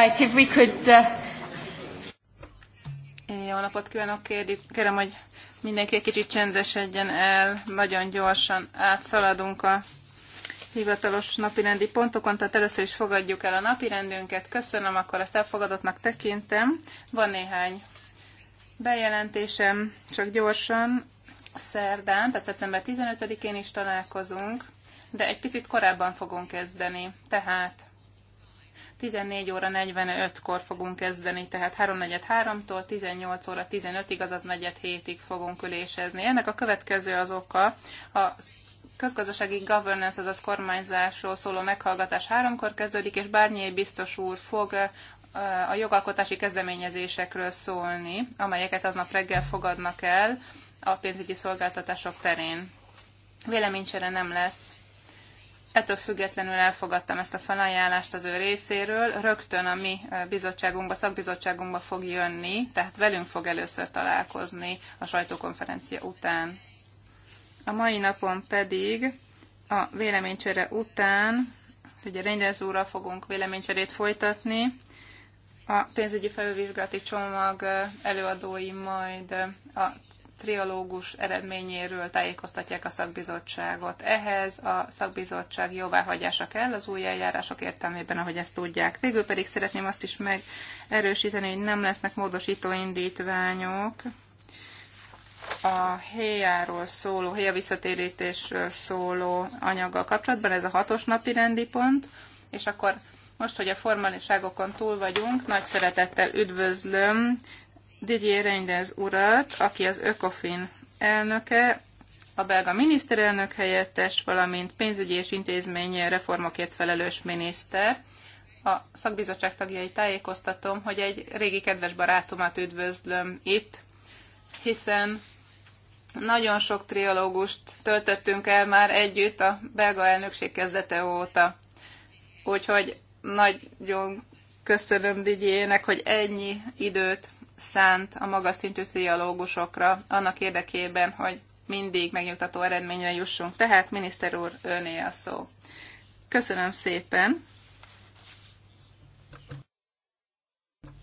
Right, if we could... Uh... Jó napot kívánok, kérdi. kérem, hogy mindenki egy kicsit csendesedjen el, nagyon gyorsan átszaladunk a hivatalos napirendi pontokon, tehát először is fogadjuk el a napirendünket. Köszönöm, akkor ezt elfogadottnak tekintem. Van néhány bejelentésem, csak gyorsan. Szerdán, tehát szeptember 15-én is találkozunk, de egy picit korábban fogunk kezdeni. Tehát 14 óra 45-kor fogunk kezdeni, tehát 3.43-tól 18 óra 15-ig, azaz 4.7-ig fogunk ülésezni. Ennek a következő az oka, a közgazdasági governance, azaz kormányzásról szóló meghallgatás háromkor kezdődik, és bárnyi biztos úr fog a jogalkotási kezdeményezésekről szólni, amelyeket aznap reggel fogadnak el a pénzügyi szolgáltatások terén. Véleménycsere nem lesz Ettől függetlenül elfogadtam ezt a felajánlást az ő részéről. Rögtön a mi bizottságunkba, szakbizottságunkba fog jönni, tehát velünk fog először találkozni a sajtókonferencia után. A mai napon pedig a véleménycsere után, ugye Rangers úrral fogunk véleménycserét folytatni, a pénzügyi felülvizsgálati csomag előadói majd a trialógus eredményéről tájékoztatják a szakbizottságot. Ehhez a szakbizottság jóváhagyása kell az új eljárások értelmében, ahogy ezt tudják. Végül pedig szeretném azt is megerősíteni, hogy nem lesznek módosító indítványok a héjáról szóló, héja visszatérítésről szóló anyaggal kapcsolatban, ez a hatos napi rendi pont, és akkor most, hogy a formaliságokon túl vagyunk, nagy szeretettel üdvözlöm Didier Reinders urat, aki az Ökofin elnöke, a belga miniszterelnök helyettes, valamint pénzügyi és intézmény reformokért felelős miniszter. A szakbizottság tagjai tájékoztatom, hogy egy régi kedves barátomat üdvözlöm itt, hiszen nagyon sok triológust töltöttünk el már együtt a belga elnökség kezdete óta. Úgyhogy nagyon köszönöm Digyének, hogy ennyi időt szánt a magas szintű trialógusokra annak érdekében, hogy mindig megnyugtató eredményre jussunk. Tehát, miniszter úr, öné a szó. Köszönöm szépen.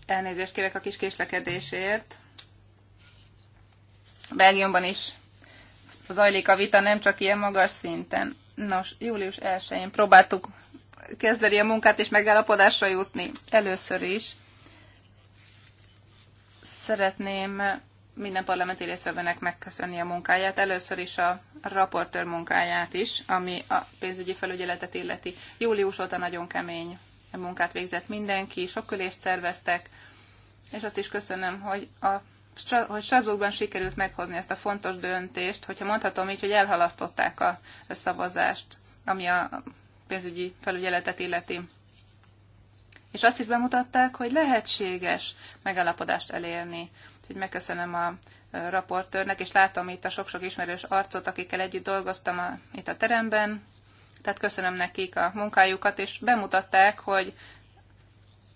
Elnézést kérek a kis késlekedésért. Belgiumban is zajlik a vita, nem csak ilyen magas szinten. Nos, július 1-én próbáltuk kezdeni a munkát és megállapodásra jutni. Először is Szeretném minden parlamenti részvevőnek megköszönni a munkáját. Először is a raportőr munkáját is, ami a pénzügyi felügyeletet illeti. Július óta nagyon kemény munkát végzett mindenki, sok ülést szerveztek, és azt is köszönöm, hogy a hogy Strasbourgban sikerült meghozni ezt a fontos döntést, hogyha mondhatom így, hogy elhalasztották a szavazást, ami a pénzügyi felügyeletet illeti és azt is bemutatták, hogy lehetséges megállapodást elérni. Úgyhogy megköszönöm a raportőrnek, és látom itt a sok-sok ismerős arcot, akikkel együtt dolgoztam a, itt a teremben. Tehát köszönöm nekik a munkájukat, és bemutatták, hogy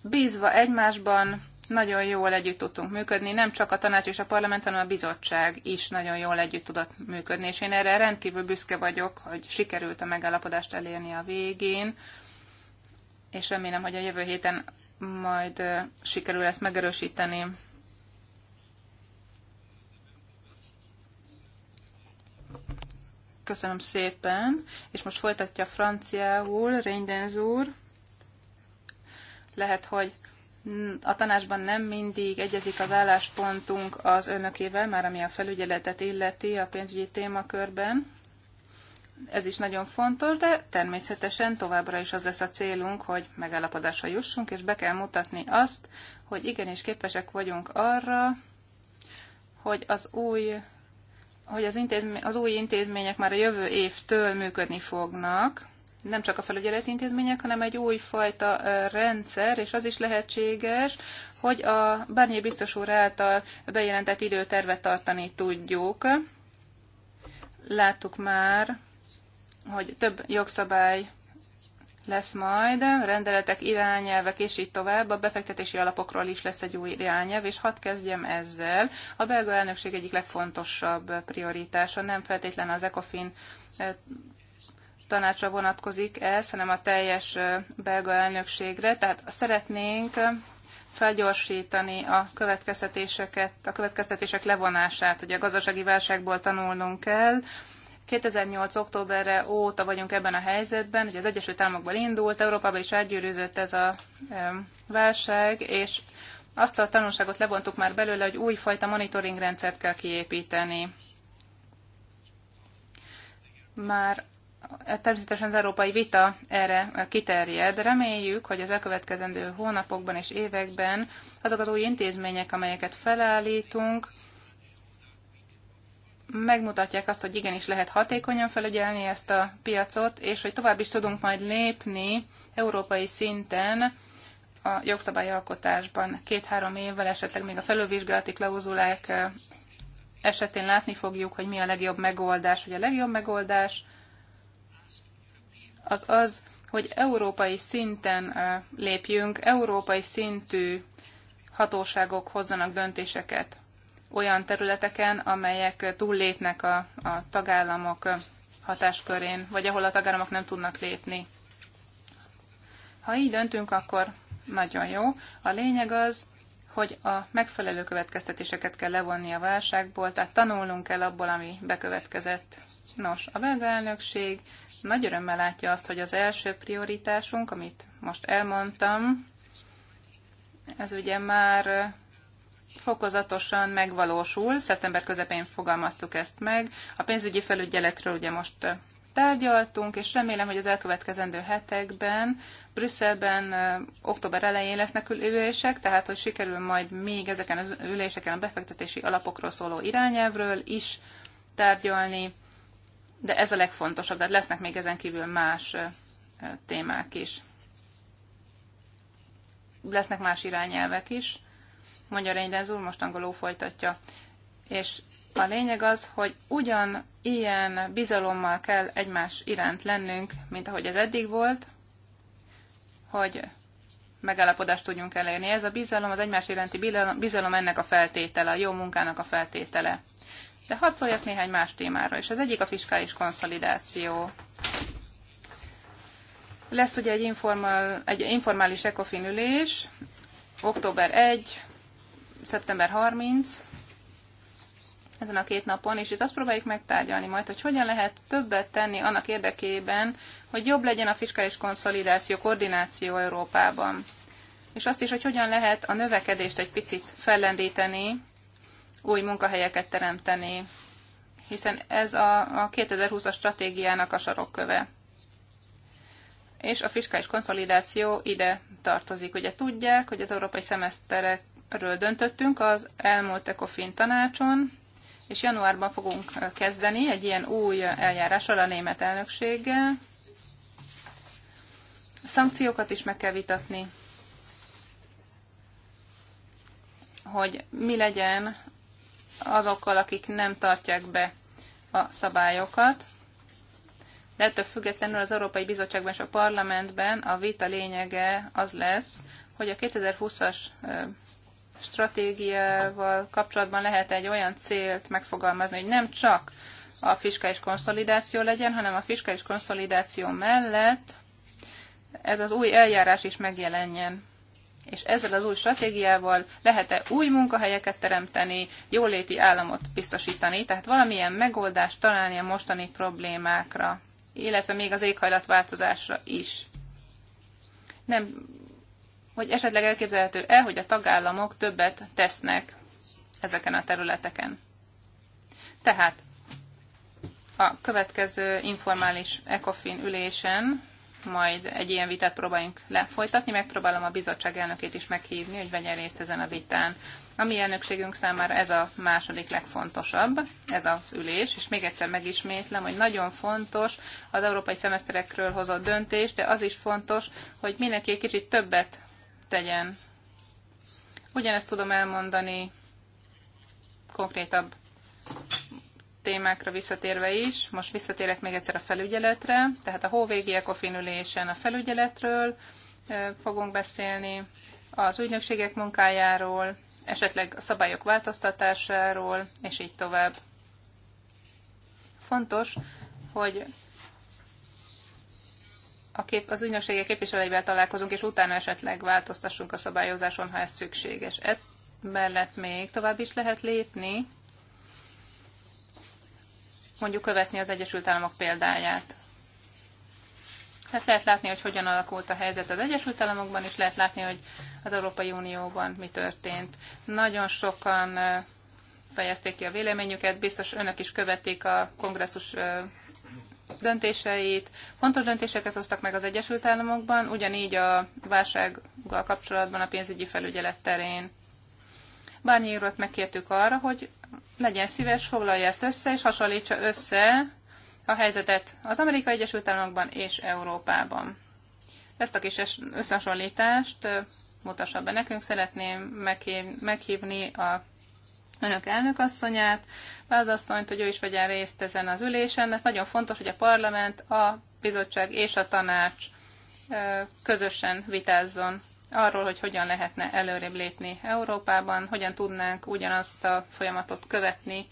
bízva egymásban nagyon jól együtt tudtunk működni, nem csak a tanács és a parlament, hanem a bizottság is nagyon jól együtt tudott működni, és én erre rendkívül büszke vagyok, hogy sikerült a megállapodást elérni a végén és remélem, hogy a jövő héten majd sikerül ezt megerősíteni. Köszönöm szépen, és most folytatja franciául Reindens úr. Lehet, hogy a tanácsban nem mindig egyezik az álláspontunk az önökével, már ami a felügyeletet illeti a pénzügyi témakörben ez is nagyon fontos, de természetesen továbbra is az lesz a célunk, hogy megállapodásra jussunk, és be kell mutatni azt, hogy igenis képesek vagyunk arra, hogy az új hogy az, intézmény, az új intézmények már a jövő évtől működni fognak, nem csak a felügyeleti intézmények, hanem egy újfajta rendszer, és az is lehetséges, hogy a Barnier biztos úr által bejelentett időtervet tartani tudjuk. Láttuk már, hogy több jogszabály lesz majd, rendeletek, irányelvek, és így tovább. A befektetési alapokról is lesz egy új irányelv, és hadd kezdjem ezzel. A belga elnökség egyik legfontosabb prioritása nem feltétlen az ECOFIN eh, tanácsra vonatkozik ez, hanem a teljes eh, belga elnökségre. Tehát szeretnénk eh, felgyorsítani a következtetéseket, a következtetések levonását. Ugye a gazdasági válságból tanulnunk kell, 2008. októberre óta vagyunk ebben a helyzetben, hogy az Egyesült Államokból indult, Európában is átgyűrűzött ez a válság, és azt a tanulságot levontuk már belőle, hogy újfajta monitoring rendszert kell kiépíteni. Már természetesen az európai vita erre kiterjed. Reméljük, hogy az elkövetkezendő hónapokban és években azok az új intézmények, amelyeket felállítunk, megmutatják azt, hogy igenis lehet hatékonyan felügyelni ezt a piacot, és hogy tovább is tudunk majd lépni európai szinten a jogszabályalkotásban. Két-három évvel esetleg még a felülvizsgálati klauzulák eh, esetén látni fogjuk, hogy mi a legjobb megoldás. Hogy a legjobb megoldás az az, hogy európai szinten eh, lépjünk, európai szintű hatóságok hozzanak döntéseket olyan területeken, amelyek túllépnek a, a tagállamok hatáskörén, vagy ahol a tagállamok nem tudnak lépni. Ha így döntünk, akkor nagyon jó. A lényeg az, hogy a megfelelő következtetéseket kell levonni a válságból, tehát tanulnunk kell abból, ami bekövetkezett. Nos, a belga elnökség nagy örömmel látja azt, hogy az első prioritásunk, amit most elmondtam, ez ugye már fokozatosan megvalósul. Szeptember közepén fogalmaztuk ezt meg. A pénzügyi felügyeletről ugye most tárgyaltunk, és remélem, hogy az elkövetkezendő hetekben Brüsszelben október elején lesznek ülések, tehát hogy sikerül majd még ezeken az üléseken a befektetési alapokról szóló irányelvről is tárgyalni, de ez a legfontosabb, tehát lesznek még ezen kívül más témák is. Lesznek más irányelvek is Magyar Reindens úr, most angolul folytatja. És a lényeg az, hogy ugyan ilyen bizalommal kell egymás iránt lennünk, mint ahogy ez eddig volt, hogy megállapodást tudjunk elérni. Ez a bizalom, az egymás iránti bizalom ennek a feltétele, a jó munkának a feltétele. De hadd szóljak néhány más témára, és az egyik a fiskális konszolidáció. Lesz ugye egy, informál, egy informális ECOFIN ülés, október 1, szeptember 30, ezen a két napon, és itt azt próbáljuk megtárgyalni majd, hogy hogyan lehet többet tenni annak érdekében, hogy jobb legyen a fiskális konszolidáció, koordináció Európában. És azt is, hogy hogyan lehet a növekedést egy picit fellendíteni, új munkahelyeket teremteni, hiszen ez a, a 2020-as stratégiának a sarokköve. És a fiskális konszolidáció ide tartozik. Ugye tudják, hogy az európai szemeszterek ről döntöttünk az elmúlt ECOFIN tanácson, és januárban fogunk kezdeni egy ilyen új eljárással a német elnökséggel. A szankciókat is meg kell vitatni, hogy mi legyen azokkal, akik nem tartják be a szabályokat. De ettől függetlenül az Európai Bizottságban és a Parlamentben a vita lényege az lesz, hogy a 2020-as stratégiával kapcsolatban lehet egy olyan célt megfogalmazni, hogy nem csak a fiskális konszolidáció legyen, hanem a fiskális konszolidáció mellett ez az új eljárás is megjelenjen. És ezzel az új stratégiával lehet-e új munkahelyeket teremteni, jóléti államot biztosítani, tehát valamilyen megoldást találni a mostani problémákra, illetve még az éghajlatváltozásra is. Nem hogy esetleg elképzelhető-e, hogy a tagállamok többet tesznek ezeken a területeken. Tehát a következő informális ECOFIN ülésen majd egy ilyen vitát próbáljunk lefolytatni, megpróbálom a bizottság elnökét is meghívni, hogy vegyen részt ezen a vitán. A mi elnökségünk számára ez a második legfontosabb, ez az ülés, és még egyszer megismétlem, hogy nagyon fontos az európai szemeszterekről hozott döntés, de az is fontos, hogy mindenki egy kicsit többet tegyen. Ugyanezt tudom elmondani konkrétabb témákra visszatérve is. Most visszatérek még egyszer a felügyeletre, tehát a hóvégi ekofinülésen a felügyeletről fogunk beszélni, az ügynökségek munkájáról, esetleg a szabályok változtatásáról, és így tovább. Fontos, hogy a kép, az ügynökségek képviselőivel találkozunk, és utána esetleg változtassunk a szabályozáson, ha ez szükséges. Ett mellett még tovább is lehet lépni, mondjuk követni az Egyesült Államok példáját. Hát lehet látni, hogy hogyan alakult a helyzet az Egyesült Államokban, és lehet látni, hogy az Európai Unióban mi történt. Nagyon sokan fejezték ki a véleményüket, biztos önök is követik a kongresszus döntéseit, fontos döntéseket hoztak meg az Egyesült Államokban, ugyanígy a válsággal kapcsolatban a pénzügyi felügyelet terén. Bárnyi urat megkértük arra, hogy legyen szíves, foglalja ezt össze, és hasonlítsa össze a helyzetet az Amerikai Egyesült Államokban és Európában. Ezt a kis összehasonlítást mutassa be nekünk. Szeretném meghívni a önök elnökasszonyát, asszonyt, hogy ő is vegyen részt ezen az ülésen, mert nagyon fontos, hogy a parlament, a bizottság és a tanács közösen vitázzon arról, hogy hogyan lehetne előrébb lépni Európában, hogyan tudnánk ugyanazt a folyamatot követni,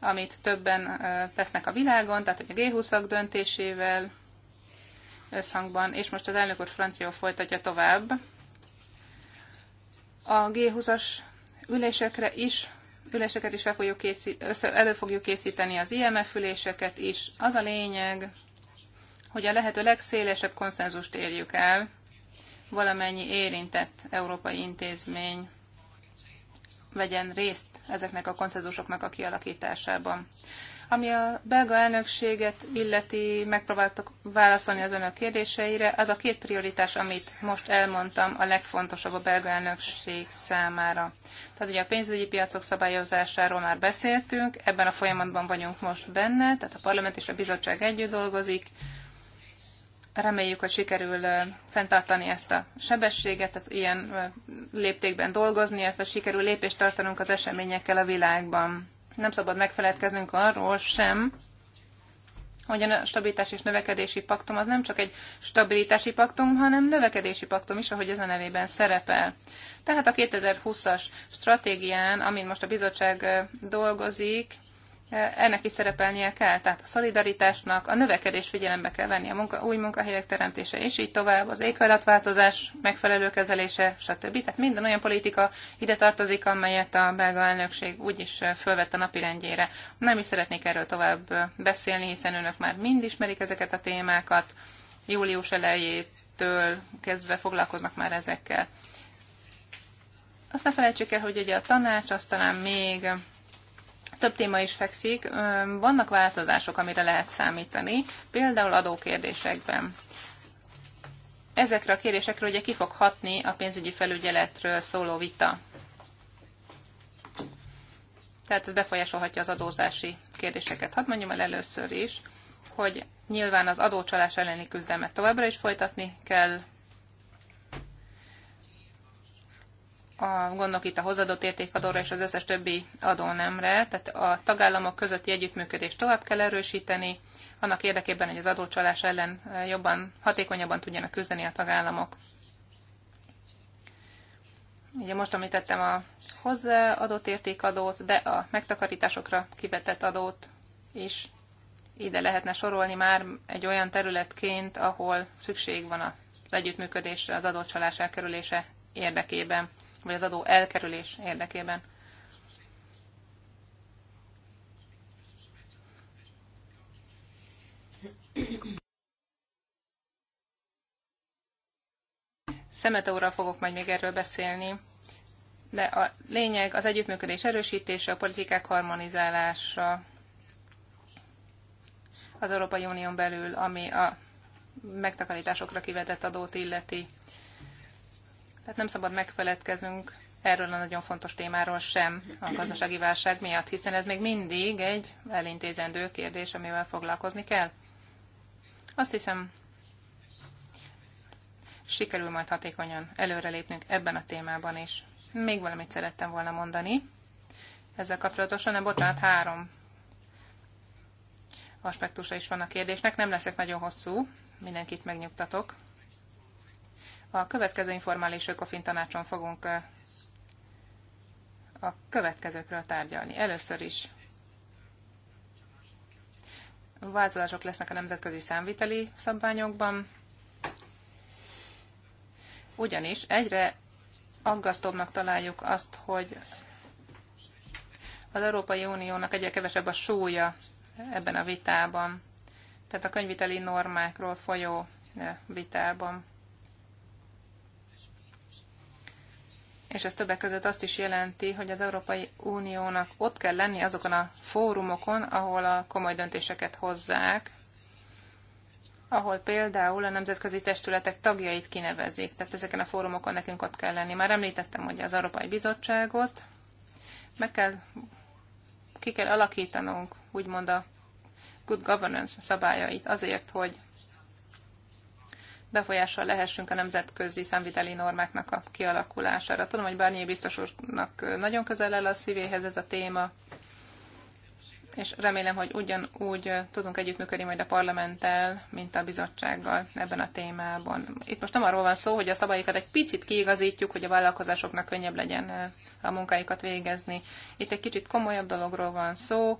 amit többen tesznek a világon, tehát hogy a G20-ak döntésével összhangban, és most az elnök úr francia folytatja tovább. A G20-as ülésekre is üléseket is fel fogjuk készít, össze, elő fogjuk készíteni, az IMF üléseket is. Az a lényeg, hogy a lehető legszélesebb konszenzust érjük el, valamennyi érintett európai intézmény vegyen részt ezeknek a konszenzusoknak a kialakításában. Ami a belga elnökséget illeti, megpróbáltak válaszolni az önök kérdéseire. Az a két prioritás, amit most elmondtam, a legfontosabb a belga elnökség számára. Tehát ugye a pénzügyi piacok szabályozásáról már beszéltünk, ebben a folyamatban vagyunk most benne, tehát a parlament és a bizottság együtt dolgozik. Reméljük, hogy sikerül fenntartani ezt a sebességet, tehát ilyen léptékben dolgozni, illetve sikerül lépést tartanunk az eseményekkel a világban nem szabad megfeledkeznünk arról sem, hogy a stabilitás és növekedési paktum az nem csak egy stabilitási paktum, hanem növekedési paktum is, ahogy ez a nevében szerepel. Tehát a 2020-as stratégián, amin most a bizottság dolgozik, ennek is szerepelnie kell, tehát a szolidaritásnak, a növekedés figyelembe kell venni, a munka, új munkahelyek teremtése, és így tovább, az éghajlatváltozás megfelelő kezelése, stb. Tehát minden olyan politika ide tartozik, amelyet a belga elnökség úgyis fölvett a napirendjére. Nem is szeretnék erről tovább beszélni, hiszen önök már mind ismerik ezeket a témákat, július elejétől kezdve foglalkoznak már ezekkel. Azt ne felejtsük el, hogy ugye a tanács, azt talán még több téma is fekszik, vannak változások, amire lehet számítani, például adókérdésekben. Ezekre a kérdésekre ugye ki fog hatni a pénzügyi felügyeletről szóló vita. Tehát ez befolyásolhatja az adózási kérdéseket. Hadd mondjam el először is, hogy nyilván az adócsalás elleni küzdelmet továbbra is folytatni kell, a, gondolok itt a hozadott értékadóra és az összes többi adónemre, tehát a tagállamok közötti együttműködést tovább kell erősíteni, annak érdekében, hogy az adócsalás ellen eh, jobban, hatékonyabban tudjanak küzdeni a tagállamok. Ugye most említettem a hozzáadott értékadót, de a megtakarításokra kivetett adót is ide lehetne sorolni már egy olyan területként, ahol szükség van az együttműködésre, az adócsalás elkerülése érdekében vagy az adó elkerülés érdekében. Szemete úrral fogok majd még erről beszélni, de a lényeg az együttműködés erősítése, a politikák harmonizálása az Európai Unión belül, ami a megtakarításokra kivetett adót illeti. Tehát nem szabad megfeledkezünk erről a nagyon fontos témáról sem a gazdasági válság miatt, hiszen ez még mindig egy elintézendő kérdés, amivel foglalkozni kell. Azt hiszem, sikerül majd hatékonyan előrelépnünk ebben a témában is. Még valamit szerettem volna mondani ezzel kapcsolatosan, nem bocsánat, három aspektusa is van a kérdésnek, nem leszek nagyon hosszú, mindenkit megnyugtatok. A következő informális ökofin tanácson fogunk a következőkről tárgyalni. Először is változások lesznek a nemzetközi számviteli szabványokban, ugyanis egyre aggasztóbbnak találjuk azt, hogy az Európai Uniónak egyre kevesebb a súlya ebben a vitában, tehát a könyviteli normákról folyó vitában. és ez többek között azt is jelenti, hogy az Európai Uniónak ott kell lenni azokon a fórumokon, ahol a komoly döntéseket hozzák, ahol például a nemzetközi testületek tagjait kinevezik. Tehát ezeken a fórumokon nekünk ott kell lenni. Már említettem ugye az Európai Bizottságot, meg kell, ki kell alakítanunk úgymond a good governance szabályait azért, hogy befolyással lehessünk a nemzetközi számviteli normáknak a kialakulására. Tudom, hogy Barnier biztos úrnak nagyon közel áll a szívéhez ez a téma, és remélem, hogy ugyanúgy tudunk együttműködni majd a parlamenttel, mint a bizottsággal ebben a témában. Itt most nem arról van szó, hogy a szabályokat egy picit kiigazítjuk, hogy a vállalkozásoknak könnyebb legyen eh, a munkáikat végezni. Itt egy kicsit komolyabb dologról van szó,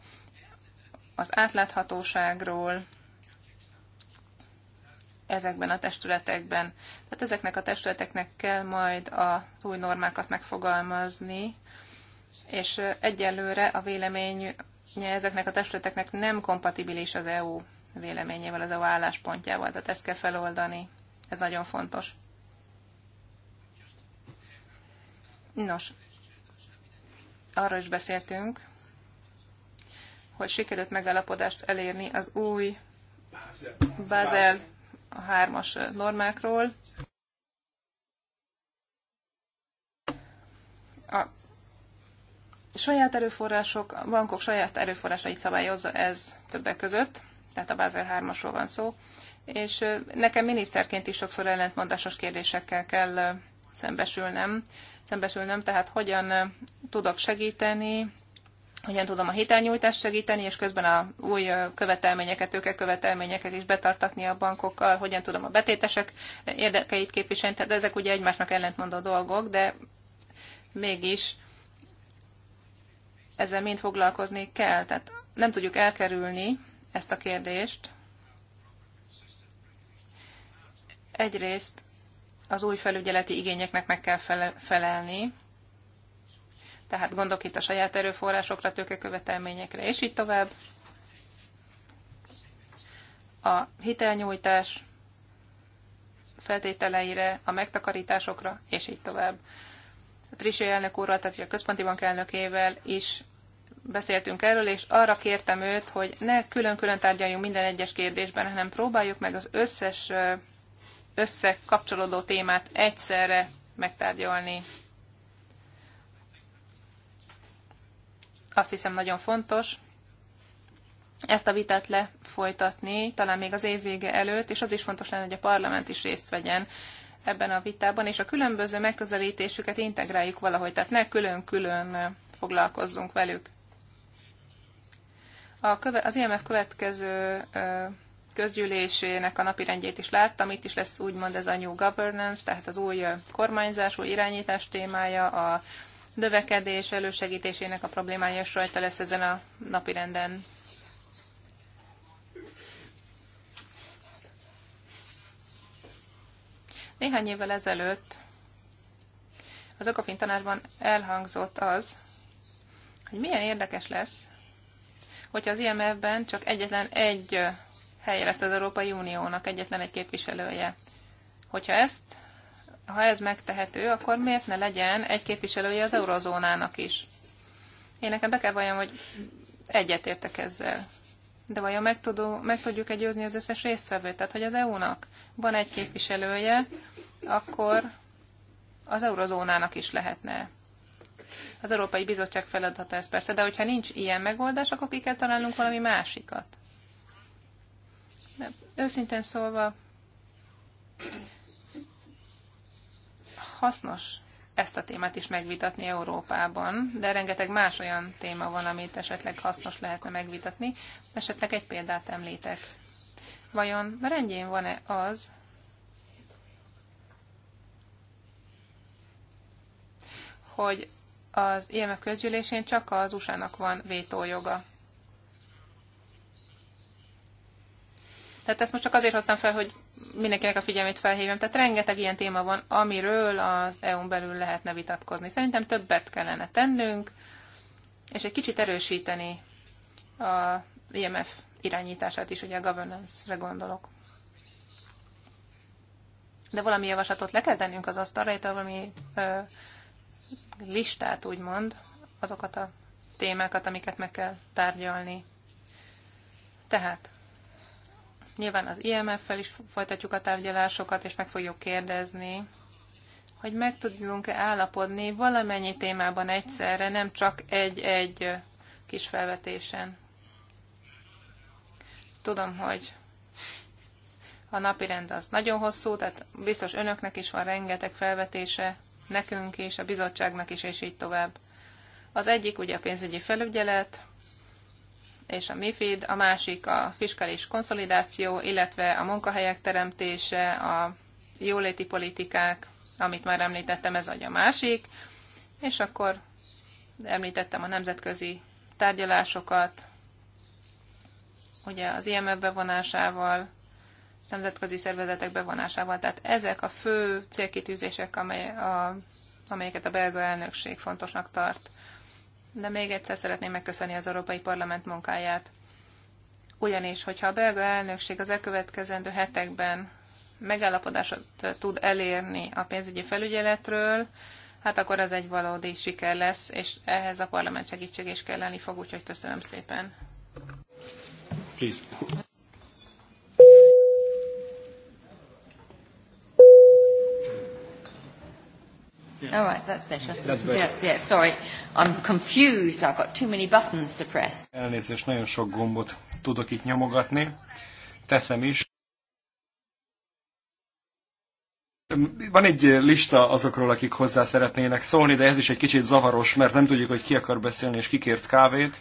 az átláthatóságról, ezekben a testületekben. Tehát ezeknek a testületeknek kell majd az új normákat megfogalmazni, és egyelőre a véleménye ezeknek a testületeknek nem kompatibilis az EU véleményével, az EU álláspontjával, tehát ezt kell feloldani. Ez nagyon fontos. Nos, arról is beszéltünk, hogy sikerült megállapodást elérni az új Bázel, Bázel a hármas normákról. A saját erőforrások, a bankok saját erőforrásait szabályozza ez többek között, tehát a Basel 3-asról van szó, és nekem miniszterként is sokszor ellentmondásos kérdésekkel kell szembesülnem, szembesülnöm, tehát hogyan tudok segíteni hogyan tudom a hitelnyújtást segíteni, és közben a új követelményeket, követelményeket is betartatni a bankokkal, hogyan tudom a betétesek érdekeit képviselni. Tehát ezek ugye egymásnak ellentmondó dolgok, de mégis ezzel mind foglalkozni kell. Tehát nem tudjuk elkerülni ezt a kérdést. Egyrészt az új felügyeleti igényeknek meg kell felelni, tehát gondok itt a saját erőforrásokra, tőkekövetelményekre, és így tovább. A hitelnyújtás feltételeire, a megtakarításokra, és így tovább. A Trisé elnök úrral, tehát a központi bank elnökével is beszéltünk erről, és arra kértem őt, hogy ne külön-külön tárgyaljunk minden egyes kérdésben, hanem próbáljuk meg az összes összekapcsolódó témát egyszerre megtárgyalni. azt hiszem nagyon fontos ezt a vitát lefolytatni, talán még az év vége előtt, és az is fontos lenne, hogy a parlament is részt vegyen ebben a vitában, és a különböző megközelítésüket integráljuk valahogy, tehát ne külön-külön foglalkozzunk velük. A köve- az IMF következő közgyűlésének a napirendjét is láttam, itt is lesz úgymond ez a New Governance, tehát az új kormányzás, új irányítás témája, a növekedés elősegítésének a problémája is rajta lesz ezen a napirenden. Néhány évvel ezelőtt az Okafin tanárban elhangzott az, hogy milyen érdekes lesz, hogyha az IMF-ben csak egyetlen egy helye lesz az Európai Uniónak, egyetlen egy képviselője. Hogyha ezt ha ez megtehető, akkor miért ne legyen egy képviselője az eurozónának is? Én nekem be kell valljam, hogy egyetértek ezzel. De vajon meg, tudó, meg tudjuk-e győzni az összes résztvevőt? Tehát, hogy az EU-nak van egy képviselője, akkor az eurozónának is lehetne. Az Európai Bizottság feladata ez persze, de hogyha nincs ilyen megoldás, akkor ki kell találnunk valami másikat. De őszintén szólva, hasznos ezt a témát is megvitatni Európában, de rengeteg más olyan téma van, amit esetleg hasznos lehetne megvitatni. Esetleg egy példát említek. Vajon rendjén van-e az, hogy az IMF közgyűlésén csak az USA-nak van vétójoga. Tehát ezt most csak azért hoztam fel, hogy mindenkinek a figyelmét felhívjam. Tehát rengeteg ilyen téma van, amiről az EU-n belül lehetne vitatkozni. Szerintem többet kellene tennünk, és egy kicsit erősíteni a IMF irányítását is, ugye a governance-re gondolok. De valami javaslatot le kell tennünk az asztalra, itt valami ö, listát úgymond, azokat a témákat, amiket meg kell tárgyalni. Tehát Nyilván az IMF-fel is folytatjuk a tárgyalásokat, és meg fogjuk kérdezni, hogy meg tudjunk-e állapodni valamennyi témában egyszerre, nem csak egy-egy kis felvetésen. Tudom, hogy a napi rend az nagyon hosszú, tehát biztos önöknek is van rengeteg felvetése, nekünk is, a bizottságnak is, és így tovább. Az egyik ugye a pénzügyi felügyelet, és a MIFID, a másik a fiskális konszolidáció, illetve a munkahelyek teremtése, a jóléti politikák, amit már említettem, ez adja másik, és akkor említettem a nemzetközi tárgyalásokat, ugye az IMF bevonásával, nemzetközi szervezetek bevonásával. Tehát ezek a fő célkitűzések, amely a, amelyeket a belga elnökség fontosnak tart de még egyszer szeretném megköszönni az Európai Parlament munkáját. Ugyanis, hogyha a belga elnökség az elkövetkezendő hetekben megállapodásot tud elérni a pénzügyi felügyeletről, hát akkor ez egy valódi siker lesz, és ehhez a parlament segítség is lenni fog, úgyhogy köszönöm szépen. Please. Yeah. All right, that's better. That's better. Yeah, yeah, sorry. I'm confused. I've got too many buttons to press. Elnézést, nagyon sok gombot tudok itt nyomogatni. Teszem is. Van egy lista azokról, akik hozzá szeretnének szólni, de ez is egy kicsit zavaros, mert nem tudjuk, hogy ki akar beszélni és kikért kávét.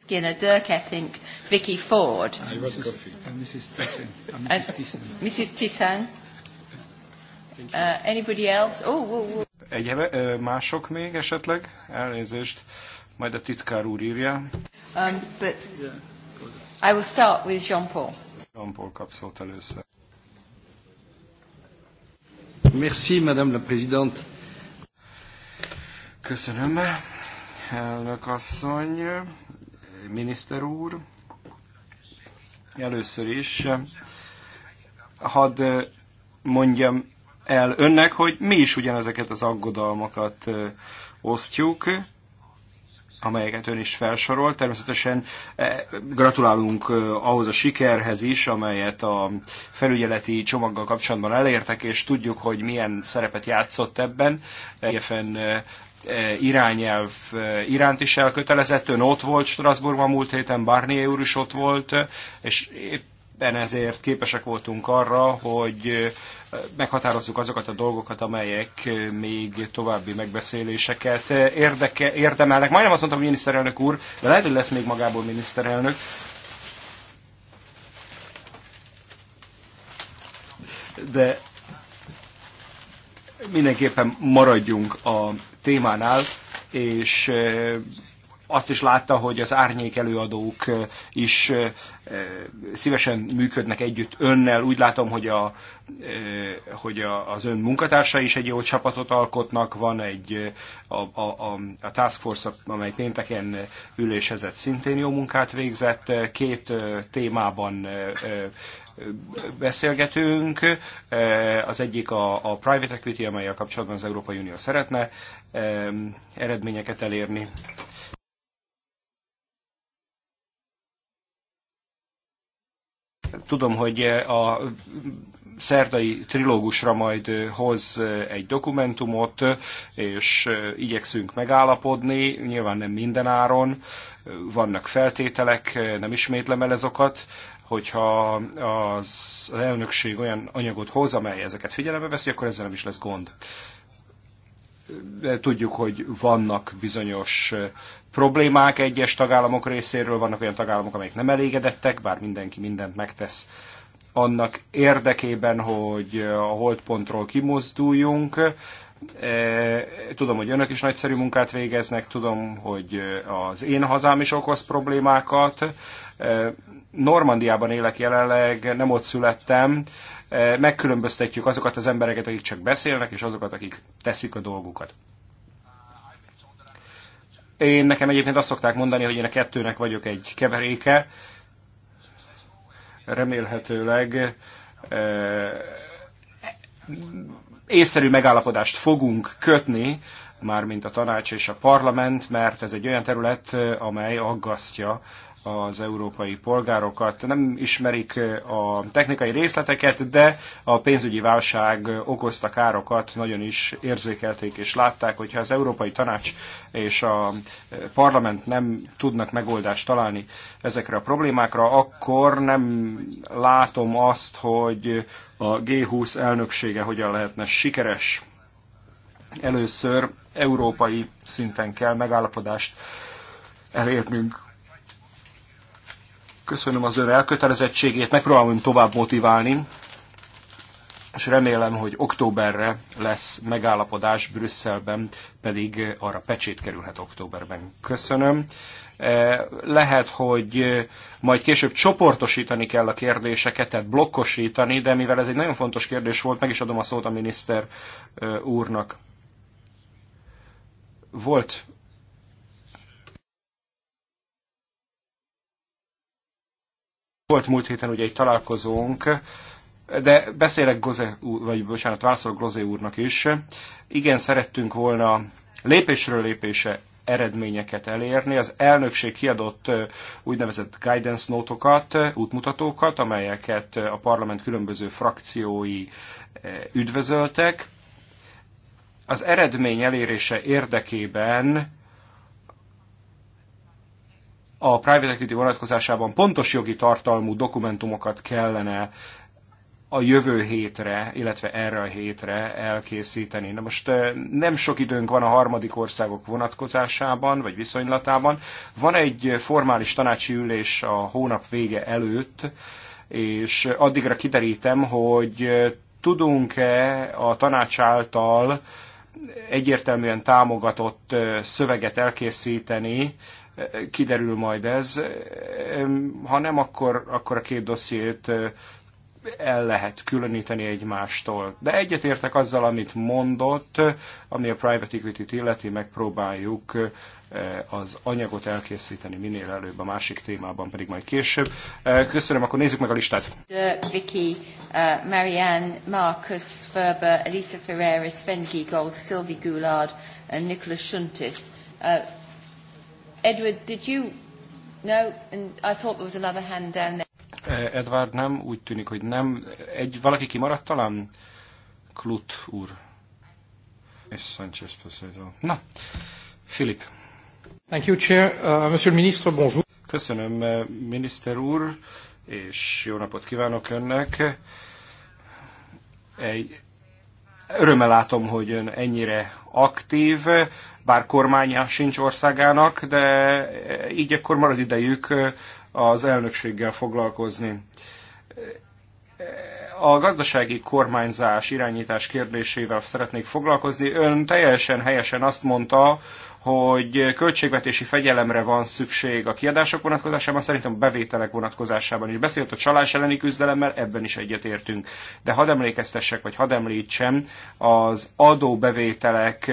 Skinner, Dirk, I think, Vicky Ford. I was coffee. And Mrs. Tissan. Mrs. Tissan. Mrs. Uh, anybody else? Oh, whoa, whoa. Egy, mások még esetleg? Elnézést. Majd a titkár úr írja. Um, but I will start with Jean-Paul. Jean-Paul kap szót először. Merci, Madame la Présidente. Köszönöm, elnök asszony, miniszter úr. Először is hadd mondjam el önnek, hogy mi is ugyanezeket az aggodalmakat osztjuk, amelyeket ön is felsorolt. Természetesen gratulálunk ahhoz a sikerhez is, amelyet a felügyeleti csomaggal kapcsolatban elértek, és tudjuk, hogy milyen szerepet játszott ebben. Egyébként irányelv iránt is elkötelezett. Ön ott volt Strasbourgban múlt héten, Barnier úr is ott volt, és épp éppen ezért képesek voltunk arra, hogy meghatározzuk azokat a dolgokat, amelyek még további megbeszéléseket érdeke, érdemelnek. Majdnem azt mondtam, hogy miniszterelnök úr, de lehet, hogy lesz még magából miniszterelnök. De mindenképpen maradjunk a témánál, és azt is látta, hogy az árnyék előadók is szívesen működnek együtt önnel. Úgy látom, hogy, a, hogy a, az ön munkatársa is egy jó csapatot alkotnak. Van egy a, a, a Task Force, amely pénteken ülésezett, szintén jó munkát végzett. Két témában beszélgetünk. Az egyik a, a private equity, amelyel kapcsolatban az Európai Unió szeretne eredményeket elérni. Tudom, hogy eh, a szerdai trilógusra majd eh, hoz eh, egy dokumentumot, és igyekszünk megállapodni, nyilván nem minden áron, vannak feltételek, nem ismétlem el azokat, hogyha az elnökség olyan anyagot hoz, amely ezeket figyelembe veszi, akkor ezzel nem is lesz gond. De tudjuk, hogy vannak bizonyos problémák egyes tagállamok részéről, vannak olyan tagállamok, amelyek nem elégedettek, bár mindenki mindent megtesz annak érdekében, hogy a holdpontról kimozduljunk. E, tudom, hogy önök is nagyszerű munkát végeznek, tudom, hogy az én hazám is okoz problémákat. E, Normandiában élek jelenleg, nem ott születtem. E, megkülönböztetjük azokat az embereket, akik csak beszélnek, és azokat, akik teszik a dolgukat. Én nekem egyébként azt szokták mondani, hogy én a kettőnek vagyok egy keveréke. Remélhetőleg észszerű megállapodást fogunk kötni, mármint a tanács és a parlament, mert ez egy olyan terület, amely aggasztja az európai polgárokat. Nem ismerik a technikai részleteket, de a pénzügyi válság okozta károkat nagyon is érzékelték és látták, hogyha az Európai Tanács és a parlament nem tudnak megoldást találni ezekre a problémákra, akkor nem látom azt, hogy a G20 elnöksége hogyan lehetne sikeres. Először európai szinten kell megállapodást elérnünk köszönöm az ön elkötelezettségét, megpróbálom tovább motiválni, és remélem, hogy októberre lesz megállapodás Brüsszelben, pedig arra pecsét kerülhet októberben. Köszönöm. E, lehet, hogy majd később csoportosítani kell a kérdéseket, tehát blokkosítani, de mivel ez egy nagyon fontos kérdés volt, meg is adom a szót a miniszter e, úrnak. Volt Volt múlt héten ugye egy találkozónk, de beszélek Goze úr, vagy bocsánat, válaszolok Grozé úrnak is. Igen, szerettünk volna lépésről lépése eredményeket elérni. Az elnökség kiadott úgynevezett guidance notokat, útmutatókat, amelyeket a parlament különböző frakciói üdvözöltek. Az eredmény elérése érdekében a private equity vonatkozásában pontos jogi tartalmú dokumentumokat kellene a jövő hétre, illetve erre a hétre elkészíteni. Na most nem sok időnk van a harmadik országok vonatkozásában, vagy viszonylatában. Van egy formális tanácsi ülés a hónap vége előtt, és addigra kiderítem, hogy tudunk-e a tanács által egyértelműen támogatott szöveget elkészíteni kiderül majd ez. Ha nem, akkor, akkor a két dossziét el lehet különíteni egymástól. De egyetértek azzal, amit mondott, ami a private equity-t illeti, megpróbáljuk az anyagot elkészíteni minél előbb, a másik témában pedig majd később. Köszönöm, akkor nézzük meg a listát. Vicky, uh, Marianne, Marcus, Ferber, Elisa Ferreira, Sven Giegold, Sylvie Goulard and Nicholas Shuntis. Uh, Edward, did you? know? and I thought there was another hand down there. E, Edward, nem, úgy tűnik, hogy nem. Egy, valaki kimaradt talán? Klut úr. És Sanchez Pesedo. Na, Filip. Thank you, Chair. Uh, Monsieur le Ministre, bonjour. Köszönöm, eh, miniszter úr, és jó napot kívánok önnek. Egy, Örömmel látom, hogy ön ennyire aktív, bár kormánya sincs országának, de így akkor marad idejük az elnökséggel foglalkozni. A gazdasági kormányzás irányítás kérdésével szeretnék foglalkozni. Ön teljesen helyesen azt mondta, hogy költségvetési fegyelemre van szükség a kiadások vonatkozásában, szerintem a bevételek vonatkozásában is. Beszélt a csalás elleni küzdelemmel, ebben is egyetértünk. De hadd emlékeztessek, vagy hadd említsem az adóbevételek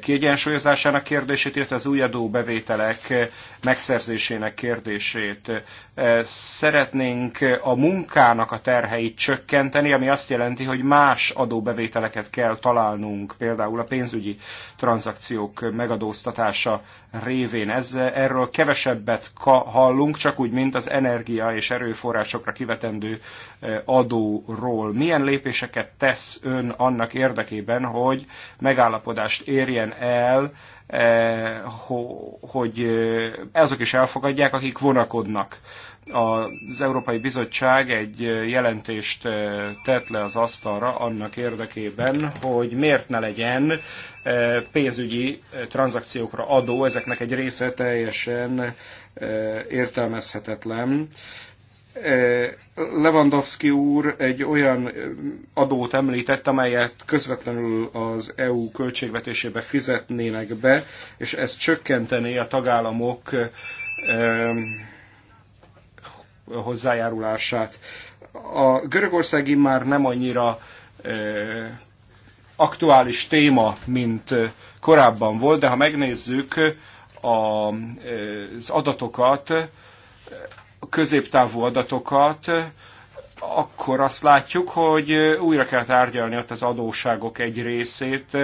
kiegyensúlyozásának kérdését, illetve az új adóbevételek megszerzésének kérdését. Szeretnénk a munkának a terheit csökkenteni, ami azt jelenti, hogy más adóbevételeket kell találnunk, például a pénzügyi tranzakciók megadóztatása révén. Ez, erről kevesebbet hallunk, csak úgy, mint az energia és erőforrásokra kivetendő adóról. Milyen lépéseket tesz ön annak érdekében, hogy megállapodást érjen el, hogy azok is elfogadják, akik vonakodnak az Európai Bizottság egy jelentést eh, tett le az asztalra annak érdekében, hogy miért ne legyen eh, pénzügyi eh, tranzakciókra adó, ezeknek egy része teljesen értelmezhetetlen. Lewandowski úr egy olyan adót említett, amelyet közvetlenül az EU költségvetésébe fizetnének be, és ez csökkentené a tagállamok hozzájárulását. A görögországi már nem annyira aktuális téma, mint korábban volt, de ha megnézzük az adatokat, a középtávú adatokat, akkor azt látjuk, hogy újra kell tárgyalni ott az adósságok egy részét,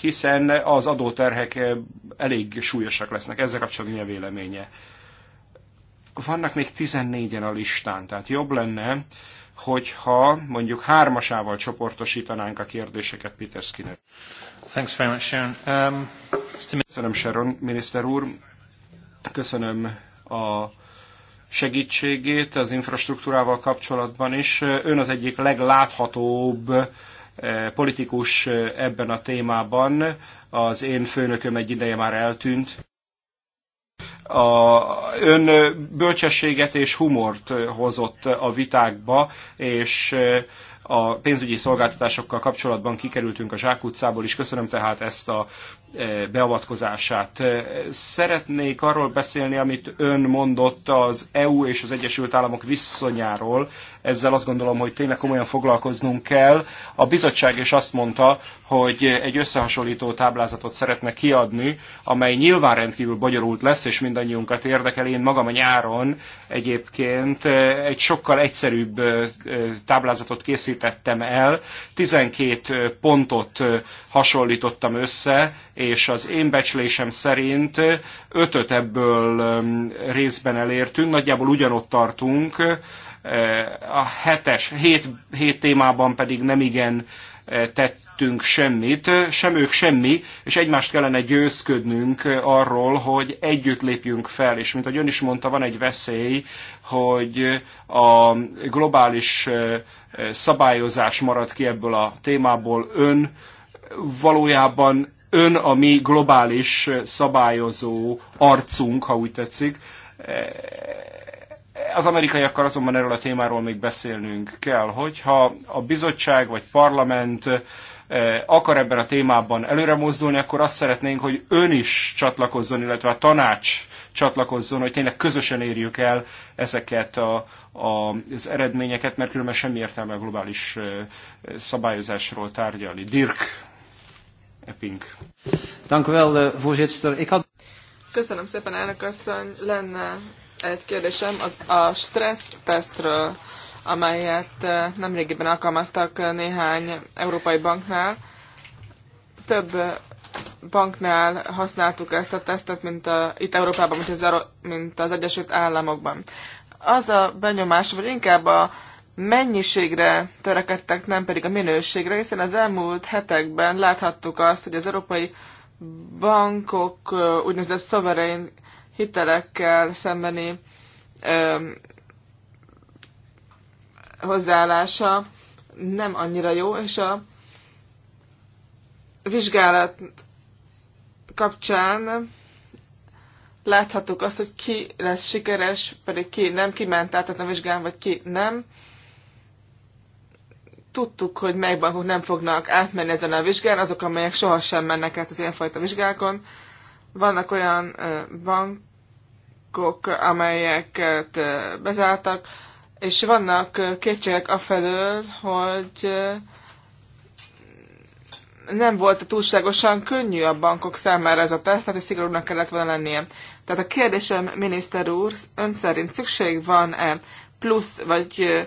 hiszen az adóterhek elég súlyosak lesznek. Ezzel kapcsolatban mi a véleménye? vannak még 14-en a listán, tehát jobb lenne, hogyha mondjuk hármasával csoportosítanánk a kérdéseket Peter Skinner. Thanks very much, Sharon. Um, köszönöm, Sharon, miniszter úr. Köszönöm a segítségét az infrastruktúrával kapcsolatban is. Ön az egyik legláthatóbb eh, politikus eh, ebben a témában. Az én főnököm egy ideje már eltűnt a ön bölcsességet és humort hozott a vitákba, és a pénzügyi szolgáltatásokkal kapcsolatban kikerültünk a zsákutcából is. Köszönöm tehát ezt a E, beavatkozását. E, szeretnék arról beszélni, amit ön mondott az EU és az Egyesült Államok viszonyáról. Ezzel azt gondolom, hogy tényleg komolyan foglalkoznunk kell. A bizottság is azt mondta, hogy egy összehasonlító táblázatot szeretne kiadni, amely nyilván rendkívül bonyolult lesz, és mindannyiunkat érdekel. Én magam a nyáron egyébként e, egy sokkal egyszerűbb táblázatot készítettem el. 12 pontot hasonlítottam össze, és az én becslésem szerint ötöt ebből um, részben elértünk, nagyjából ugyanott tartunk, uh, a hetes, hét, hét témában pedig nem igen uh, tettünk semmit, uh, sem ők semmi, és egymást kellene győzködnünk arról, hogy együtt lépjünk fel, és mint ahogy ön is mondta, van egy veszély, hogy a globális szabályozás marad ki ebből a témából ön, valójában ön a mi globális szabályozó arcunk, ha úgy tetszik. Az amerikaiakkal azonban erről a témáról még beszélnünk kell, hogyha a bizottság vagy parlament eh, akar ebben a témában előre mozdulni, akkor azt szeretnénk, hogy ön is csatlakozzon, illetve a tanács csatlakozzon, hogy tényleg közösen érjük el ezeket a, a, az eredményeket, mert különben semmi értelme a globális eh, szabályozásról tárgyalni. Dirk Epping. Dank u wel, eh, voorzitter. Ik had... Köszönöm szépen, elnök asszony. Lenne egy kérdésem az a stressz tesztről, amelyet eh, nemrégiben alkalmaztak eh, néhány európai banknál. Több banknál használtuk ezt a tesztet, mint a, itt Európában, mint az, mint az Egyesült Államokban. Az a benyomás, vagy inkább a mennyiségre törekedtek, nem pedig a minőségre, hiszen az elmúlt hetekben láthattuk azt, hogy az európai bankok úgynevezett szoverén hitelekkel szembeni ö, hozzáállása nem annyira jó, és a vizsgálat kapcsán láthattuk azt, hogy ki lesz sikeres, pedig ki nem, ki ment át a vizsgán, vagy ki nem tudtuk, hogy melyik bankok nem fognak átmenni ezen a vizsgán, azok, amelyek sohasem mennek át az ilyenfajta vizsgákon. Vannak olyan bankok, amelyeket bezártak, és vannak kétségek afelől, hogy nem volt túlságosan könnyű a bankok számára ez a teszt, tehát szigorúnak kellett volna lennie. Tehát a kérdésem, miniszter úr, ön szerint szükség van-e plusz vagy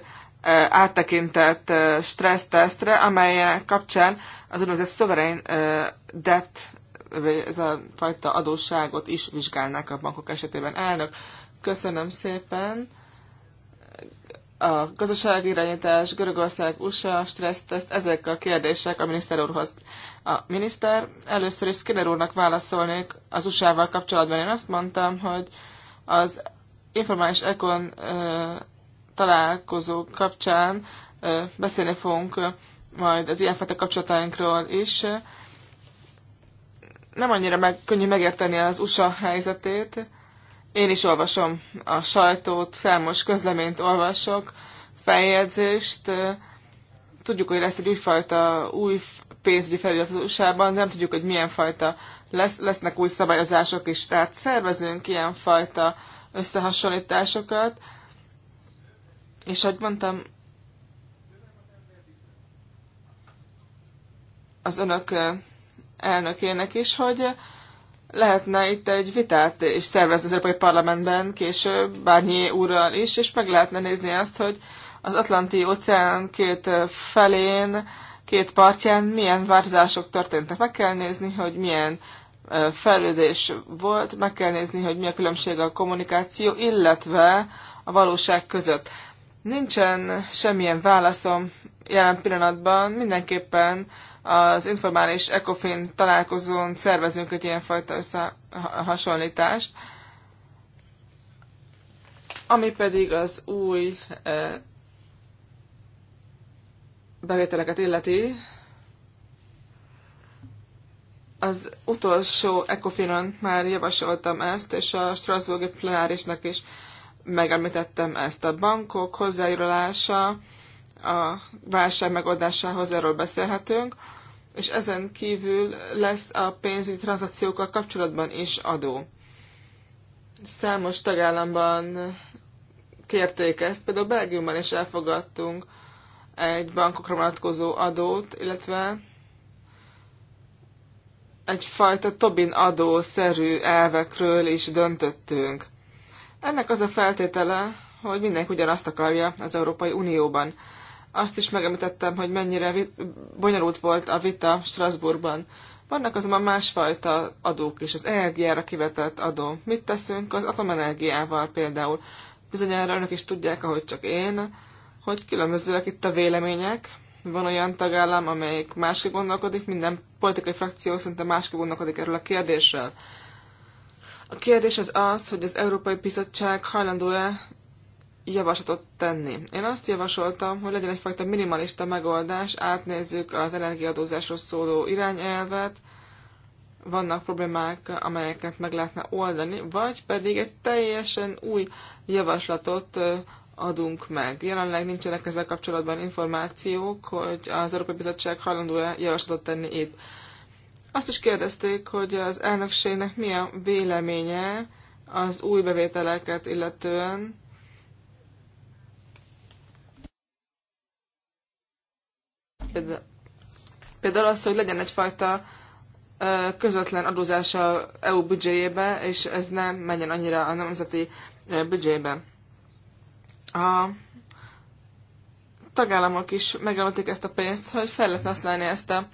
áttekintett stressztesztre, amelyek kapcsán az úgynevezett szoverén debt, vagy ez a fajta adósságot is vizsgálnák a bankok esetében. Elnök, köszönöm szépen! a gazdasági irányítás, Görögország, USA, stressztest ezek a kérdések a miniszter úrhoz. A miniszter először is Skinner úrnak válaszolnék az USA-val kapcsolatban. Én azt mondtam, hogy az informális ekon találkozók kapcsán beszélni fogunk majd az ilyen fajta kapcsolatainkról is. Nem annyira meg, könnyű megérteni az USA helyzetét. Én is olvasom a sajtót, számos közleményt olvasok, feljegyzést. Tudjuk, hogy lesz egy újfajta új pénzügyi felület az USA-ban, nem tudjuk, hogy milyen fajta lesz, lesznek új szabályozások is. Tehát szervezünk ilyen fajta összehasonlításokat, és ahogy mondtam, az önök elnökének is, hogy lehetne itt egy vitát és szervezni az Európai Parlamentben később Bárnyi úrral is, és meg lehetne nézni azt, hogy az Atlanti óceán két felén, két partján milyen változások történtek. Meg kell nézni, hogy milyen fejlődés volt, meg kell nézni, hogy mi a különbség a kommunikáció, illetve a valóság között. Nincsen semmilyen válaszom jelen pillanatban, mindenképpen az informális ECOFIN találkozón szervezünk egy ilyenfajta összehasonlítást, ami pedig az új eh, bevételeket illeti, az utolsó Ecofinon már javasoltam ezt, és a Strasbourg-i plenárisnak is megemlítettem ezt a bankok hozzájárulása, a válság megoldásához erről beszélhetünk, és ezen kívül lesz a pénzügyi tranzakciókkal kapcsolatban is adó. Számos tagállamban kérték ezt, például Belgiumban is elfogadtunk egy bankokra vonatkozó adót, illetve egyfajta Tobin adószerű elvekről is döntöttünk. Ennek az a feltétele, hogy mindenki ugyanazt akarja az Európai Unióban. Azt is megemlítettem, hogy mennyire bonyolult volt a vita Strasbourgban. Vannak azonban másfajta adók is, az energiára kivetett adó. Mit teszünk az atomenergiával például? Bizonyára önök is tudják, ahogy csak én, hogy különbözőek itt a vélemények. Van olyan tagállam, amelyik másképp gondolkodik, minden politikai frakció szinte másképp gondolkodik erről a kérdésről. A kérdés az az, hogy az Európai Bizottság hajlandó-e javaslatot tenni. Én azt javasoltam, hogy legyen egyfajta minimalista megoldás, átnézzük az energiadózásról szóló irányelvet, vannak problémák, amelyeket meg lehetne oldani, vagy pedig egy teljesen új javaslatot adunk meg. Jelenleg nincsenek ezzel kapcsolatban információk, hogy az Európai Bizottság hajlandó-e javaslatot tenni itt. Azt is kérdezték, hogy az elnökségnek mi a véleménye az új bevételeket illetően. Például az, hogy legyen egyfajta közvetlen a EU büdzséjébe, és ez nem menjen annyira a nemzeti büdzsébe. A tagállamok is megállapították ezt a pénzt, hogy fel lehet használni ezt a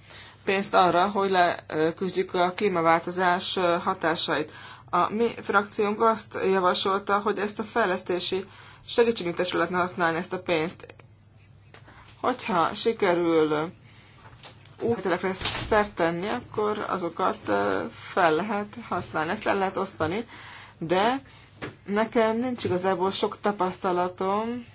pénzt arra, hogy leküzdjük a klímaváltozás hatásait. A mi frakciónk azt javasolta, hogy ezt a fejlesztési segítségnyújtásra lehetne használni ezt a pénzt. Hogyha sikerül útelekre szert tenni, akkor azokat fel lehet használni, ezt el lehet osztani, de nekem nincs igazából sok tapasztalatom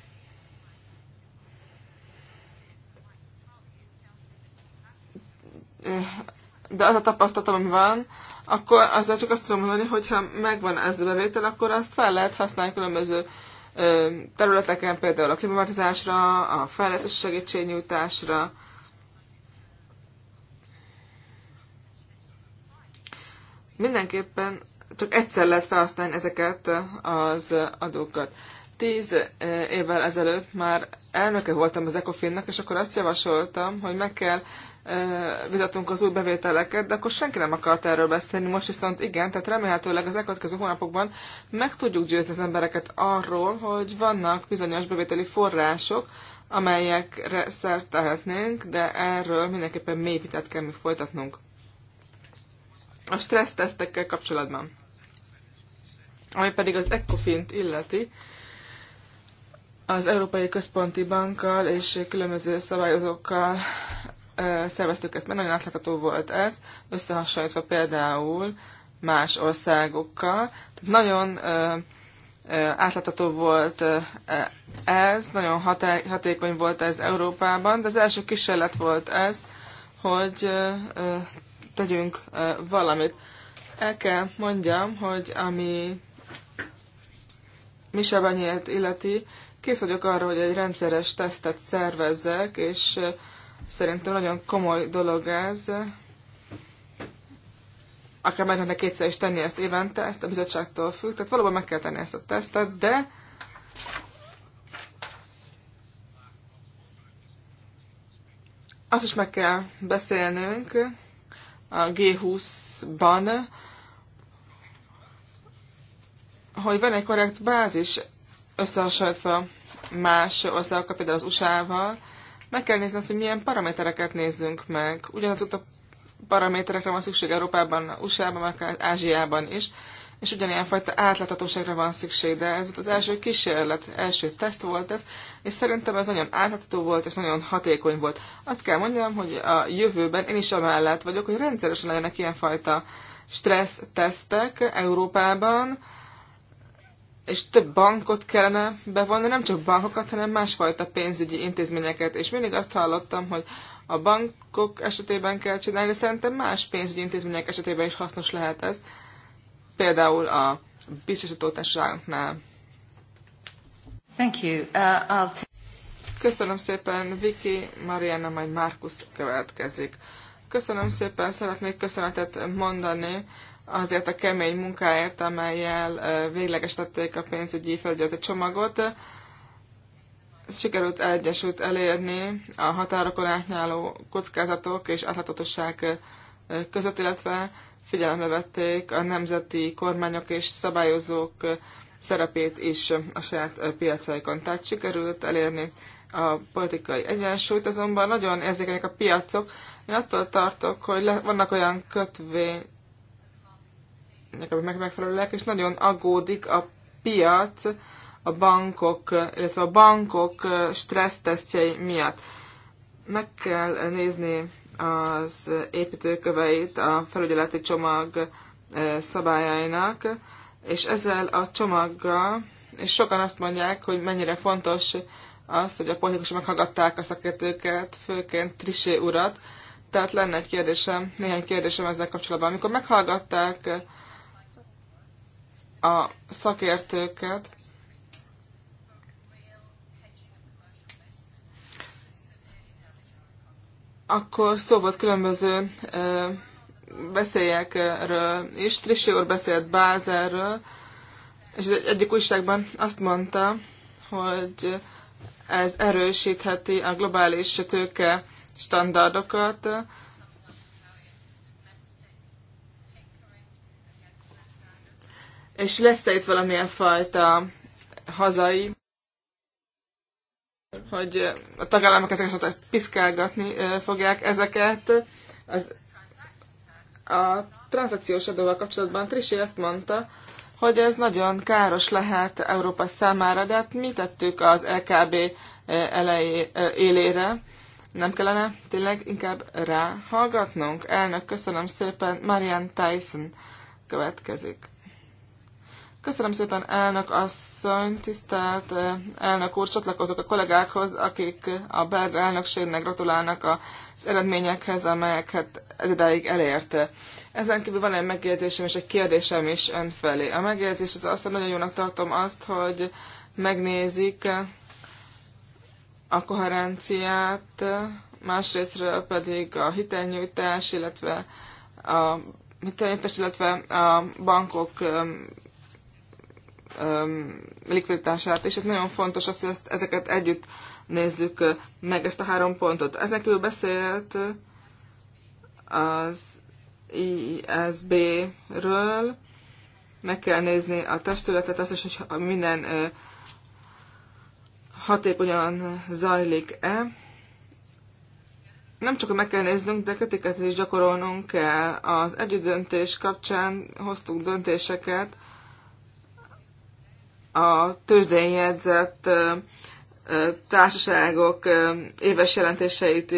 de az a tapasztalatom, ami van, akkor azzal csak azt tudom mondani, hogy ha megvan ez a bevétel, akkor azt fel lehet használni különböző területeken, például a klimatizásra, a fejlesztési segítségnyújtásra. Mindenképpen csak egyszer lehet felhasználni ezeket az adókat. Tíz évvel ezelőtt már elnöke voltam az ECOFIN-nak, és akkor azt javasoltam, hogy meg kell vitatunk az új bevételeket, de akkor senki nem akart erről beszélni, most viszont igen, tehát remélhetőleg az elkövetkező hónapokban meg tudjuk győzni az embereket arról, hogy vannak bizonyos bevételi források, amelyekre szert tehetnénk, de erről mindenképpen mély vitát kell még folytatnunk. A stressztesztekkel kapcsolatban, ami pedig az ECOFINT illeti, az Európai Központi Bankkal és különböző szabályozókkal szerveztük ezt, mert nagyon átlátható volt ez, összehasonlítva például más országokkal. Tehát nagyon átlátható volt ez, nagyon hatékony volt ez Európában, de az első kísérlet volt ez, hogy tegyünk valamit. El kell mondjam, hogy ami Mise Banyért illeti, kész vagyok arra, hogy egy rendszeres tesztet szervezzek, és Szerintem nagyon komoly dolog ez. Akár meg lehetne kétszer is tenni ezt évente, ezt a bizottságtól függ. Tehát valóban meg kell tenni ezt a tesztet, de azt is meg kell beszélnünk a G20-ban, hogy van egy korrekt bázis összehasonlítva más országokkal, például az USA-val, meg kell nézni azt, hogy milyen paramétereket nézzünk meg. Ugyanazok a paraméterekre van szükség Európában, USA-ban, meg Ázsiában is, és ugyanilyen fajta átláthatóságra van szükség, de ez volt az első kísérlet, első teszt volt ez, és szerintem ez nagyon átlátható volt, és nagyon hatékony volt. Azt kell mondjam, hogy a jövőben én is amellett vagyok, hogy rendszeresen legyenek ilyenfajta stressz tesztek Európában, és több bankot kellene bevonni, nem csak bankokat, hanem másfajta pénzügyi intézményeket. És mindig azt hallottam, hogy a bankok esetében kell csinálni, szerintem más pénzügyi intézmények esetében is hasznos lehet ez. Például a biztosító Thank you. Uh, I'll Köszönöm szépen, Viki, Mariana, majd Markus következik. Köszönöm szépen, szeretnék köszönetet mondani azért a kemény munkáért, amelyel véglegesítették a pénzügyi felügyeleti csomagot. Sikerült egyesült elérni a határokon átnyáló kockázatok és átláthatóság között, illetve figyelembe vették a nemzeti kormányok és szabályozók szerepét is a saját piacaikon. Tehát sikerült elérni a politikai egyensúlyt, azonban nagyon érzékenyek a piacok. Én attól tartok, hogy le, vannak olyan kötvény, amik megfelelőek, és nagyon aggódik a piac a bankok, illetve a bankok stressztesztjei miatt. Meg kell nézni az építőköveit a felügyeleti csomag szabályainak, és ezzel a csomaggal, és sokan azt mondják, hogy mennyire fontos az, hogy a politikusok meghallgatták a szakértőket, főként Trisé urat, tehát lenne egy kérdésem, néhány kérdésem ezzel kapcsolatban. Amikor meghallgatták a szakértőket, akkor szó volt különböző ö, veszélyekről is. Trissi úr beszélt Bázerről, és egyik újságban azt mondta, hogy ez erősítheti a globális tőke standardokat, És lesz-e itt valamilyen fajta hazai, hogy a tagállamok ezeket piszkálgatni fogják ezeket. Az, a tranzakciós adóval kapcsolatban Trisi azt mondta, hogy ez nagyon káros lehet Európa számára, de hát mi tettük az LKB elejé, élére. Nem kellene tényleg inkább ráhallgatnunk? Elnök, köszönöm szépen. Marian Tyson következik. Köszönöm szépen elnök asszony, tisztelt eh, elnök úr, csatlakozok a kollégákhoz, akik a belga elnökségnek gratulálnak az eredményekhez, amelyeket ez idáig elért. Ezen kívül van egy megjegyzésem és egy kérdésem is ön felé. A megjegyzés az azt, hogy nagyon jónak tartom azt, hogy megnézik a koherenciát, másrésztről pedig a hitelnyújtás, illetve a hitelnyújtás, illetve a bankok Um, likviditását, és ez nagyon fontos, hogy ezt, ezeket együtt nézzük uh, meg, ezt a három pontot. Ezen kívül beszélt uh, az ISB-ről, meg kell nézni a testületet, az is, hogy minden uh, hatékonyan zajlik-e. Nem csak meg kell néznünk, de kritikát is gyakorolnunk kell. Az együttdöntés kapcsán hoztunk döntéseket, a tőzsdén jegyzett társaságok éves jelentéseit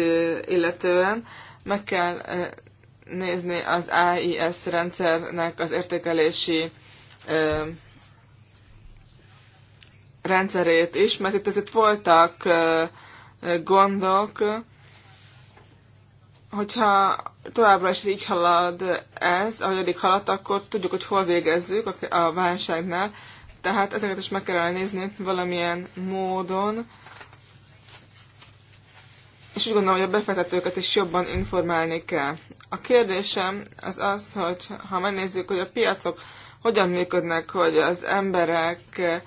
illetően meg kell nézni az AIS rendszernek az értékelési rendszerét is, mert itt azért voltak gondok, hogyha továbbra is így halad ez, ahogy eddig haladt, akkor tudjuk, hogy hol végezzük a válságnál, tehát ezeket is meg kell nézni valamilyen módon. És úgy gondolom, hogy a befektetőket is jobban informálni kell. A kérdésem az az, hogy ha megnézzük, hogy a piacok hogyan működnek, hogy az emberek eh,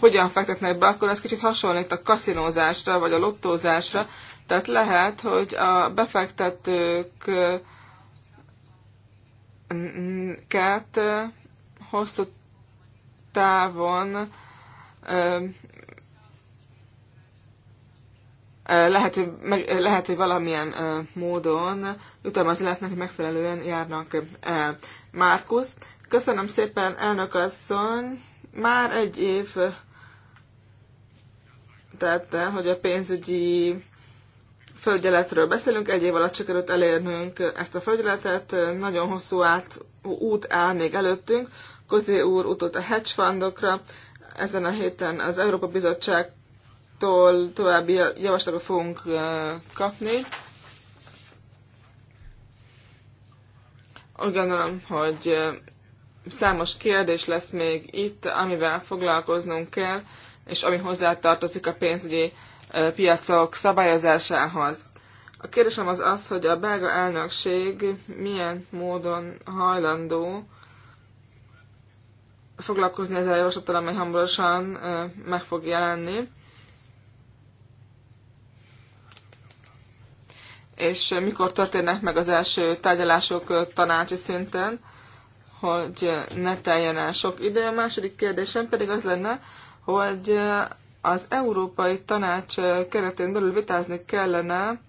hogyan fektetnek be, akkor ez kicsit hasonlít a kaszinózásra, vagy a lottózásra. Tehát lehet, hogy a befektetőket eh, eh, hosszú távon lehet, hogy, meg, lehet, hogy valamilyen módon jutalmazni lehetnek, hogy megfelelően járnak el. Márkusz, köszönöm szépen, elnök asszony, már egy év tehát hogy a pénzügyi földjeletről beszélünk, egy év alatt sikerült elérnünk ezt a földjeletet. nagyon hosszú át, út áll még előttünk, Kozé úr utolt a hedge fundokra. Ezen a héten az Európa Bizottságtól további javaslatot fogunk kapni. Úgy gondolom, hogy számos kérdés lesz még itt, amivel foglalkoznunk kell, és ami hozzátartozik a pénzügyi piacok szabályozásához. A kérdésem az az, hogy a belga elnökség milyen módon hajlandó foglalkozni ezzel a javaslattal, amely hamarosan meg fog jelenni. És mikor történnek meg az első tárgyalások tanácsi szinten, hogy ne teljen el sok idő. A második kérdésem pedig az lenne, hogy az Európai Tanács keretén belül vitázni kellene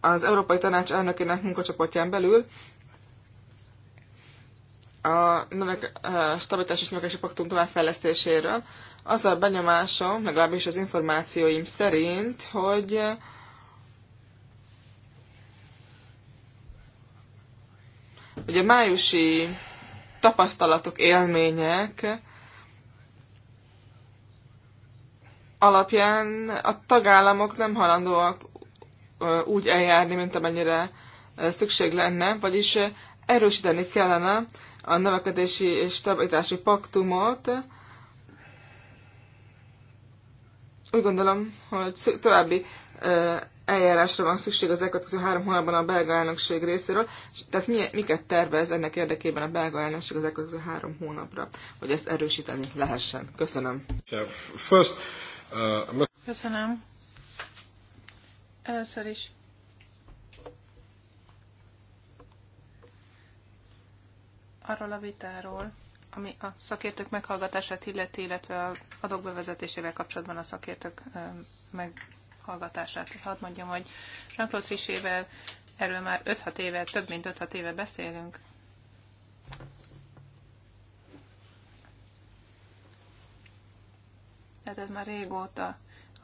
az Európai Tanács elnökének munkacsoportján belül a növek, a stabilitás és növekedési paktum továbbfejlesztéséről. Az a benyomásom, legalábbis az információim szerint, hogy Ugye a májusi tapasztalatok, élmények alapján a tagállamok nem halandóak úgy eljárni, mint amennyire szükség lenne, vagyis erősíteni kellene a növekedési és stabilitási paktumot. Úgy gondolom, hogy további eljárásra van szükség az elkövetkező három hónapban a belga elnökség részéről, tehát mi, miket tervez ennek érdekében a belga elnökség az elkövetkező három hónapra, hogy ezt erősíteni lehessen. Köszönöm. Uh, Köszönöm. Először is arról a vitáról, ami a szakértők meghallgatását illeti, illetve a adók bevezetésével kapcsolatban a szakértők meghallgatását. Hadd mondjam, hogy Jean-Claude Trichével erről már 5-6 éve, több mint 5-6 éve beszélünk. Tehát ez már régóta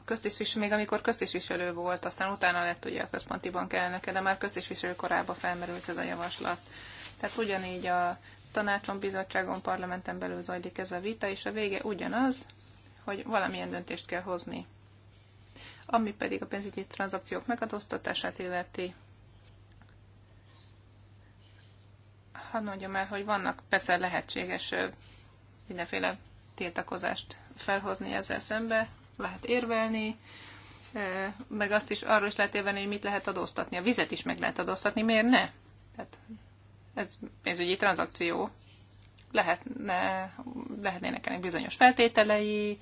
köztisviselő, még amikor köztisviselő volt, aztán utána lett ugye a központi bank elnöke, de már köztisviselő korában felmerült ez a javaslat. Tehát ugyanígy a tanácson, bizottságon, parlamenten belül zajlik ez a vita, és a vége ugyanaz, hogy valamilyen döntést kell hozni. Ami pedig a pénzügyi tranzakciók megadóztatását illeti, hadd mondjam el, hogy vannak persze lehetséges mindenféle tiltakozást felhozni ezzel szembe, lehet érvelni, meg azt is arról is lehet érvelni, hogy mit lehet adóztatni. A vizet is meg lehet adóztatni, miért ne? Tehát ez pénzügyi tranzakció. Lehetne, lehetnének ennek bizonyos feltételei,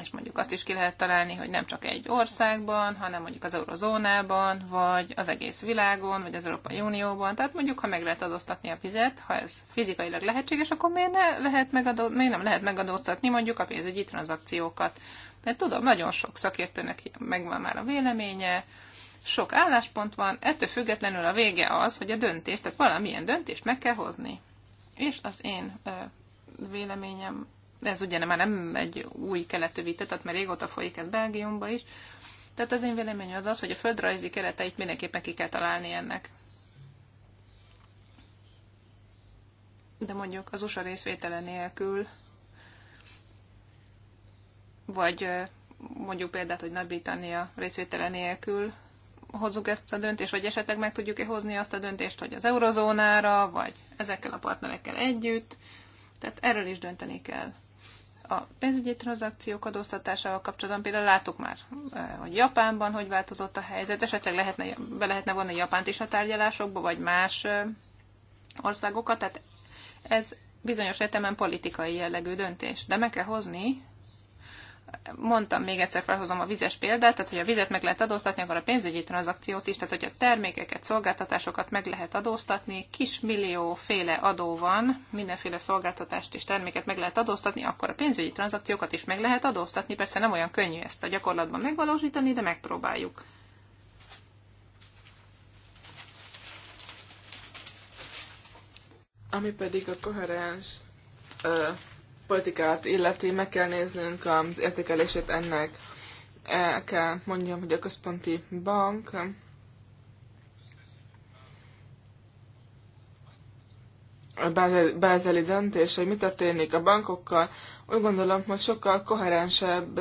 és mondjuk azt is ki lehet találni, hogy nem csak egy országban, hanem mondjuk az eurozónában, vagy az egész világon, vagy az Európai Unióban. Tehát mondjuk, ha meg lehet adóztatni a fizet, ha ez fizikailag lehetséges, akkor miért, ne lehet megadó, miért nem lehet megadóztatni mondjuk a pénzügyi tranzakciókat? mert tudom, nagyon sok szakértőnek megvan már a véleménye, sok álláspont van, ettől függetlenül a vége az, hogy a döntést, tehát valamilyen döntést meg kell hozni. És az én véleményem, ez ugye már nem egy új keletű vita, tehát mert régóta folyik ez Belgiumba is, tehát az én véleményem az az, hogy a földrajzi kereteit mindenképpen ki kell találni ennek. De mondjuk az USA részvétele nélkül, vagy mondjuk példát, hogy Nagy-Britannia részvétele nélkül hozzuk ezt a döntést, vagy esetleg meg tudjuk-e hozni azt a döntést, hogy az eurozónára, vagy ezekkel a partnerekkel együtt. Tehát erről is dönteni kell. A pénzügyi tranzakciók adóztatásával kapcsolatban például látok már, eh, hogy Japánban hogy változott a helyzet, esetleg lehetne, be lehetne vonni Japánt is a tárgyalásokba, vagy más eh, országokat, tehát ez bizonyos értelemben politikai jellegű döntés, de meg kell hozni, mondtam, még egyszer felhozom a vizes példát, tehát hogy a vizet meg lehet adóztatni, akkor a pénzügyi tranzakciót is, tehát hogy a termékeket, szolgáltatásokat meg lehet adóztatni, millió féle adó van, mindenféle szolgáltatást és terméket meg lehet adóztatni, akkor a pénzügyi tranzakciókat is meg lehet adóztatni. Persze nem olyan könnyű ezt a gyakorlatban megvalósítani, de megpróbáljuk. Ami pedig a koherens politikát illeti, meg kell néznünk az értékelését ennek. El kell mondjam, hogy a központi bank a bázeli döntése, hogy mi történik a bankokkal, úgy gondolom, hogy sokkal koherensebb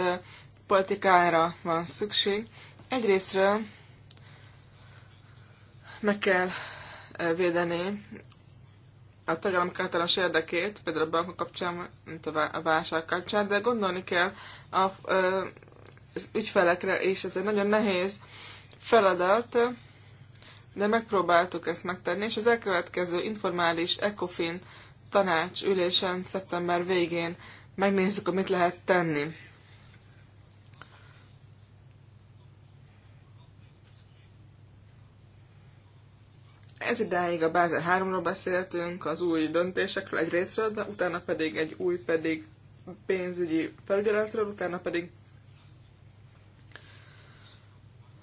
politikára van szükség. Egyrésztről meg kell eh, védeni a tagállam általános érdekét, például a bankok kapcsán, mint a válság kapcsán, de gondolni kell a, az ügyfelekre és ez egy nagyon nehéz feladat, de megpróbáltuk ezt megtenni, és az elkövetkező informális ECOFIN tanács ülésen szeptember végén megnézzük, hogy mit lehet tenni. Ez idáig a Bázel 3-ról beszéltünk, az új döntésekről egy részről, de utána pedig egy új pedig pénzügyi felügyeletről, utána pedig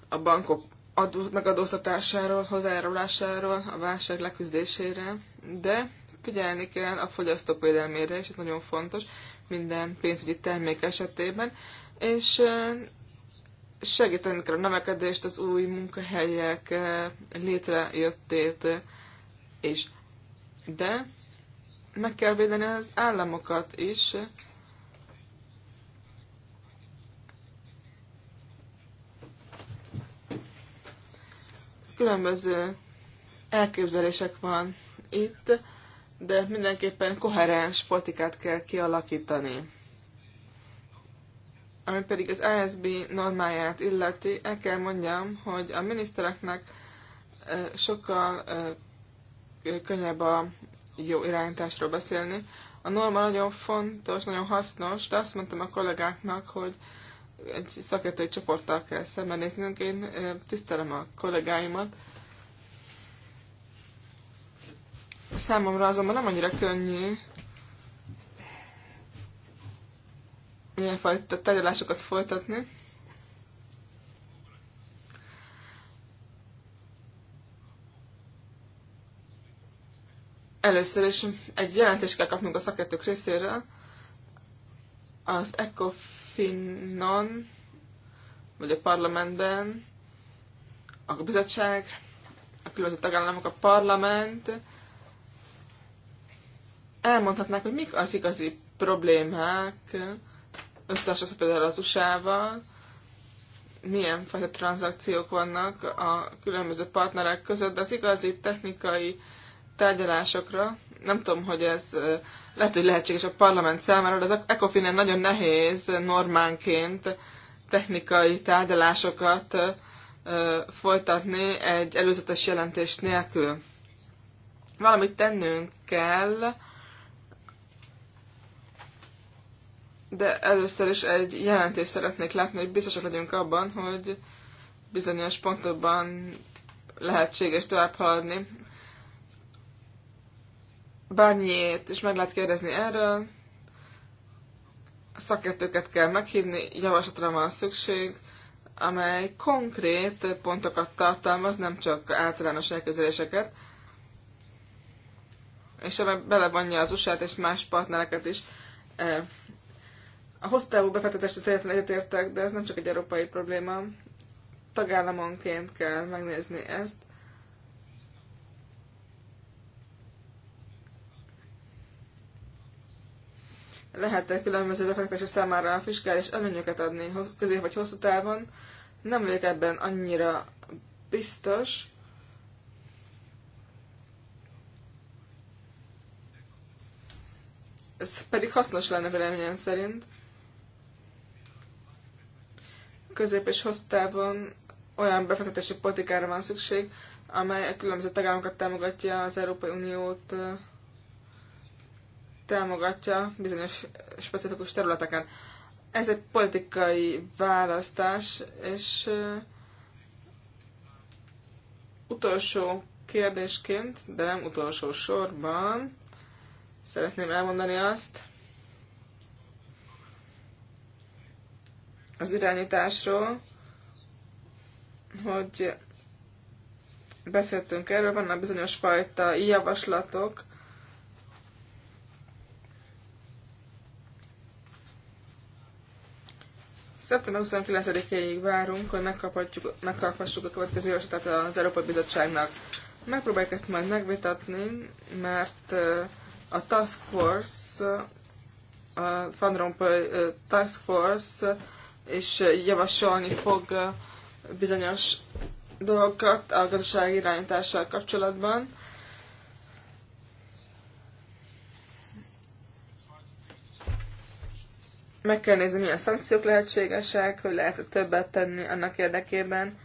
a bankok adó, megadóztatásáról, hozzájárulásáról, a válság leküzdésére, de figyelni kell a fogyasztók védelmére, és ez nagyon fontos minden pénzügyi termék esetében, és segíteni kell a növekedést, az új munkahelyek eh, létrejöttét, és de meg kell védeni az államokat is. Különböző elképzelések van itt, de mindenképpen koherens politikát kell kialakítani ami pedig az ASB normáját illeti, el kell mondjam, hogy a minisztereknek sokkal könnyebb a jó irányításról beszélni. A norma nagyon fontos, nagyon hasznos, de azt mondtam a kollégáknak, hogy egy szakértői csoporttal kell szembenéznünk. Én tisztelem a kollégáimat. Számomra azonban nem annyira könnyű ilyenfajta tárgyalásokat folytatni. Először is egy jelentést kell kapnunk a szakértők részéről. Az Ecofinon, vagy a parlamentben, a bizottság, a különböző tagállamok, a parlament elmondhatnák, hogy mik az igazi problémák, összehasonlítva például az USA-val, milyen fajta tranzakciók vannak a különböző partnerek között, de az igazi technikai tárgyalásokra, nem tudom, hogy ez lehet, hogy lehetséges a parlament számára, de az e- ecofin nagyon nehéz normánként technikai tárgyalásokat folytatni egy előzetes jelentés nélkül. Valamit tennünk kell, de először is egy jelentést szeretnék látni, hogy biztosak legyünk abban, hogy bizonyos pontokban lehetséges tovább haladni. Bárnyiért is meg lehet kérdezni erről, a szakértőket kell meghívni, javaslatra van szükség, amely konkrét pontokat tartalmaz, nem csak általános elközeléseket, és ebben belevonja az usa és más partnereket is eh, a hosszú távú befektetési területen egyetértek, de ez nem csak egy európai probléma. Tagállamonként kell megnézni ezt. lehet-e különböző befektetési számára a fiskális előnyöket adni közép vagy hosszú távon. Nem vagyok ebben annyira biztos. Ez pedig hasznos lenne véleményem szerint közép és hosszú távon olyan befektetési politikára van szükség, amely a különböző tagállamokat támogatja, az Európai Uniót támogatja bizonyos specifikus területeken. Ez egy politikai választás, és utolsó kérdésként, de nem utolsó sorban szeretném elmondani azt, az irányításról, hogy beszéltünk erről, vannak bizonyos fajta javaslatok, Szeptember 29 éig várunk, hogy megkaphatjuk, megkaphassuk a következő javaslatát az Európai Bizottságnak. Megpróbáljuk ezt majd megvitatni, mert uh, a Task Force, uh, a Van Rompuy uh, Task Force és javasolni fog bizonyos dolgokat a gazdasági irányítással kapcsolatban. Meg kell nézni, milyen szankciók lehetségesek, hogy lehet többet tenni annak érdekében,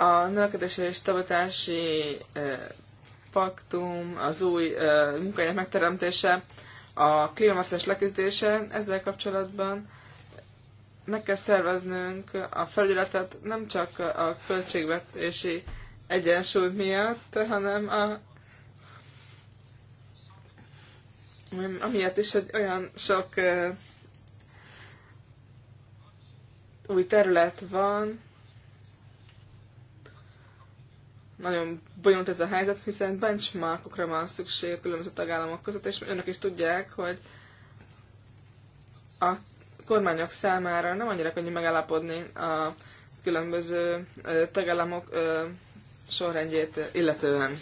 A növekedés és eh, paktum, az új munkahelyek megteremtése, a klímaváltozás leküzdése ezzel kapcsolatban meg kell szerveznünk a felületet nem csak a költségvetési egyensúly miatt, hanem a amiatt is, hogy olyan sok új terület van, nagyon bonyolult ez a helyzet, hiszen benchmarkokra van szükség a különböző tagállamok között, és önök is tudják, hogy a kormányok számára nem annyira könnyű megállapodni a különböző tagállamok sorrendjét illetően.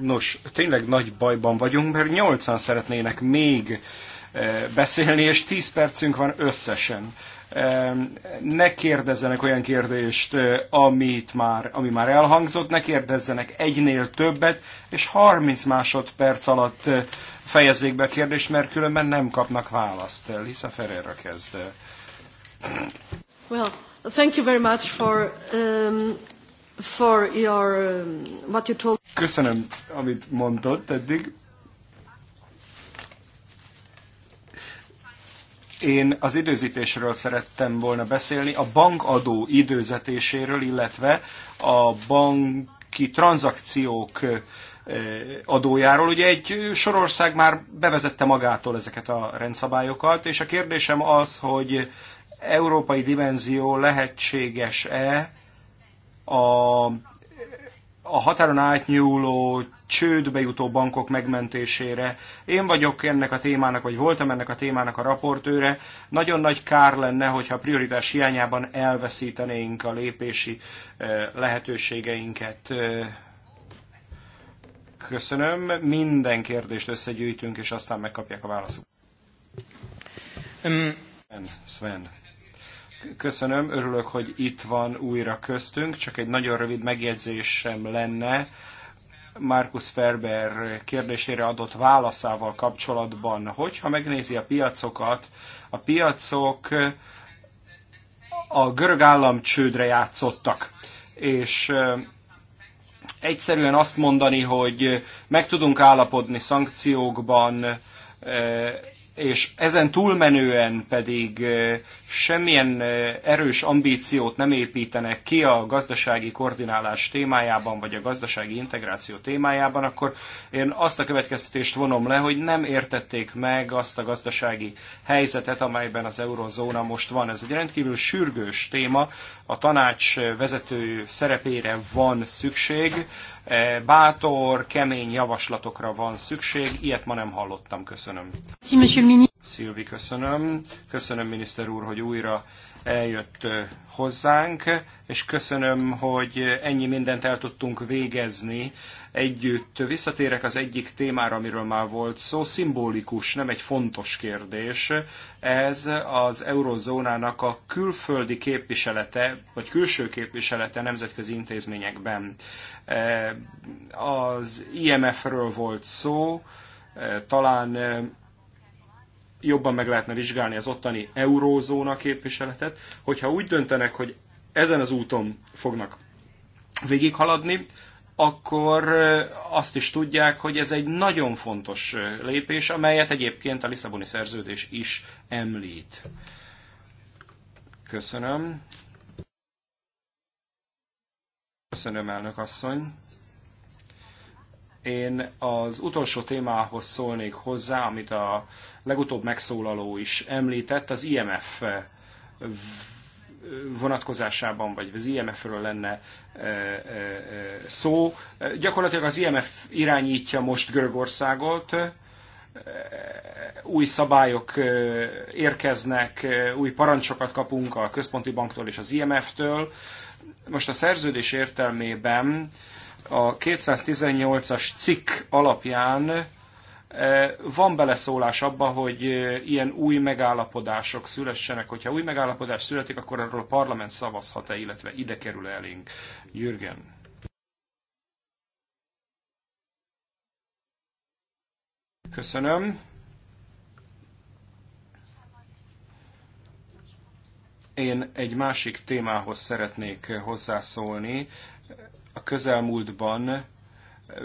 Nos, tényleg nagy bajban vagyunk, mert 80 szeretnének még beszélni, és 10 percünk van összesen ne kérdezzenek olyan kérdést, amit már, ami már elhangzott, ne kérdezzenek egynél többet, és 30 másodperc alatt fejezzék be a kérdést, mert különben nem kapnak választ. Lisa Ferreira kezd. Well, thank you very much for, um, for your, um, what you told. Köszönöm, amit mondott eddig. Én az időzítésről szerettem volna beszélni, a bankadó időzetéséről, illetve a banki tranzakciók adójáról. Ugye egy sorország már bevezette magától ezeket a rendszabályokat, és a kérdésem az, hogy európai dimenzió lehetséges-e a a határon átnyúló csődbe jutó bankok megmentésére. Én vagyok ennek a témának, vagy voltam ennek a témának a raportőre. Nagyon nagy kár lenne, hogyha prioritás hiányában elveszítenénk a lépési eh, lehetőségeinket. Eh, köszönöm. Minden kérdést összegyűjtünk, és aztán megkapják a válaszokat. Um, Sven. Sven köszönöm, örülök, hogy itt van újra köztünk, csak egy nagyon rövid megjegyzésem lenne. Markus Ferber kérdésére adott válaszával kapcsolatban, hogyha megnézi a piacokat, a piacok a görög állam csődre játszottak, és egyszerűen azt mondani, hogy meg tudunk állapodni szankciókban, és ezen túlmenően pedig semmilyen erős ambíciót nem építenek ki a gazdasági koordinálás témájában, vagy a gazdasági integráció témájában, akkor én azt a következtetést vonom le, hogy nem értették meg azt a gazdasági helyzetet, amelyben az eurozóna most van. Ez egy rendkívül sürgős téma, a tanács vezető szerepére van szükség, E, bátor, kemény javaslatokra van szükség. Ilyet ma nem hallottam. Köszönöm. Szilvi, köszönöm. Köszönöm, miniszter úr, hogy újra eljött e, hozzánk, és köszönöm, hogy ennyi mindent el tudtunk végezni együtt. Visszatérek az egyik témára, amiről már volt szó, szimbolikus, nem egy fontos kérdés. Ez az eurozónának a külföldi képviselete, vagy külső képviselete nemzetközi intézményekben. E, az IMF-ről volt szó, e, talán e, jobban meg lehetne vizsgálni az ottani eurózóna képviseletet, hogyha úgy döntenek, hogy ezen az úton fognak végighaladni, akkor azt is tudják, hogy ez egy nagyon fontos lépés, amelyet egyébként a Lisszaboni szerződés is említ. Köszönöm. Köszönöm, elnök asszony. Én az utolsó témához szólnék hozzá, amit a legutóbb megszólaló is említett, az IMF vonatkozásában, vagy az IMF-ről lenne e, e, e, szó. Gyakorlatilag az IMF irányítja most Görögországot, új szabályok érkeznek, új parancsokat kapunk a központi banktól és az IMF-től. Most a szerződés értelmében a 218-as cikk alapján van beleszólás abba, hogy ilyen új megállapodások szülessenek. Hogyha új megállapodás születik, akkor arról a parlament szavazhat-e, illetve ide kerül -e elénk. Jürgen. Köszönöm. Én egy másik témához szeretnék hozzászólni. A közelmúltban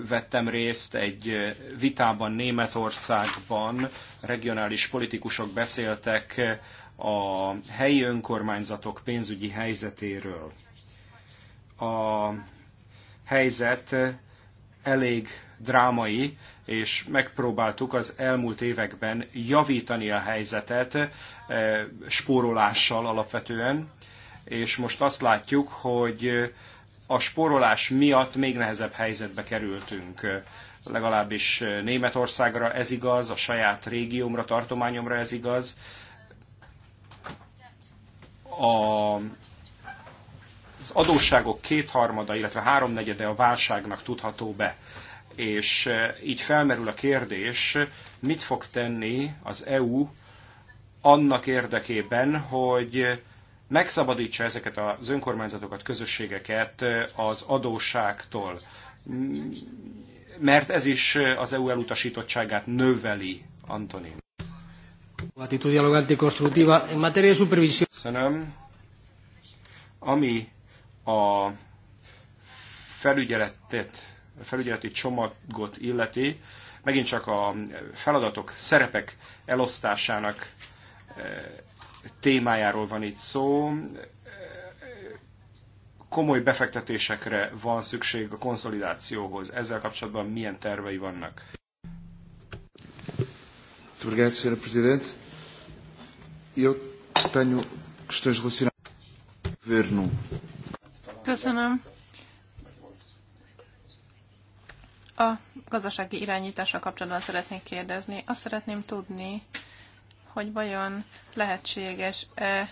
vettem részt egy vitában Németországban, regionális politikusok beszéltek a helyi önkormányzatok pénzügyi helyzetéről. A helyzet elég drámai, és megpróbáltuk az elmúlt években javítani a helyzetet spórolással alapvetően, és most azt látjuk, hogy a sporolás miatt még nehezebb helyzetbe kerültünk. Legalábbis Németországra ez igaz, a saját régiómra, tartományomra ez igaz. A, az adósságok kétharmada, illetve háromnegyede a válságnak tudható be. És e, így felmerül a kérdés, mit fog tenni az EU annak érdekében, hogy megszabadítsa ezeket az önkormányzatokat, közösségeket az adósságtól. Mm, mert ez is az EU elutasítottságát növeli, Antonin. Köszönöm. Ami a felügyeletet, felügyeleti csomagot illeti, megint csak a feladatok, szerepek elosztásának témájáról van itt szó. Komoly befektetésekre van szükség a konszolidációhoz. Ezzel kapcsolatban milyen tervei vannak? Köszönöm. A gazdasági irányítással kapcsolatban szeretnék kérdezni. Azt szeretném tudni, hogy vajon lehetséges-e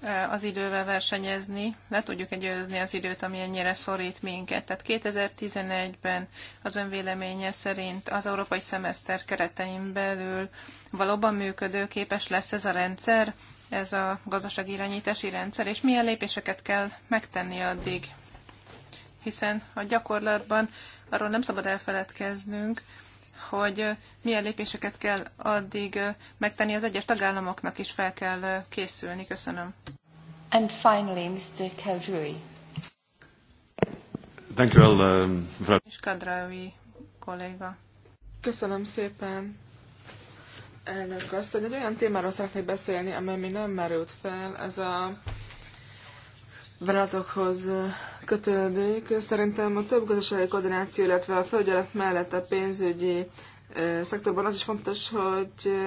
e, az idővel versenyezni, le tudjuk-e győzni az időt, ami ennyire szorít minket. Tehát 2011-ben az önvéleménye szerint az európai szemeszter keretein belül valóban működőképes lesz ez a rendszer, ez a gazdasági irányítási rendszer, és milyen lépéseket kell megtenni addig. Hiszen a gyakorlatban arról nem szabad elfeledkeznünk, hogy milyen lépéseket kell addig megtenni, az egyes tagállamoknak is fel kell készülni. Köszönöm. And finally, Mr. Calvary. Thank you all, uh, És Kadraui kolléga. Köszönöm szépen. Elnök asszony, egy olyan témáról szeretnék beszélni, amely még nem merült fel, ez a veletokhoz kötődik. Szerintem a több gazdasági koordináció, illetve a felügyelet mellett a pénzügyi szektorban az is fontos, hogy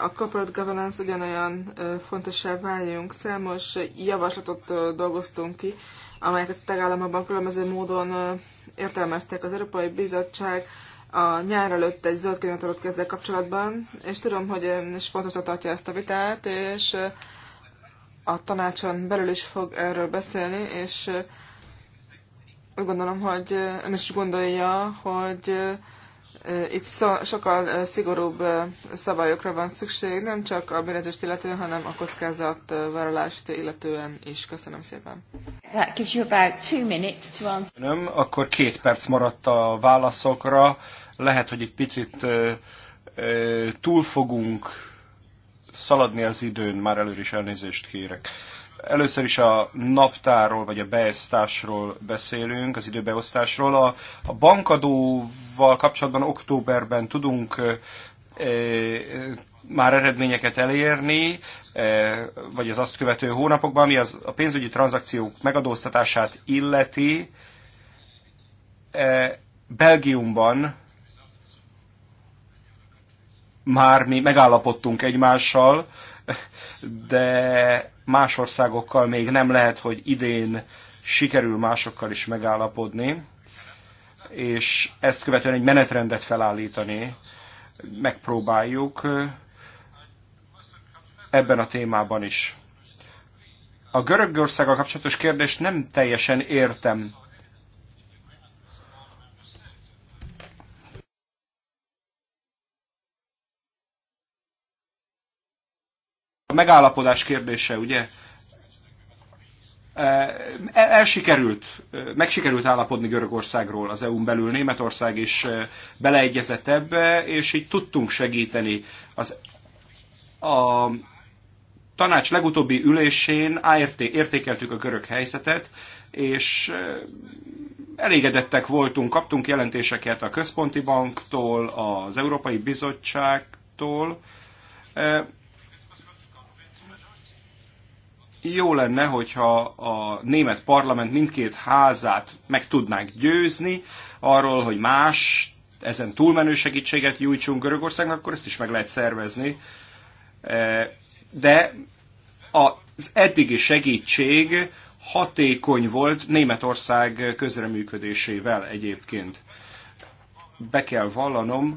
a corporate governance ugyanolyan fontossá váljunk. Számos javaslatot dolgoztunk ki, amelyeket a tagállamokban különböző módon értelmeztek. Az Európai Bizottság a nyár előtt egy zöld könyvet adott kezdve kapcsolatban, és tudom, hogy ön is fontosnak tartja ezt a vitát, és a tanácson belül is fog erről beszélni, és úgy gondolom, hogy ön is gondolja, hogy itt szó, sokkal szigorúbb szabályokra van szükség, nem csak a bérezést illetően, hanem a kockázatvállalást illetően is. Köszönöm szépen. Nem, akkor két perc maradt a válaszokra. Lehet, hogy egy picit túl fogunk szaladni az időn, már előre is elnézést kérek. Először is a naptárról, vagy a beosztásról beszélünk, az időbeosztásról. A, a bankadóval kapcsolatban októberben tudunk e, már eredményeket elérni, vagy az azt követő hónapokban, ami az, a pénzügyi tranzakciók megadóztatását illeti. Belgiumban már mi megállapodtunk egymással, de más országokkal még nem lehet, hogy idén sikerül másokkal is megállapodni, és ezt követően egy menetrendet felállítani. Megpróbáljuk ebben a témában is. A Görögországgal kapcsolatos kérdést nem teljesen értem. megállapodás kérdése, ugye? E, e, elsikerült, e, megsikerült állapodni Görögországról az EU-n belül, Németország is beleegyezett ebbe, és így tudtunk segíteni. Az, a tanács legutóbbi ülésén ART, értékeltük a görög helyzetet, és elégedettek voltunk, kaptunk jelentéseket a Központi Banktól, az Európai Bizottságtól, jó lenne, hogyha a német parlament mindkét házát meg tudnánk győzni arról, hogy más, ezen túlmenő segítséget nyújtsunk Görögországnak, akkor ezt is meg lehet szervezni. E, de az eddigi segítség hatékony volt Németország közreműködésével egyébként. Be kell vallanom,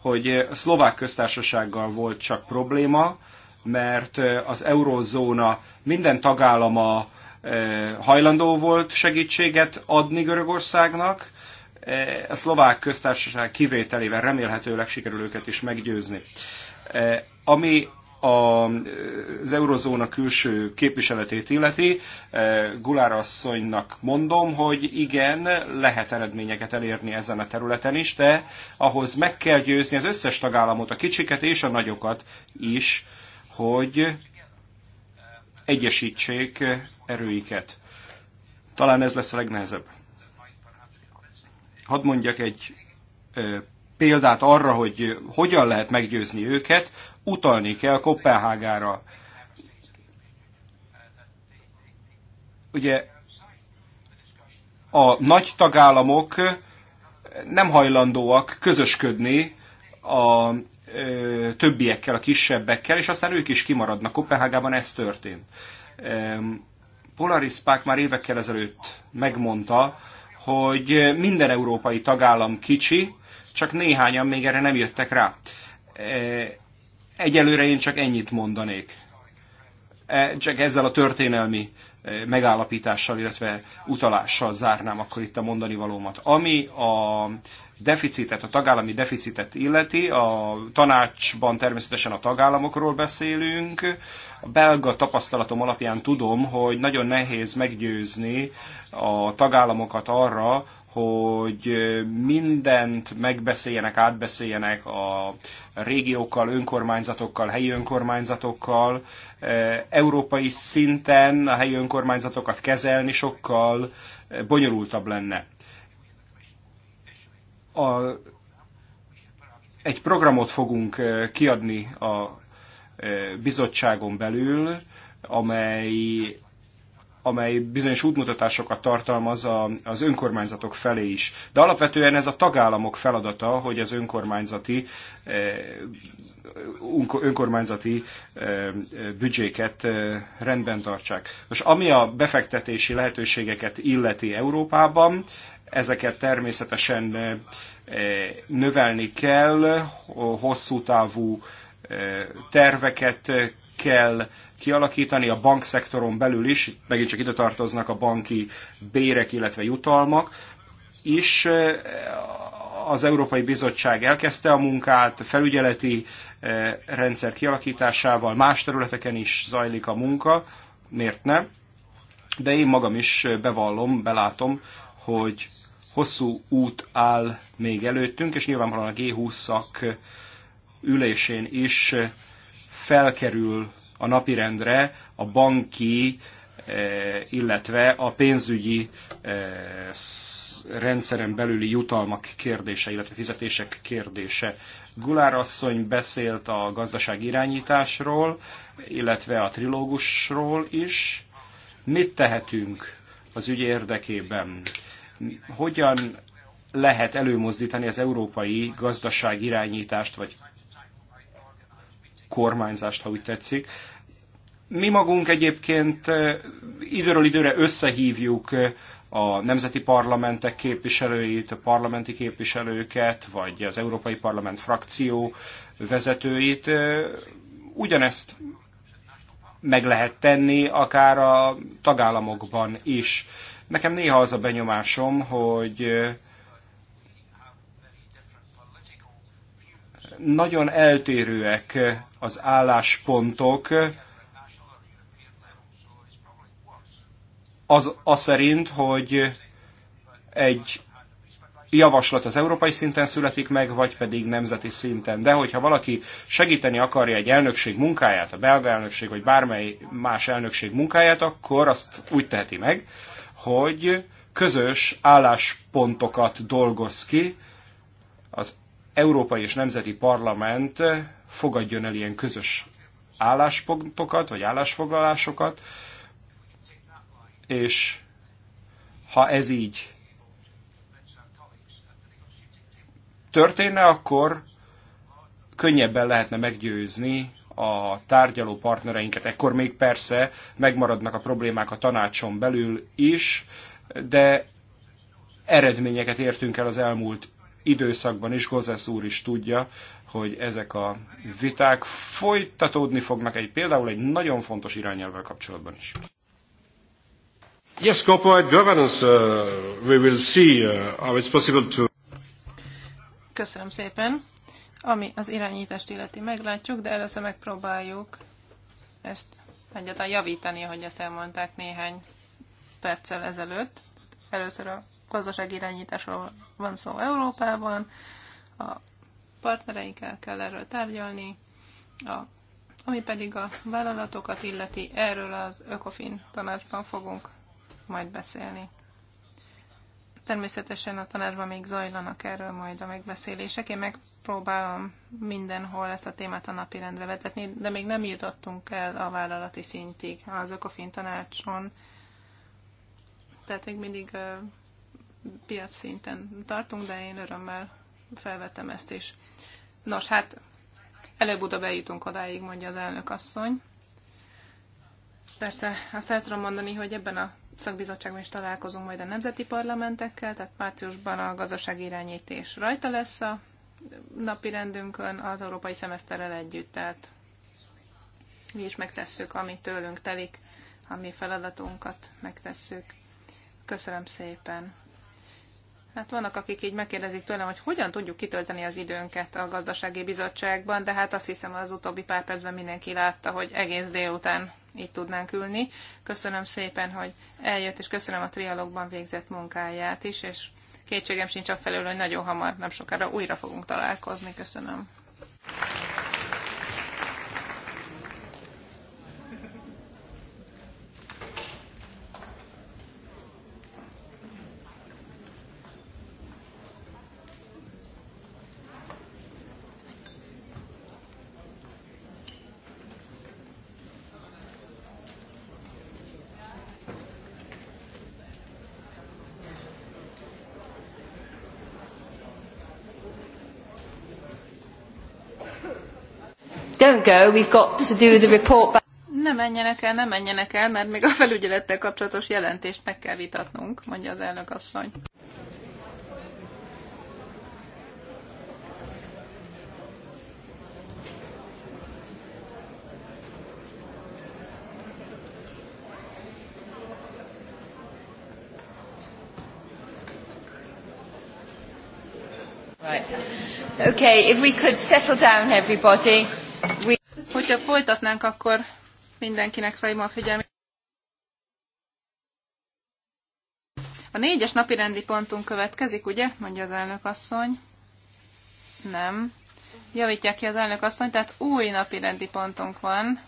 hogy a szlovák köztársasággal volt csak probléma, mert az eurózóna minden tagállama hajlandó volt segítséget adni Görögországnak, a szlovák köztársaság kivételével remélhetőleg sikerül őket is meggyőzni. Ami az eurozóna külső képviseletét illeti, Gulár asszonynak mondom, hogy igen, lehet eredményeket elérni ezen a területen is, de ahhoz meg kell győzni az összes tagállamot, a kicsiket és a nagyokat is, hogy egyesítsék erőiket. Talán ez lesz a legnehezebb. Hadd mondjak egy példát arra, hogy hogyan lehet meggyőzni őket, utalni kell Kopenhágára. Ugye a nagy tagállamok nem hajlandóak közösködni a ö, többiekkel, a kisebbekkel, és aztán ők is kimaradnak. Kopenhágában ez történt. Polaris Pák már évekkel ezelőtt megmondta, hogy minden európai tagállam kicsi, csak néhányan még erre nem jöttek rá. E, egyelőre én csak ennyit mondanék. E, csak ezzel a történelmi megállapítással, illetve utalással zárnám akkor itt a mondani valómat. Ami a deficitet, a tagállami deficitet illeti, a tanácsban természetesen a tagállamokról beszélünk. A belga tapasztalatom alapján tudom, hogy nagyon nehéz meggyőzni a tagállamokat arra, hogy mindent megbeszéljenek, átbeszéljenek a régiókkal, önkormányzatokkal, helyi önkormányzatokkal. Európai szinten a helyi önkormányzatokat kezelni sokkal bonyolultabb lenne. A, egy programot fogunk kiadni a bizottságon belül, amely amely bizonyos útmutatásokat tartalmaz a az önkormányzatok felé is. De alapvetően ez a tagállamok feladata, hogy az önkormányzati, eh, önkormányzati eh, büdzséket eh, rendben tartsák. Most ami a befektetési lehetőségeket illeti Európában, ezeket természetesen növelni kell, hosszú távú terveket kell kialakítani a bankszektoron belül is, megint csak ide tartoznak a banki bérek, illetve jutalmak, is az Európai Bizottság elkezdte a munkát, felügyeleti rendszer kialakításával, más területeken is zajlik a munka, miért nem? De én magam is bevallom, belátom, hogy hosszú út áll még előttünk, és nyilvánvalóan a g 20 szak ülésén is felkerül a napirendre a banki, eh, illetve a pénzügyi eh, rendszeren belüli jutalmak kérdése, illetve fizetések kérdése. Gulár asszony beszélt a gazdaság irányításról, illetve a trilógusról is. Mit tehetünk az ügy érdekében? Hogyan lehet előmozdítani az európai gazdaság irányítást, vagy kormányzást, ha úgy tetszik, mi magunk egyébként időről időre összehívjuk a nemzeti parlamentek képviselőit, a parlamenti képviselőket, vagy az Európai Parlament frakció vezetőit. Ugyanezt meg lehet tenni akár a tagállamokban is. Nekem néha az a benyomásom, hogy nagyon eltérőek az álláspontok, az, az szerint, hogy egy javaslat az európai szinten születik meg, vagy pedig nemzeti szinten. De hogyha valaki segíteni akarja egy elnökség munkáját, a belga elnökség, vagy bármely más elnökség munkáját, akkor azt úgy teheti meg, hogy közös álláspontokat dolgoz ki, az Európai és Nemzeti Parlament fogadjon el ilyen közös álláspontokat, vagy állásfoglalásokat, és ha ez így történne, akkor könnyebben lehetne meggyőzni a tárgyaló partnereinket. Ekkor még persze megmaradnak a problémák a tanácson belül is, de eredményeket értünk el az elmúlt időszakban is, Gozesz úr is tudja, hogy ezek a viták folytatódni fognak egy például egy nagyon fontos irányelvvel kapcsolatban is. Yes, corporate governance, uh, we will see uh, how it's possible to... Köszönöm szépen. Ami az irányítást illeti, meglátjuk, de először megpróbáljuk ezt egyáltalán javítani, ahogy ezt elmondták néhány perccel ezelőtt. Először a gazdaság irányításról van szó Európában, a partnereinkkel kell erről tárgyalni, a, ami pedig a vállalatokat illeti, erről az Ökofin tanácsban fogunk majd beszélni. Természetesen a tanárban még zajlanak erről majd a megbeszélések. Én megpróbálom mindenhol ezt a témát a napi rendre vetetni, de még nem jutottunk el a vállalati szintig az Okofin tanácson. Tehát még mindig uh, piac szinten tartunk, de én örömmel felvettem ezt is. Nos, hát előbb-utóbb eljutunk odáig, mondja az elnök asszony. Persze, azt el tudom mondani, hogy ebben a szakbizottságban is találkozunk majd a nemzeti parlamentekkel, tehát márciusban a gazdaságirányítés rajta lesz a napi rendünkön az európai szemeszterrel együtt, tehát mi is megtesszük, ami tőlünk telik, a mi feladatunkat megtesszük. Köszönöm szépen! Hát vannak, akik így megkérdezik tőlem, hogy hogyan tudjuk kitölteni az időnket a gazdasági bizottságban, de hát azt hiszem az utóbbi pár percben mindenki látta, hogy egész délután így tudnánk ülni. Köszönöm szépen, hogy eljött, és köszönöm a trialogban végzett munkáját is, és kétségem sincs a felől, hogy nagyon hamar, nem sokára újra fogunk találkozni. Köszönöm. don't go, we've got to do the report back. Ne menjenek el, ne menjenek el, mert még a felügyelettel kapcsolatos jelentést meg kell vitatnunk, mondja az elnök asszony. Right. Okay, if we could settle down everybody. Hogyha folytatnánk, akkor mindenkinek felhívom a figyelmét. A négyes napi rendi pontunk következik, ugye? Mondja az elnök asszony. Nem. Javítják ki az elnök asszony, tehát új napi rendi pontunk van.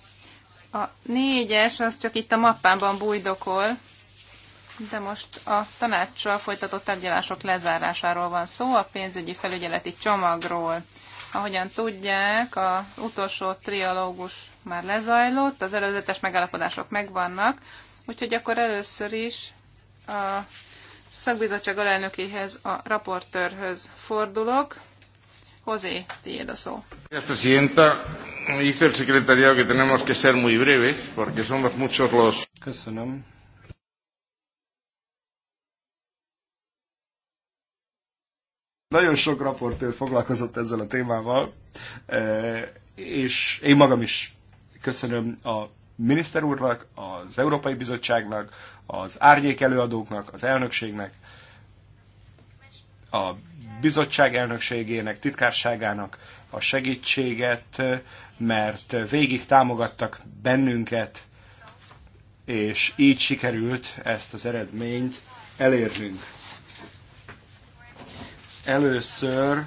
A négyes az csak itt a mappában bújdokol, de most a tanácssal folytatott tárgyalások lezárásáról van szó, a pénzügyi felügyeleti csomagról. Ahogyan tudják, az utolsó trialógus már lezajlott, az előzetes megállapodások megvannak, úgyhogy akkor először is a szakbizottság alelnökéhez, a raportőrhöz fordulok. José, tiéd a szó. Köszönöm. Nagyon sok raportőr foglalkozott ezzel a témával, e, és én magam is köszönöm a miniszter úrnak, az Európai Bizottságnak, az árnyék előadóknak, az elnökségnek, a bizottság elnökségének, titkárságának a segítséget, mert végig támogattak bennünket, és így sikerült ezt az eredményt elérnünk először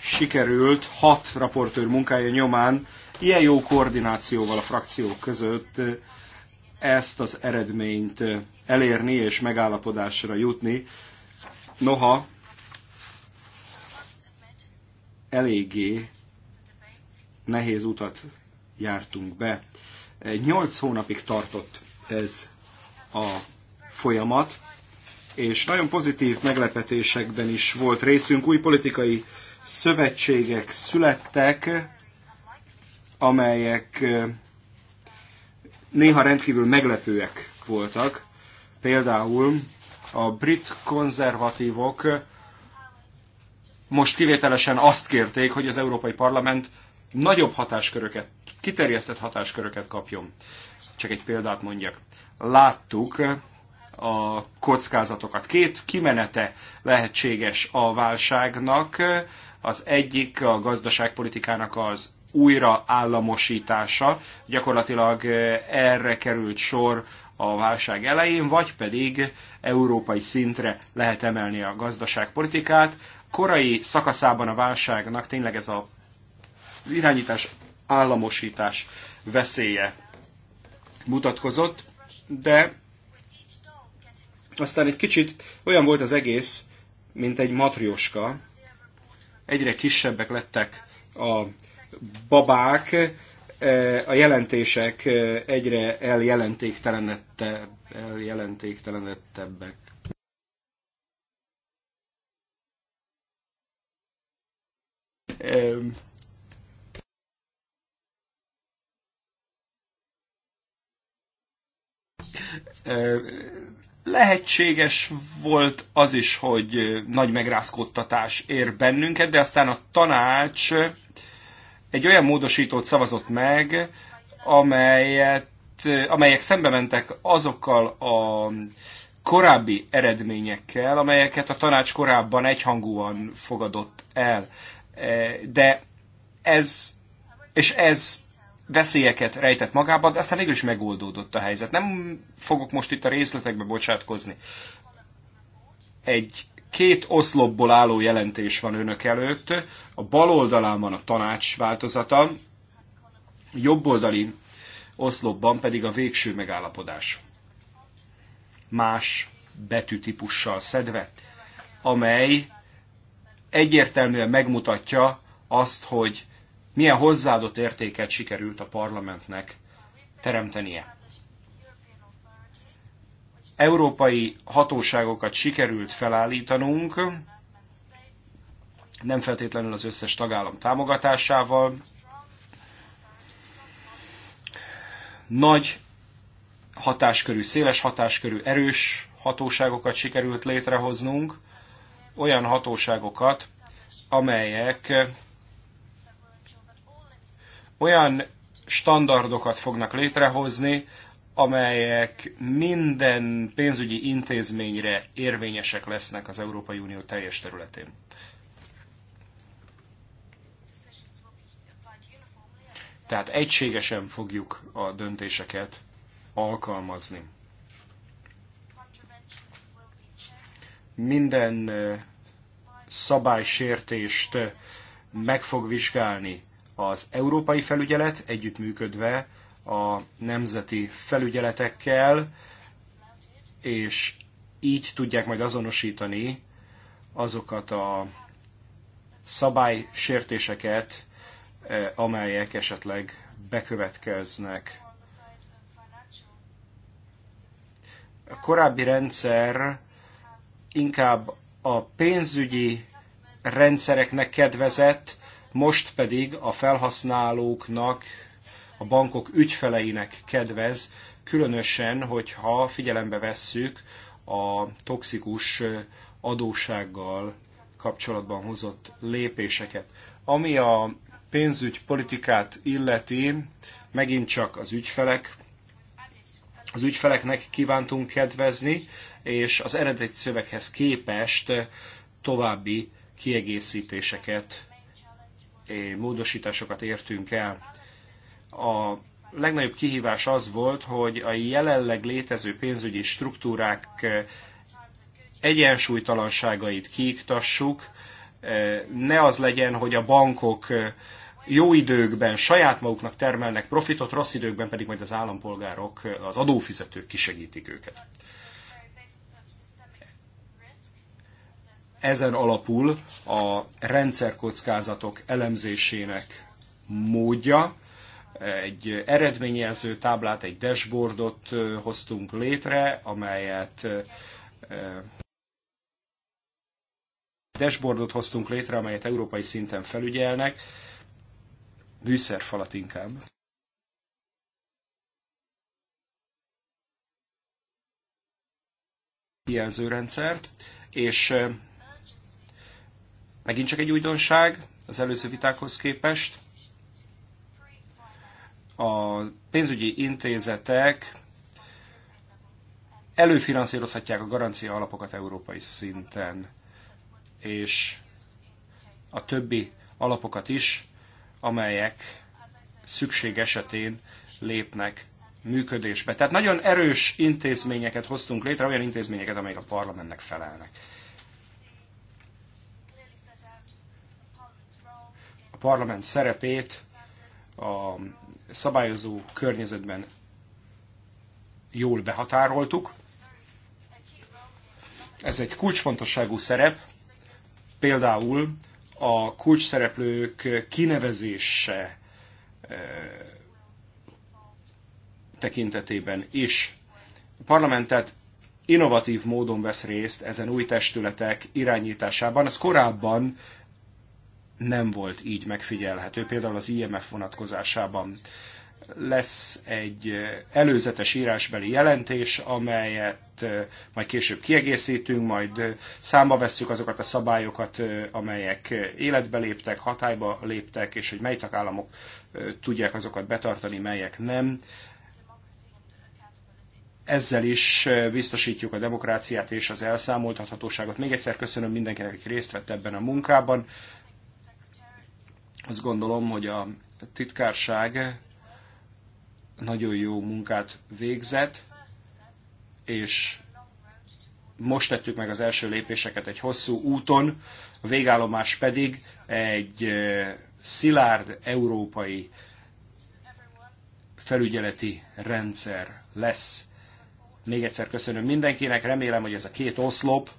sikerült hat raportőr munkája nyomán ilyen jó koordinációval a frakciók között ezt az eredményt elérni és megállapodásra jutni. Noha eléggé nehéz utat jártunk be. Nyolc hónapig tartott ez a folyamat, és nagyon pozitív meglepetésekben is volt részünk. Új politikai szövetségek születtek, amelyek néha rendkívül meglepőek voltak. Például a brit konzervatívok most kivételesen azt kérték, hogy az Európai Parlament nagyobb hatásköröket, kiterjesztett hatásköröket kapjon. Csak egy példát mondjak. Láttuk a kockázatokat. Két kimenete lehetséges a válságnak. Az egyik a gazdaságpolitikának az újra államosítása, gyakorlatilag erre került sor a válság elején, vagy pedig európai szintre lehet emelni a gazdaságpolitikát. Korai szakaszában a válságnak tényleg ez a irányítás, államosítás veszélye mutatkozott, de aztán egy kicsit olyan volt az egész, mint egy matrioska. Egyre kisebbek lettek a babák, e, a jelentések e, egyre eljelentéktelenedtebbek lehetséges volt az is, hogy nagy megrázkódtatás ér bennünket, de aztán a tanács egy olyan módosítót szavazott meg, amelyet, amelyek szembe mentek azokkal a korábbi eredményekkel, amelyeket a tanács korábban egyhangúan fogadott el. E, de ez, és ez veszélyeket rejtett magában, de aztán végül is megoldódott a helyzet. Nem fogok most itt a részletekbe bocsátkozni. Egy két oszlopból álló jelentés van önök előtt. A bal oldalán van a tanács változata, a jobb oldali oszlopban pedig a végső megállapodás. Más betűtípussal szedve, amely egyértelműen megmutatja azt, hogy milyen hozzáadott értéket sikerült a parlamentnek teremtenie. Európai hatóságokat sikerült felállítanunk, nem feltétlenül az összes tagállam támogatásával. Nagy hatáskörű, széles hatáskörű, erős hatóságokat sikerült létrehoznunk, olyan hatóságokat, amelyek olyan standardokat fognak létrehozni, amelyek minden pénzügyi intézményre érvényesek lesznek az Európai Unió teljes területén. Tehát egységesen fogjuk a döntéseket alkalmazni. Minden szabálysértést meg fog vizsgálni az európai felügyelet együttműködve a nemzeti felügyeletekkel, és így tudják majd azonosítani azokat a szabálysértéseket, eh, amelyek esetleg bekövetkeznek. A korábbi rendszer inkább a pénzügyi rendszereknek kedvezett, most pedig a felhasználóknak, a bankok ügyfeleinek kedvez, különösen, hogyha figyelembe vesszük a toxikus adósággal kapcsolatban hozott lépéseket. Ami a pénzügypolitikát illeti, megint csak az ügyfelek, az ügyfeleknek kívántunk kedvezni, és az eredeti szöveghez képest további kiegészítéseket Eh, módosításokat értünk el. A legnagyobb kihívás az volt, hogy a jelenleg létező pénzügyi struktúrák eh, egyensúlytalanságait kiiktassuk, eh, ne az legyen, hogy a bankok jó időkben saját maguknak termelnek profitot, rossz időkben pedig majd az állampolgárok, az adófizetők kisegítik őket. Ezen alapul a rendszerkockázatok elemzésének módja, egy eredményjelző táblát, egy dashboardot hoztunk létre, amelyet dashboardot hoztunk létre, amelyet európai szinten felügyelnek, műszerfalat inkább. jelzőrendszert, és Megint csak egy újdonság az előző vitákhoz képest. A pénzügyi intézetek előfinanszírozhatják a garancia alapokat európai szinten, és a többi alapokat is, amelyek szükség esetén lépnek működésbe. Tehát nagyon erős intézményeket hoztunk létre, olyan intézményeket, amelyek a parlamentnek felelnek. a parlament szerepét a szabályozó környezetben jól behatároltuk. Ez egy kulcsfontosságú szerep, például a kulcsszereplők kinevezése eh, tekintetében is. A parlamentet innovatív módon vesz részt ezen új testületek irányításában. Ez korábban nem volt így megfigyelhető, például az IMF vonatkozásában lesz egy eh, előzetes írásbeli jelentés, amelyet eh, majd később kiegészítünk, majd eh, számba vesszük azokat a szabályokat, amelyek életbe léptek, hatályba léptek, és hogy mely tagállamok tudják azokat betartani, melyek nem. Ezzel is biztosítjuk a demokráciát és az elszámoltathatóságot. Még egyszer köszönöm mindenkinek, aki részt vett ebben a munkában. Azt gondolom, hogy a titkárság nagyon jó munkát végzett, és most tettük meg az első lépéseket egy hosszú úton, a végállomás pedig egy szilárd európai felügyeleti rendszer lesz. Még egyszer köszönöm mindenkinek, remélem, hogy ez a két oszlop,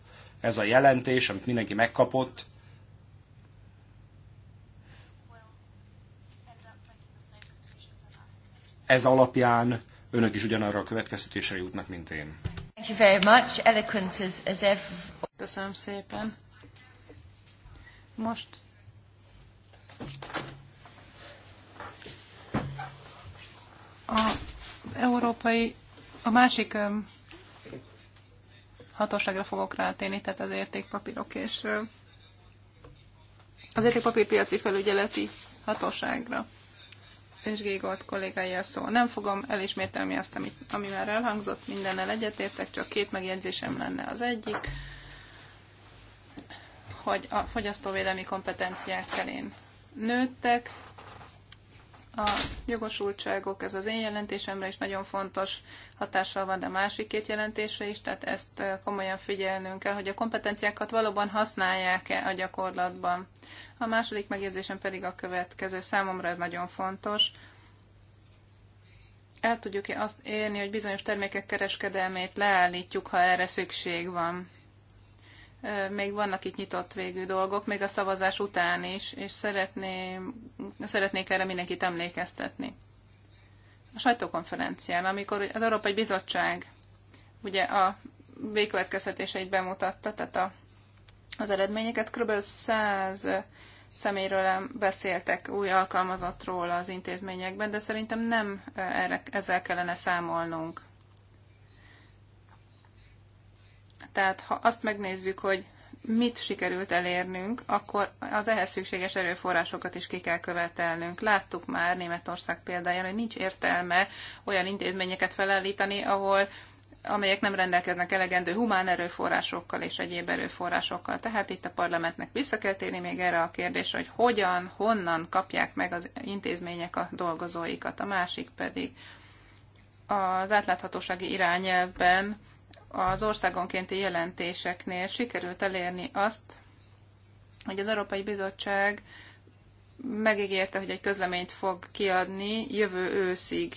ez a jelentés, amit mindenki megkapott, ez alapján önök is ugyanarra a következtetésre jutnak, mint én. Thank you very much. Eloquent as, as Köszönöm szépen. Most a európai, a másik hatóságra fogok rátérni, tehát az értékpapírok és az értékpapírpiaci felügyeleti hatóságra és Gigolt a szó. Nem fogom elismételni azt, amit, ami már elhangzott, mindennel egyetértek, csak két megjegyzésem lenne az egyik, hogy a fogyasztóvédelmi kompetenciák terén nőttek, a jogosultságok, ez az én jelentésemre is nagyon fontos hatással van, de a másik két jelentésre is, tehát ezt komolyan figyelnünk kell, hogy a kompetenciákat valóban használják-e a gyakorlatban. A második megjegyzésem pedig a következő. Számomra ez nagyon fontos. El tudjuk-e azt érni, hogy bizonyos termékek kereskedelmét leállítjuk, ha erre szükség van? még vannak itt nyitott végű dolgok, még a szavazás után is, és szeretném, szeretnék erre mindenkit emlékeztetni. A sajtókonferencián, amikor az Európai Bizottság ugye a végkövetkeztetéseit bemutatta, tehát a, az eredményeket, kb. 100 személyről beszéltek, új alkalmazottról az intézményekben, de szerintem nem erre, ezzel kellene számolnunk. Tehát ha azt megnézzük, hogy mit sikerült elérnünk, akkor az ehhez szükséges erőforrásokat is ki kell követelnünk. Láttuk már Németország példáján, hogy nincs értelme olyan intézményeket felállítani, ahol amelyek nem rendelkeznek elegendő humán erőforrásokkal és egyéb erőforrásokkal. Tehát itt a parlamentnek vissza kell térni még erre a kérdésre, hogy hogyan, honnan kapják meg az intézmények a dolgozóikat. A másik pedig az átláthatósági irányelvben az országonkénti jelentéseknél sikerült elérni azt, hogy az Európai Bizottság megígérte, hogy egy közleményt fog kiadni jövő őszig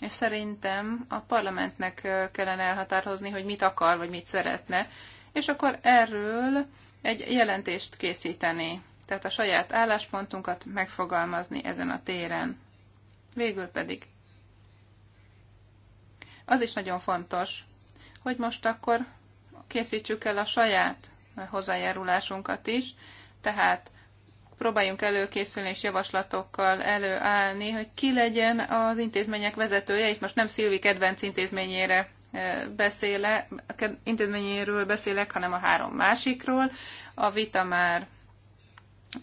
és szerintem a parlamentnek kellene elhatározni, hogy mit akar, vagy mit szeretne, és akkor erről egy jelentést készíteni, tehát a saját álláspontunkat megfogalmazni ezen a téren. Végül pedig az is nagyon fontos, hogy most akkor készítsük el a saját hozzájárulásunkat is, tehát próbáljunk előkészülni és javaslatokkal előállni, hogy ki legyen az intézmények vezetője. Itt most nem Szilvi kedvenc intézményére e, beszélek, intézményéről beszélek, hanem a három másikról. A vita már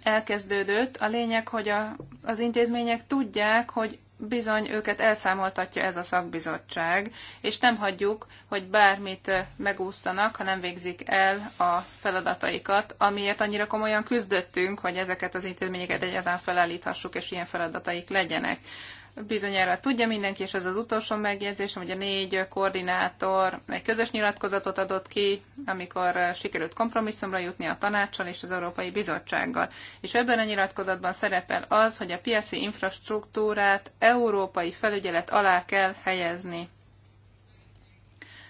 elkezdődött. A lényeg, hogy a, az intézmények tudják, hogy bizony őket elszámoltatja ez a szakbizottság, és nem hagyjuk, hogy bármit megúsztanak, ha nem végzik el a feladataikat, amiért annyira komolyan küzdöttünk, hogy ezeket az intézményeket egyáltalán felállíthassuk, és ilyen feladataik legyenek. Bizonyára tudja mindenki, és ez az utolsó megjegyzésem, hogy a négy koordinátor egy közös nyilatkozatot adott ki, amikor eh, sikerült kompromisszumra jutni a tanácssal és az Európai Bizottsággal. És ebben a nyilatkozatban szerepel az, hogy a piaci infrastruktúrát európai felügyelet alá kell helyezni.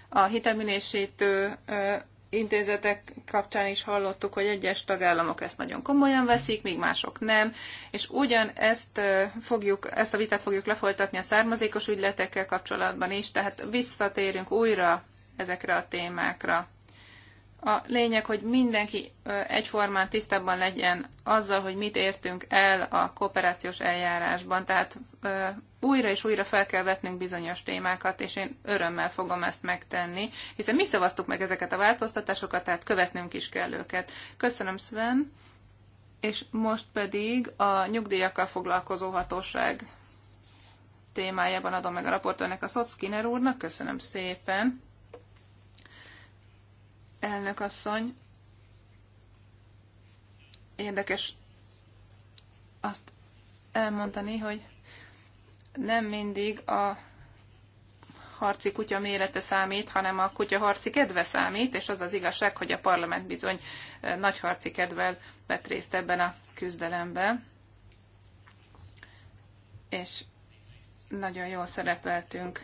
A hitelminősítő eh, intézetek kapcsán is hallottuk, hogy egyes tagállamok ezt nagyon komolyan veszik, míg mások nem, és ugyan ezt, fogjuk, ezt a vitát fogjuk lefolytatni a származékos ügyletekkel kapcsolatban is, tehát visszatérünk újra ezekre a témákra. A lényeg, hogy mindenki egyformán tisztában legyen azzal, hogy mit értünk el a kooperációs eljárásban. Tehát újra és újra fel kell vetnünk bizonyos témákat, és én örömmel fogom ezt megtenni, hiszen mi szavaztuk meg ezeket a változtatásokat, tehát követnünk is kell őket. Köszönöm, Sven, és most pedig a nyugdíjakkal foglalkozó hatóság témájában adom meg a raportőrnek a Szot úrnak. Köszönöm szépen. Elnök asszony, érdekes azt elmondani, hogy nem mindig a harci kutya mérete számít, hanem a kutya harci kedve számít, és az az igazság, hogy a parlament bizony nagy harci kedvel vett részt ebben a küzdelemben. És nagyon jól szerepeltünk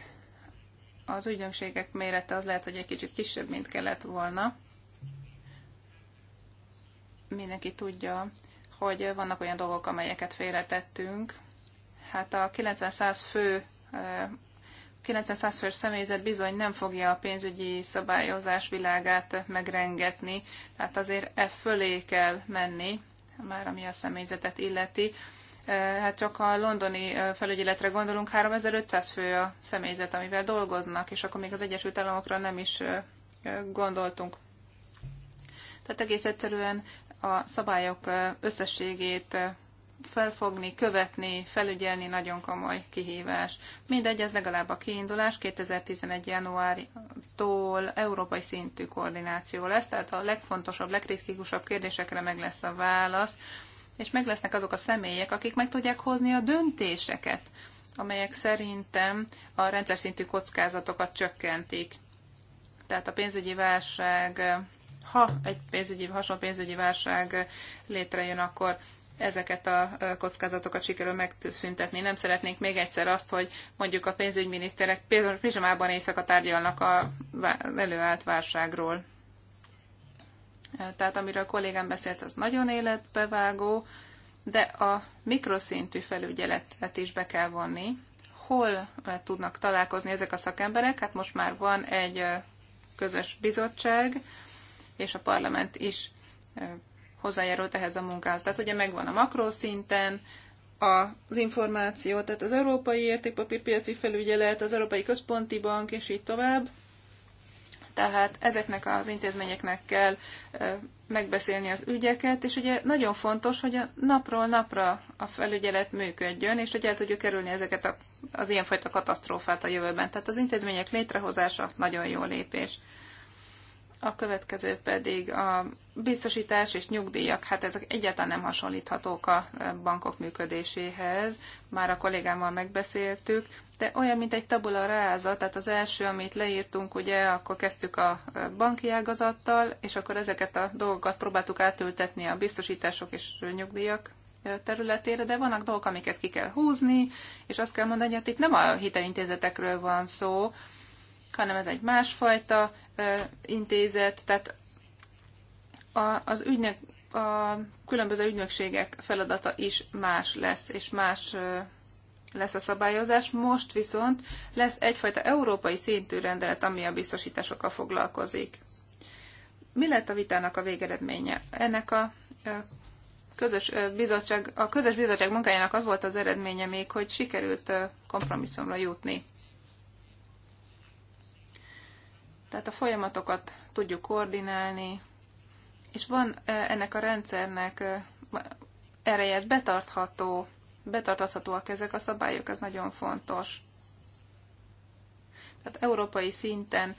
az ügynökségek mérete az lehet, hogy egy kicsit kisebb, mint kellett volna. Mindenki tudja, hogy vannak olyan dolgok, amelyeket félretettünk. Hát a 90-100 fő 900 fős személyzet bizony nem fogja a pénzügyi szabályozás világát megrengetni, tehát azért e fölé kell menni, már ami a személyzetet illeti. Eh, hát csak a londoni eh, felügyeletre gondolunk, 3500 fő a személyzet, amivel dolgoznak, és akkor még az Egyesült Államokra nem is eh, gondoltunk. Tehát egész egyszerűen a szabályok összességét felfogni, követni, felügyelni nagyon komoly kihívás. Mindegy, ez legalább a kiindulás 2011. januártól európai szintű koordináció lesz, tehát a legfontosabb, legkritikusabb kérdésekre meg lesz a válasz és meg lesznek azok a személyek, akik meg tudják hozni a döntéseket, amelyek szerintem a rendszer szintű kockázatokat csökkentik. Tehát a pénzügyi válság, ha egy pénzügyi, hasonló pénzügyi válság létrejön, akkor ezeket a kockázatokat sikerül megszüntetni. Nem szeretnénk még egyszer azt, hogy mondjuk a pénzügyminiszterek például pizsamában éjszaka tárgyalnak a előállt válságról. Tehát amiről a kollégám beszélt, az nagyon életbevágó, de a mikroszintű felügyeletet is be kell vonni. Hol eh, tudnak találkozni ezek a szakemberek? Hát most már van egy eh, közös bizottság, és a parlament is eh, hozzájárult ehhez a munkához. Tehát ugye megvan a makroszinten, az információ, tehát az Európai Értékpapírpiaci Felügyelet, az Európai Központi Bank, és így tovább tehát ezeknek az intézményeknek kell megbeszélni az ügyeket, és ugye nagyon fontos, hogy a napról napra a felügyelet működjön, és hogy el tudjuk kerülni ezeket a, az ilyenfajta katasztrófát a jövőben. Tehát az intézmények létrehozása nagyon jó lépés a következő pedig a biztosítás és nyugdíjak, hát ezek egyáltalán nem hasonlíthatók a bankok működéséhez, már a kollégámmal megbeszéltük, de olyan, mint egy tabula ráza, tehát az első, amit leírtunk, ugye, akkor kezdtük a banki ágazattal, és akkor ezeket a dolgokat próbáltuk átültetni a biztosítások és nyugdíjak területére, de vannak dolgok, amiket ki kell húzni, és azt kell mondani, hogy itt nem a hitelintézetekről van szó, hanem ez egy másfajta intézet, tehát a, az ügynök, a különböző ügynökségek feladata is más lesz, és más lesz a szabályozás. Most viszont lesz egyfajta európai szintű rendelet, ami a biztosításokkal foglalkozik. Mi lett a vitának a végeredménye? Ennek a közös bizottság, a közös bizottság munkájának az volt az eredménye még, hogy sikerült kompromisszumra jutni. Tehát a folyamatokat tudjuk koordinálni, és van ennek a rendszernek ereje, betartható, betartathatóak ezek a szabályok, ez nagyon fontos. Tehát európai szinten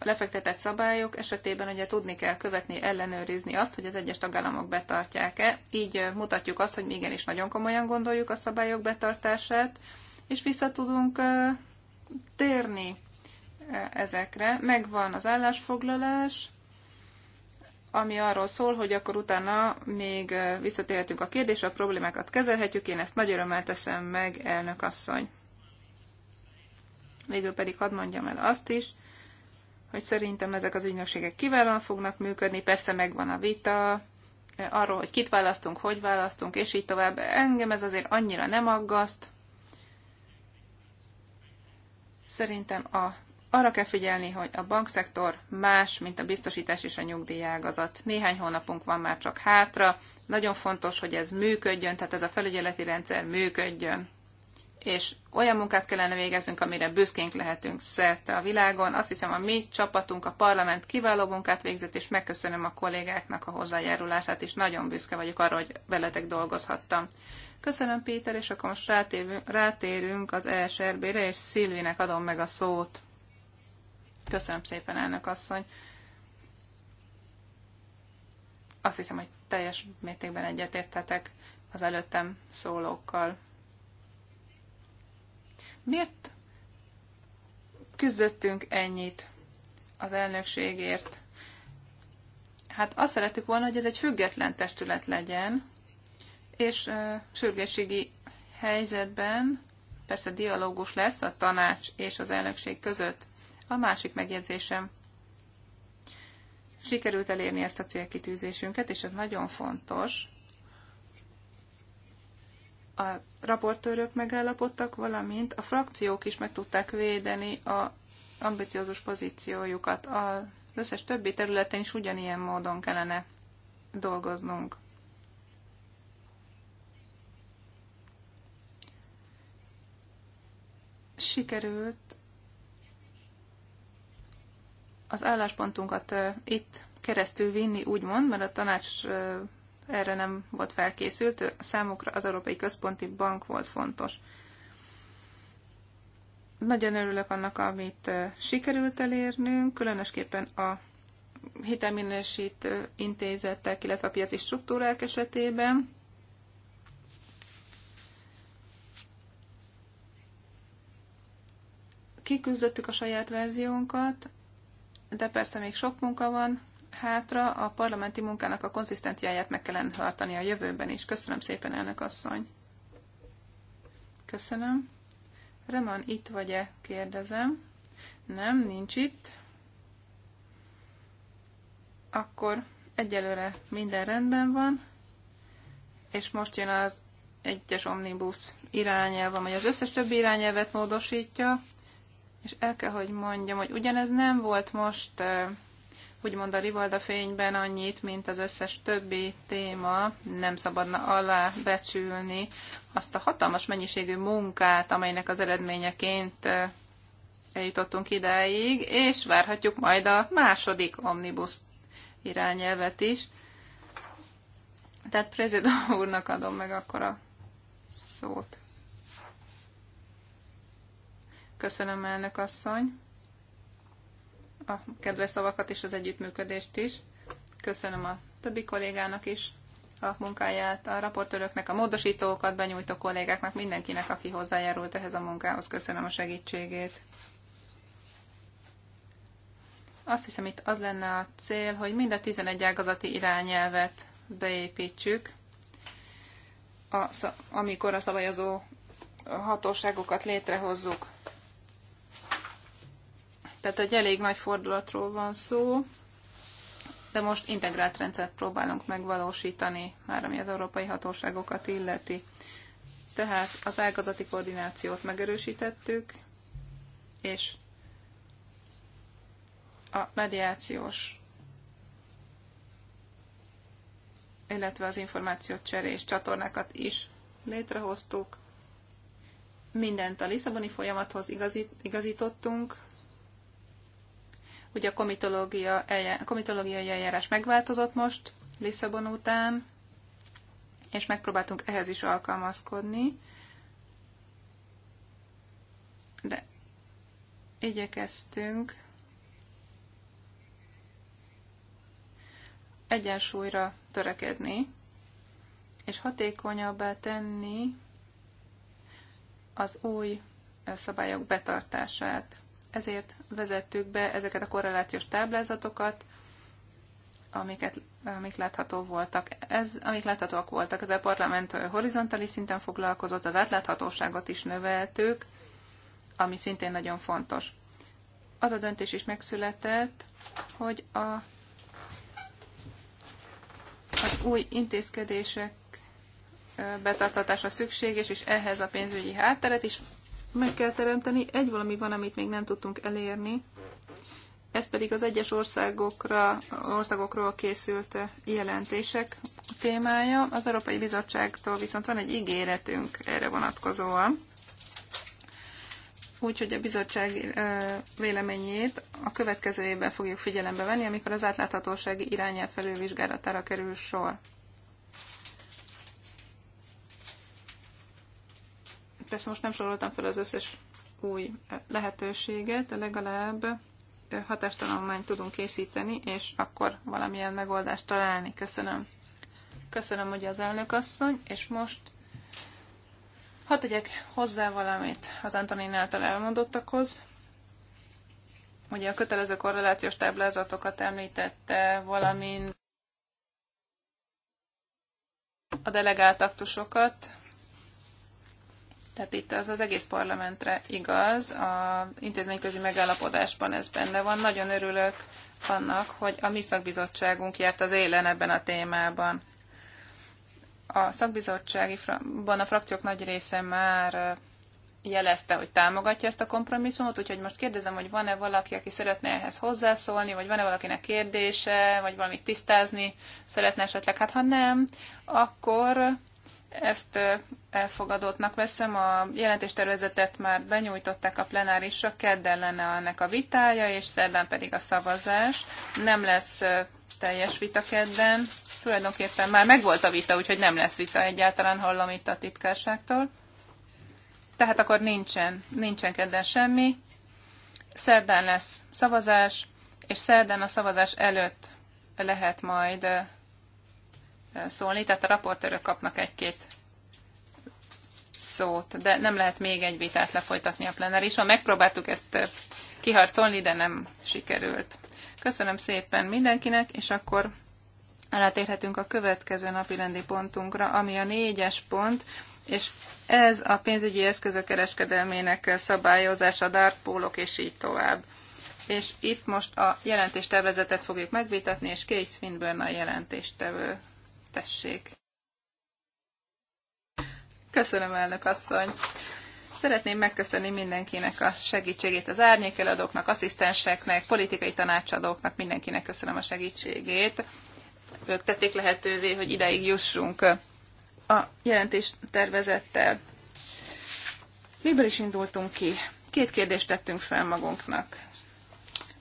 lefektetett szabályok esetében ugye tudni kell követni, ellenőrizni azt, hogy az egyes tagállamok betartják-e. Így mutatjuk azt, hogy mi igenis nagyon komolyan gondoljuk a szabályok betartását, és vissza tudunk térni ezekre. Megvan az állásfoglalás, ami arról szól, hogy akkor utána még visszatérhetünk a kérdésre, a problémákat kezelhetjük. Én ezt nagy örömmel teszem meg, elnök asszony. Végül pedig hadd mondjam el azt is, hogy szerintem ezek az ügynökségek kiválóan fognak működni, persze megvan a vita, arról, hogy kit választunk, hogy választunk, és így tovább. Engem ez azért annyira nem aggaszt. Szerintem a arra kell figyelni, hogy a bankszektor más, mint a biztosítás és a nyugdíjágazat. Néhány hónapunk van már csak hátra. Nagyon fontos, hogy ez működjön, tehát ez a felügyeleti rendszer működjön. És olyan munkát kellene végeznünk, amire büszkénk lehetünk szerte a világon. Azt hiszem, a mi csapatunk, a parlament kiváló munkát végzett, és megköszönöm a kollégáknak a hozzájárulását, és nagyon büszke vagyok arra, hogy veletek dolgozhattam. Köszönöm, Péter, és akkor most rátérünk az ESRB-re, és Szilvinek adom meg a szót. Köszönöm szépen, elnök asszony. Azt hiszem, hogy teljes mértékben egyetértetek az előttem szólókkal. Miért küzdöttünk ennyit az elnökségért? Hát azt szeretük volna, hogy ez egy független testület legyen, és uh, helyzetben persze dialógus lesz a tanács és az elnökség között. A másik megjegyzésem, sikerült elérni ezt a célkitűzésünket, és ez nagyon fontos. A raportőrök megállapodtak, valamint a frakciók is meg tudták védeni a ambiciózus pozíciójukat. Az összes többi területen is ugyanilyen módon kellene dolgoznunk. Sikerült az álláspontunkat itt keresztül vinni, úgymond, mert a tanács erre nem volt felkészült, számukra az Európai Központi Bank volt fontos. Nagyon örülök annak, amit sikerült elérnünk, különösképpen a hitelminősítő intézetek, illetve a piaci struktúrák esetében. Kiküzdöttük a saját verziónkat, de persze még sok munka van hátra, a parlamenti munkának a konzisztenciáját meg kellene tartani a jövőben is. Köszönöm szépen, elnök asszony. Köszönöm. Reman, itt vagy-e? Kérdezem. Nem, nincs itt. Akkor egyelőre minden rendben van, és most jön az egyes omnibus irányelv, amely az összes többi irányelvet módosítja, és el kell, hogy mondjam, hogy ugyanez nem volt most úgymond a rivalda fényben annyit, mint az összes többi téma, nem szabadna alá becsülni azt a hatalmas mennyiségű munkát, amelynek az eredményeként eljutottunk idáig, és várhatjuk majd a második omnibus irányelvet is. Tehát prezidó úrnak adom meg akkor a szót. Köszönöm, elnök asszony, a kedves szavakat és az együttműködést is. Köszönöm a többi kollégának is a munkáját, a raportőröknek, a módosítókat, benyújtó kollégáknak, mindenkinek, aki hozzájárult ehhez a munkához. Köszönöm a segítségét. Azt hiszem, itt az lenne a cél, hogy mind a 11 ágazati irányelvet beépítsük, a, amikor a szabályozó hatóságokat létrehozzuk. Tehát egy elég nagy fordulatról van szó, de most integrált rendszert próbálunk megvalósítani, már ami az európai hatóságokat illeti. Tehát az ágazati koordinációt megerősítettük, és a mediációs, illetve az információt cserés csatornákat is létrehoztuk. Mindent a Lisszaboni folyamathoz igazítottunk, Ugye a komitológia eljá, komitológiai eljárás megváltozott most Lisszabon után, és megpróbáltunk ehhez is alkalmazkodni. De igyekeztünk egyensúlyra törekedni, és hatékonyabbá tenni az új szabályok betartását. Ezért vezettük be ezeket a korrelációs táblázatokat, amiket, amik látható voltak. Ez, amik láthatóak voltak, ez a parlament horizontális szinten foglalkozott, az átláthatóságot is növeltük, ami szintén nagyon fontos. Az a döntés is megszületett, hogy a, az új intézkedések betartatása szükséges, és ehhez a pénzügyi hátteret is meg kell teremteni. Egy valami van, amit még nem tudtunk elérni, ez pedig az egyes országokra, országokról készült jelentések témája. Az Európai Bizottságtól viszont van egy ígéretünk erre vonatkozóan. Úgyhogy a bizottság véleményét a következő évben fogjuk figyelembe venni, amikor az átláthatósági irányel felülvizsgálatára kerül sor. persze most nem soroltam fel az összes új lehetőséget, de legalább hatástanulmányt tudunk készíteni, és akkor valamilyen megoldást találni. Köszönöm. Köszönöm, hogy az elnök asszony, és most hadd tegyek hozzá valamit az Antonin által elmondottakhoz. Ugye a kötelező korrelációs táblázatokat említette, valamint a delegált aktusokat, tehát itt az az egész parlamentre igaz, a intézményközi megállapodásban ez benne van. Nagyon örülök annak, hogy a mi szakbizottságunk járt az élen ebben a témában. A szakbizottságiban a frakciók nagy része már jelezte, hogy támogatja ezt a kompromisszumot, úgyhogy most kérdezem, hogy van-e valaki, aki szeretne ehhez hozzászólni, vagy van-e valakinek kérdése, vagy valamit tisztázni szeretne esetleg. Hát ha nem, akkor ezt elfogadottnak veszem. A jelentéstervezetet már benyújtották a plenárisra, kedden lenne ennek a vitája, és szerdán pedig a szavazás. Nem lesz teljes vita kedden. Tulajdonképpen már megvolt a vita, úgyhogy nem lesz vita egyáltalán, hallom itt a titkárságtól. Tehát akkor nincsen, nincsen kedden semmi. Szerdán lesz szavazás, és szerdán a szavazás előtt lehet majd szólni, tehát a raportőrök kapnak egy-két szót, de nem lehet még egy vitát lefolytatni a plenárison. Megpróbáltuk ezt kiharcolni, de nem sikerült. Köszönöm szépen mindenkinek, és akkor elátérhetünk a következő napi rendi pontunkra, ami a négyes pont, és ez a pénzügyi eszközök kereskedelmének szabályozása, dartpólok és így tovább. És itt most a jelentéstervezetet fogjuk megvitatni, és Kate Swinburne a jelentéstevő tessék. Köszönöm, elnök asszony. Szeretném megköszönni mindenkinek a segítségét, az árnyékeladóknak, asszisztenseknek, politikai tanácsadóknak, mindenkinek köszönöm a segítségét. Ők tették lehetővé, hogy ideig jussunk a jelentés tervezettel. Miből is indultunk ki? Két kérdést tettünk fel magunknak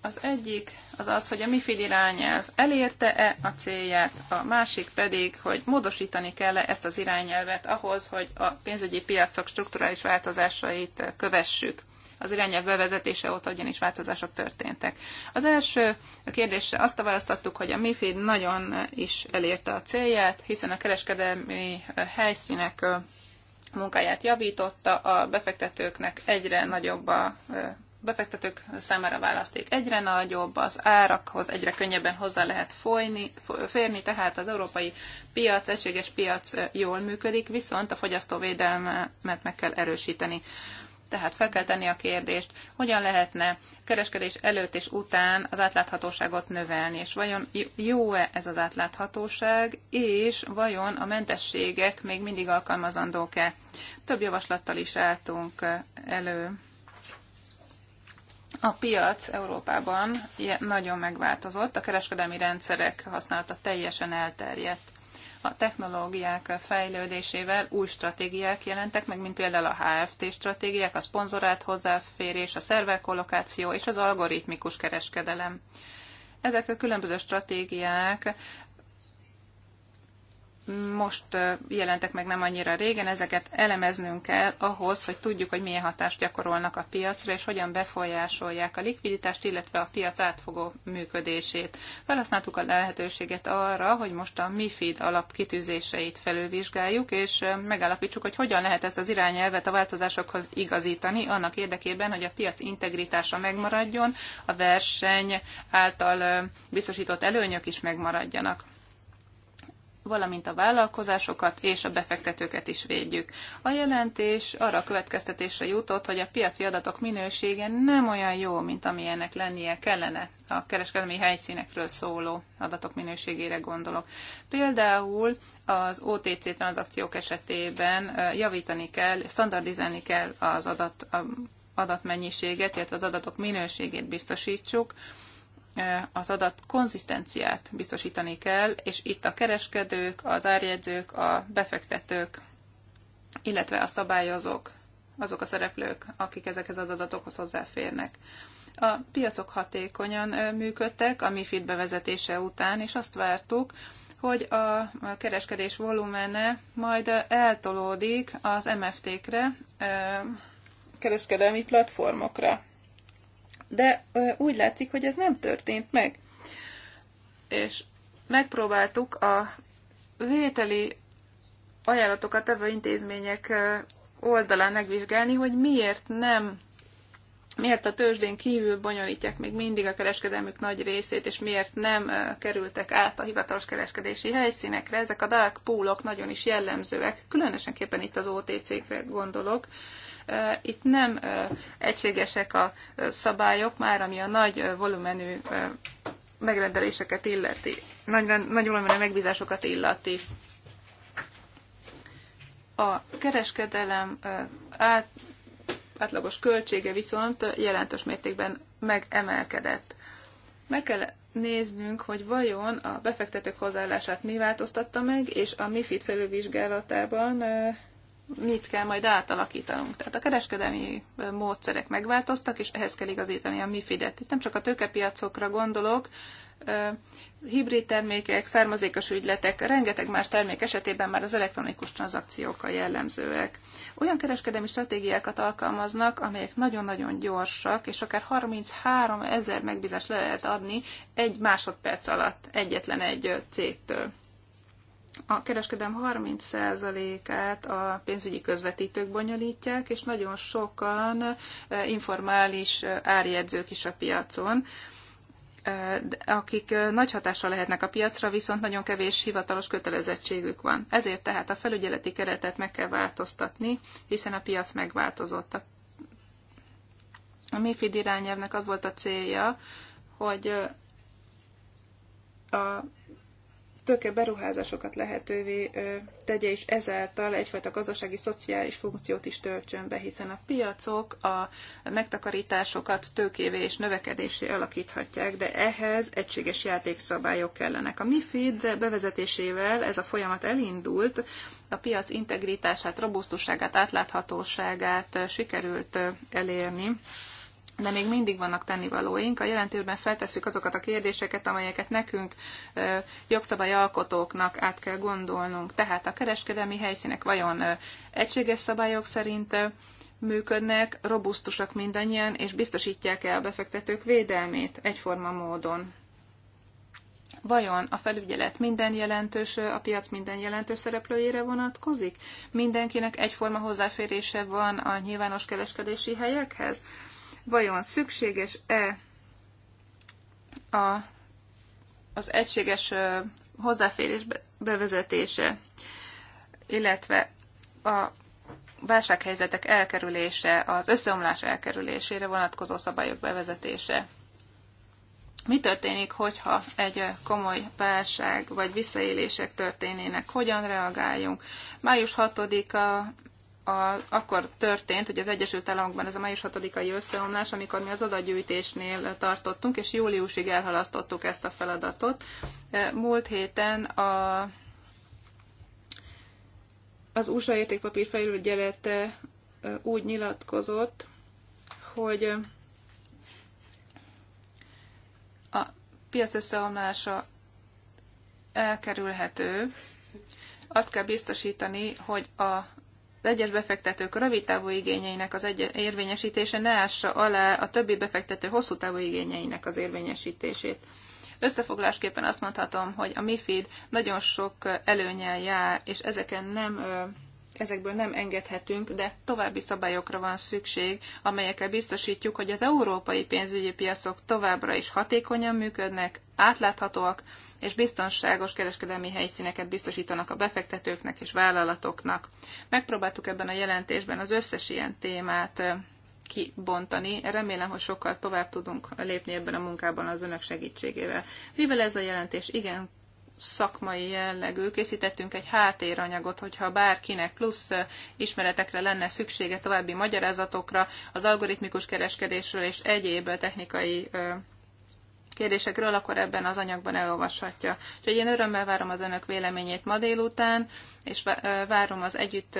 az egyik az az, hogy a MIFID irányelv elérte-e a célját, a másik pedig, hogy módosítani kell -e ezt az irányelvet ahhoz, hogy a pénzügyi piacok strukturális változásait kövessük. Az irányelv bevezetése óta ugyanis változások történtek. Az első a kérdésre azt a választottuk, hogy a MIFID nagyon is elérte a célját, hiszen a kereskedelmi helyszínek munkáját javította, a befektetőknek egyre nagyobb a befektetők számára választék egyre nagyobb, az árakhoz egyre könnyebben hozzá lehet folyni, férni, tehát az európai piac, egységes piac jól működik, viszont a fogyasztóvédelmet meg kell erősíteni. Tehát fel kell tenni a kérdést, hogyan lehetne kereskedés előtt és után az átláthatóságot növelni, és vajon jó-e ez az átláthatóság, és vajon a mentességek még mindig alkalmazandók-e. Több javaslattal is álltunk elő a piac Európában nagyon megváltozott, a kereskedelmi rendszerek használata teljesen elterjedt. A technológiák fejlődésével új stratégiák jelentek meg, mint például a HFT stratégiák, a szponzorált hozzáférés, a szerverkollokáció és az algoritmikus kereskedelem. Ezek a különböző stratégiák most jelentek meg nem annyira régen, ezeket elemeznünk kell ahhoz, hogy tudjuk, hogy milyen hatást gyakorolnak a piacra, és hogyan befolyásolják a likviditást, illetve a piac átfogó működését. Felhasználtuk a lehetőséget arra, hogy most a MIFID alap kitűzéseit felülvizsgáljuk, és megállapítsuk, hogy hogyan lehet ezt az irányelvet a változásokhoz igazítani, annak érdekében, hogy a piac integritása megmaradjon, a verseny által biztosított előnyök is megmaradjanak valamint a vállalkozásokat és a befektetőket is védjük. A jelentés arra a következtetésre jutott, hogy a piaci adatok minősége nem olyan jó, mint amilyennek lennie kellene a kereskedelmi helyszínekről szóló adatok minőségére gondolok. Például az OTC tranzakciók esetében javítani kell, standardizálni kell az adat, adatmennyiséget, illetve az adatok minőségét biztosítsuk, az adat konzisztenciát biztosítani kell, és itt a kereskedők, az árjegyzők, a befektetők, illetve a szabályozók, azok a szereplők, akik ezekhez az adatokhoz hozzáférnek. A piacok hatékonyan működtek a MIFID bevezetése után, és azt vártuk, hogy a kereskedés volumene majd eltolódik az MFT-kre, kereskedelmi platformokra de úgy látszik, hogy ez nem történt meg. És megpróbáltuk a vételi ajánlatokat ebből intézmények oldalán megvizsgálni, hogy miért nem miért a tőzsdén kívül bonyolítják még mindig a kereskedelmük nagy részét, és miért nem kerültek át a hivatalos kereskedési helyszínekre. Ezek a dark poolok nagyon is jellemzőek, különösenképpen itt az OTC-kre gondolok, itt nem egységesek a szabályok már, ami a nagy volumenű megrendeléseket illeti, nagy, nagy volumenű megbízásokat illeti. A kereskedelem át, átlagos költsége viszont jelentős mértékben megemelkedett. Meg kell néznünk, hogy vajon a befektetők hozzáállását mi változtatta meg, és a MIFID felülvizsgálatában mit kell majd átalakítanunk. Tehát a kereskedelmi módszerek megváltoztak, és ehhez kell igazítani a MIFID-et. Itt nem csak a tőkepiacokra gondolok, hibrid termékek, származékos ügyletek, rengeteg más termék esetében már az elektronikus tranzakciók a jellemzőek. Olyan kereskedelmi stratégiákat alkalmaznak, amelyek nagyon-nagyon gyorsak, és akár 33 ezer megbízást le lehet adni egy másodperc alatt egyetlen egy cégtől a kereskedelem 30%-át a pénzügyi közvetítők bonyolítják, és nagyon sokan e, informális e, árjegyzők is a piacon e, akik nagy hatással lehetnek a piacra, viszont nagyon kevés hivatalos kötelezettségük van. Ezért tehát a felügyeleti keretet meg kell változtatni, hiszen a piac megváltozott. A MIFID irányelvnek az volt a célja, hogy a tőke beruházásokat lehetővé tegye, és ezáltal egyfajta gazdasági, szociális funkciót is töltsön be, hiszen a piacok a megtakarításokat tőkévé és növekedésé alakíthatják, de ehhez egységes játékszabályok kellenek. A MIFID bevezetésével ez a folyamat elindult, a piac integritását, robusztusságát, átláthatóságát sikerült elérni de még mindig vannak tennivalóink. A jelentőben feltesszük azokat a kérdéseket, amelyeket nekünk jogszabályalkotóknak át kell gondolnunk. Tehát a kereskedelmi helyszínek vajon egységes szabályok szerint működnek, robusztusak mindannyian, és biztosítják-e a befektetők védelmét egyforma módon. Vajon a felügyelet minden jelentős, a piac minden jelentős szereplőjére vonatkozik? Mindenkinek egyforma hozzáférése van a nyilvános kereskedési helyekhez? vajon szükséges-e a, az egységes hozzáférés bevezetése, illetve a válsághelyzetek elkerülése, az összeomlás elkerülésére vonatkozó szabályok bevezetése. Mi történik, hogyha egy komoly válság vagy visszaélések történnének? Hogyan reagáljunk? Május 6-a a, akkor történt, hogy az Egyesült Államokban ez a május 6-ai összeomlás, amikor mi az adatgyűjtésnél tartottunk, és júliusig elhalasztottuk ezt a feladatot. E, múlt héten a, az USA értékpapír felügyelete e, úgy nyilatkozott, hogy a piac összeomlása elkerülhető, azt kell biztosítani, hogy a az egyes befektetők rövid távú igényeinek az egy- érvényesítése ne ássa alá a többi befektető hosszú távú igényeinek az érvényesítését. Összefoglásképpen azt mondhatom, hogy a MIFID nagyon sok előnyel jár, és ezeken nem ezekből nem engedhetünk, de további szabályokra van szükség, amelyekkel biztosítjuk, hogy az európai pénzügyi piacok továbbra is hatékonyan működnek, átláthatóak, és biztonságos kereskedelmi helyszíneket biztosítanak a befektetőknek és vállalatoknak. Megpróbáltuk ebben a jelentésben az összes ilyen témát kibontani. Remélem, hogy sokkal tovább tudunk lépni ebben a munkában az önök segítségével. Mivel ez a jelentés igen szakmai jellegű, készítettünk egy háttéranyagot, hogyha bárkinek plusz ismeretekre lenne szüksége további magyarázatokra az algoritmikus kereskedésről és egyéb technikai kérdésekről, akkor ebben az anyagban elolvashatja. Úgyhogy én örömmel várom az önök véleményét ma délután, és várom az együtt,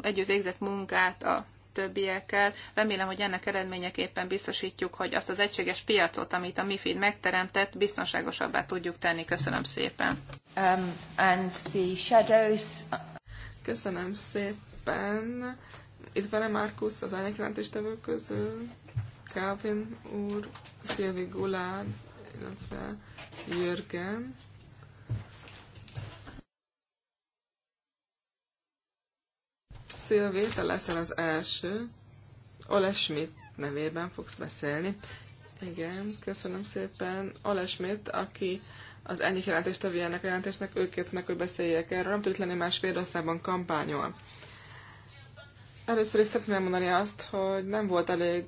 együtt végzett munkát a többiekkel. Remélem, hogy ennek eredményeképpen biztosítjuk, hogy azt az egységes piacot, amit a MIFID megteremtett, biztonságosabbá tudjuk tenni. Köszönöm szépen. Um, and the shadows... Köszönöm szépen. Itt van-e Markus az árnyékjelentéstevő közül? Calvin úr, Szilvi Gulád, illetve Jörgen. Szilvi, te leszel az első. Ole Schmidt nevében fogsz beszélni. Igen, köszönöm szépen. Ole Schmidt, aki az ennyi jelentést a jelentésnek, ők kértnek, hogy beszéljek erről. Nem tud lenni más Svédországban kampányol. Először is szeretném mondani azt, hogy nem volt elég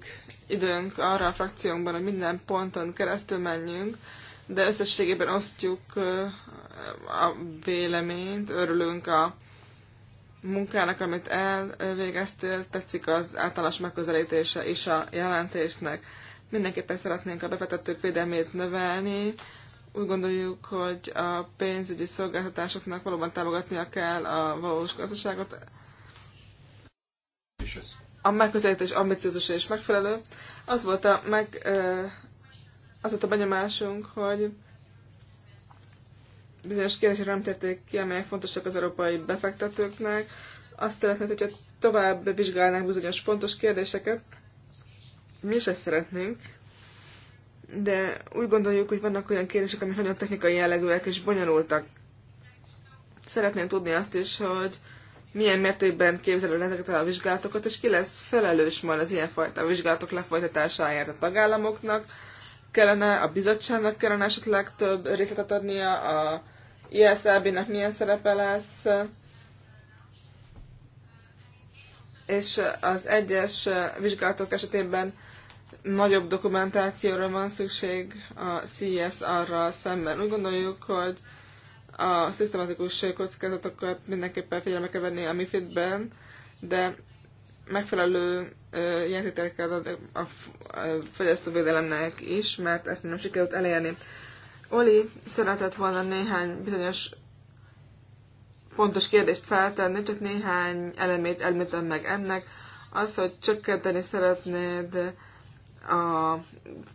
időnk arra a frakciónkban, hogy minden ponton keresztül menjünk, de összességében osztjuk a véleményt, örülünk a munkának, amit elvégeztél, tetszik az általános megközelítése is a jelentésnek. Mindenképpen szeretnénk a befektetők védelmét növelni, úgy gondoljuk, hogy a pénzügyi szolgáltatásoknak valóban támogatnia kell a valós gazdaságot, a megközelítés ambiciózus és megfelelő. Az volt a, meg, az volt a benyomásunk, hogy bizonyos kérdésre nem térték ki, amelyek fontosak az európai befektetőknek. Azt szeretnénk, hogyha tovább vizsgálnánk bizonyos fontos kérdéseket. Mi is ezt szeretnénk, de úgy gondoljuk, hogy vannak olyan kérdések, amik nagyon technikai jellegűek és bonyolultak. Szeretném tudni azt is, hogy milyen mértékben képzelő ezeket a vizsgálatokat, és ki lesz felelős majd az ilyenfajta vizsgálatok lefolytatásáért a tagállamoknak, kellene, a bizottságnak kellene esetleg több részletet adnia, a ISLB-nek milyen szerepe lesz, és az egyes vizsgálatok esetében nagyobb dokumentációra van szükség a CSR-ral szemben. Úgy gondoljuk, hogy a szisztematikus kockázatokat mindenképpen figyelme kell venni a MIFID-ben, de megfelelő jelentételeket ad a fogyasztóvédelemnek is, mert ezt nem sikerült elérni. Oli szeretett volna néhány bizonyos pontos kérdést feltenni, csak néhány elemét elmítem meg ennek. Az, hogy csökkenteni szeretnéd a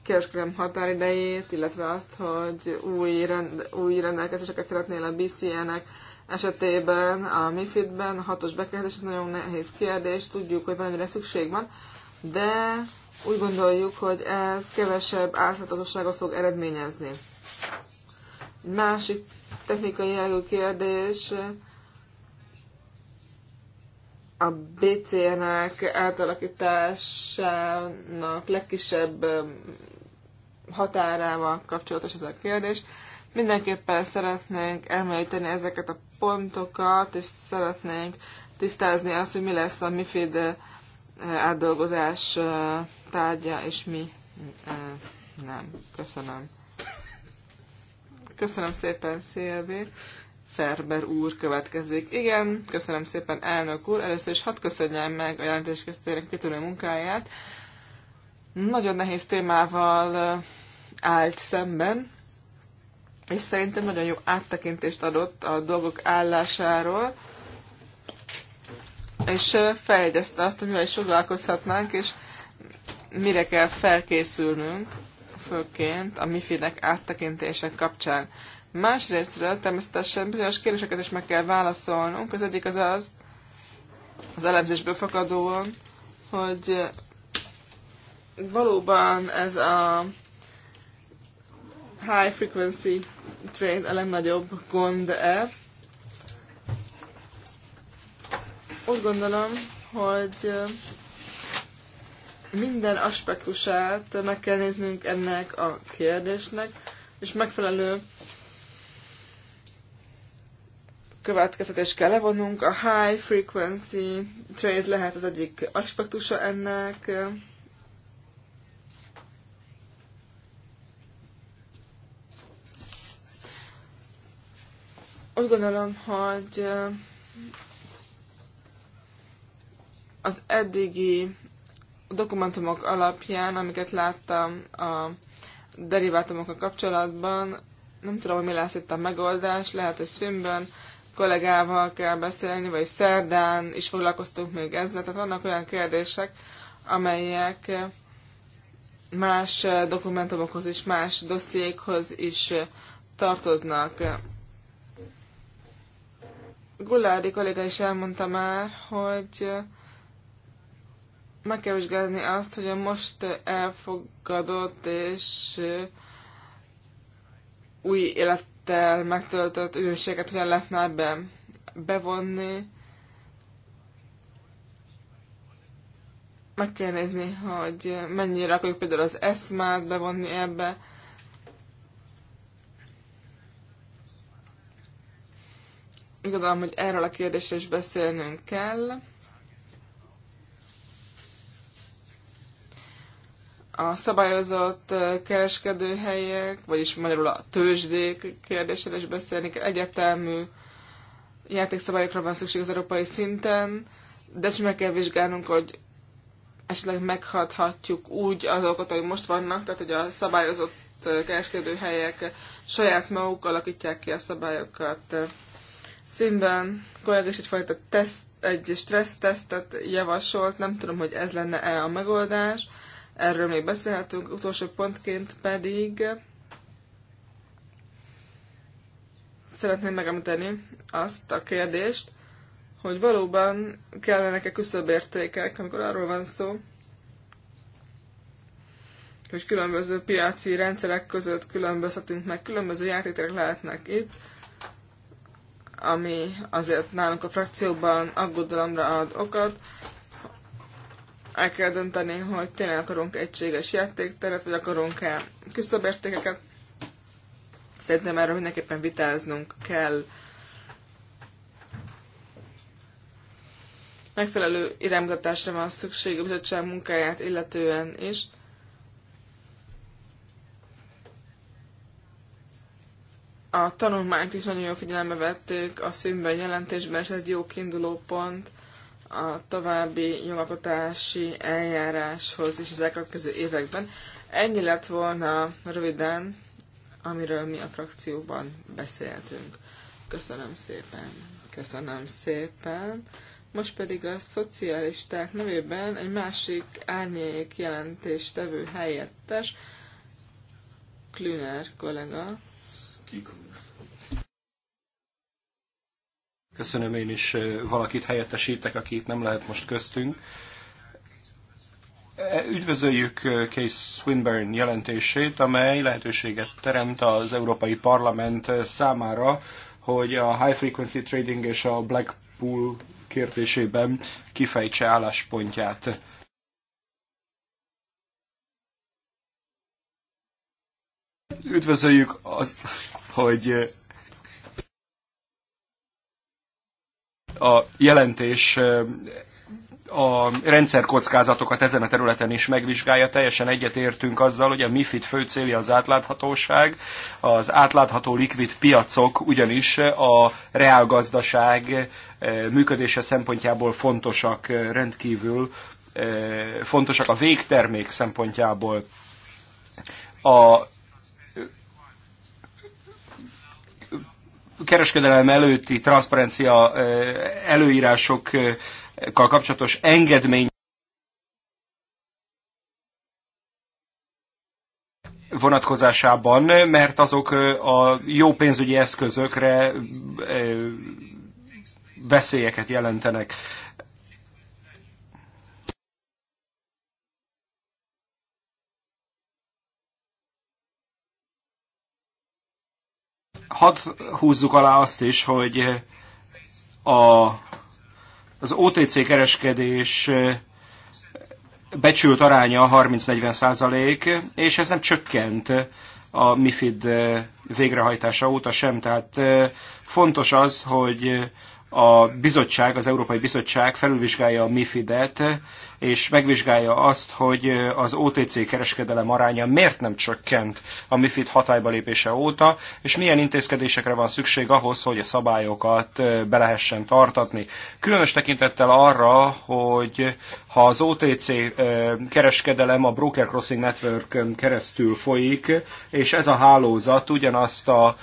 kereskedelem határidejét, illetve azt, hogy új, rend, új rendelkezéseket szeretnél a BCN-nek esetében, a MIFID-ben, a hatos bekezdés, ez nagyon nehéz kérdés, tudjuk, hogy valamire szükség van, de úgy gondoljuk, hogy ez kevesebb átláthatóságot fog eredményezni. Másik technikai jellegű kérdés a BCN-ek átalakításának legkisebb határával kapcsolatos ez a kérdés. Mindenképpen szeretnénk említeni ezeket a pontokat, és szeretnénk tisztázni azt, hogy mi lesz a MIFID átdolgozás tárgya, és mi nem. Köszönöm. Köszönöm szépen, Szilvi. Ferber úr következik. Igen, köszönöm szépen, elnök úr. Először is hadd köszönjem meg a jelentéskészítőnek kitűnő munkáját. Nagyon nehéz témával állt szemben, és szerintem nagyon jó áttekintést adott a dolgok állásáról, és feljegyezte azt, hogy mivel is foglalkozhatnánk, és mire kell felkészülnünk, főként a MIFI-nek áttekintések kapcsán. Másrésztről természetesen bizonyos kérdéseket is meg kell válaszolnunk. Az egyik az az, az elemzésből fakadóan, hogy valóban ez a high frequency trade a legnagyobb gond-e. Úgy gondolom, hogy minden aspektusát meg kell néznünk ennek a kérdésnek, és megfelelő következetés kell levonnunk. A high frequency trade lehet az egyik aspektusa ennek. Úgy gondolom, hogy az eddigi dokumentumok alapján, amiket láttam a derivátumokkal kapcsolatban, nem tudom, hogy mi lesz itt a megoldás, lehet, hogy Swinburne kollégával kell beszélni, vagy szerdán is foglalkoztunk még ezzel. Tehát vannak olyan kérdések, amelyek más dokumentumokhoz és más dossziékhoz is tartoznak. Gullárdi kolléga is elmondta már, hogy meg kell vizsgálni azt, hogy a most elfogadott és új élet élettel megtöltött ügynökséget hogyan lehetne ebbe bevonni. Meg kell nézni, hogy mennyire akarjuk például az eszmát bevonni ebbe. Gondolom, hogy erről a kérdésről is beszélnünk kell. a szabályozott kereskedőhelyek, vagyis magyarul a tőzsdék kérdésére is beszélni kell. Egyetemű játékszabályokra van szükség az európai szinten, de is meg kell vizsgálnunk, hogy esetleg meghathatjuk úgy azokat, hogy most vannak, tehát hogy a szabályozott kereskedőhelyek saját maguk alakítják ki a szabályokat. Színben kollég is egyfajta teszt, egy stressztesztet javasolt, nem tudom, hogy ez lenne-e a megoldás, erről még beszélhetünk. Utolsó pontként pedig szeretném megemlíteni azt a kérdést, hogy valóban kellenek-e értékek, amikor arról van szó, hogy különböző piaci rendszerek között különbözhetünk meg, különböző játékterek lehetnek itt, ami azért nálunk a frakcióban aggodalomra ad okot el kell dönteni, hogy tényleg akarunk egységes játékteret, vagy akarunk-e küszöbértékeket. Szerintem erről mindenképpen vitáznunk kell. Megfelelő iránymutatásra van szükség a bizottság munkáját illetően is. A tanulmányt is nagyon jól figyelembe vették a színben jelentésben, és ez egy jó kiinduló pont – a további nyomakotási eljáráshoz is az elkövetkező években. Ennyi lett volna röviden, amiről mi a frakcióban beszéltünk. Köszönöm szépen. Köszönöm szépen. Most pedig a szocialisták nevében egy másik árnyék tevő helyettes, Klüner kollega. Kikon. Köszönöm, én is valakit helyettesítek, akit nem lehet most köztünk. E, üdvözöljük Case Swinburne jelentését, amely lehetőséget teremt az Európai Parlament számára, hogy a High Frequency Trading és a Blackpool kérdésében kifejtse álláspontját. Üdvözöljük azt, hogy a jelentés a rendszerkockázatokat ezen a területen is megvizsgálja. Teljesen egyetértünk azzal, hogy a MIFID fő célja az átláthatóság, az átlátható likvid piacok ugyanis a reálgazdaság működése szempontjából fontosak, rendkívül fontosak a végtermék szempontjából. A kereskedelem előtti transzparencia eh, előírásokkal kapcsolatos engedmény vonatkozásában, mert azok eh, a jó pénzügyi eszközökre eh, veszélyeket jelentenek. hadd húzzuk alá azt is, hogy a, az OTC kereskedés becsült aránya 30-40 százalék, és ez nem csökkent a MIFID végrehajtása óta sem. Tehát fontos az, hogy a bizottság, az Európai Bizottság felülvizsgálja a MIFID-et, és megvizsgálja azt, hogy az OTC kereskedelem aránya miért nem csökkent a MIFID hatályba lépése óta, és milyen intézkedésekre van szükség ahhoz, hogy a szabályokat be lehessen tartatni. Különös tekintettel arra, hogy ha az OTC kereskedelem a Broker Crossing Network keresztül folyik, és ez a hálózat ugyanazt a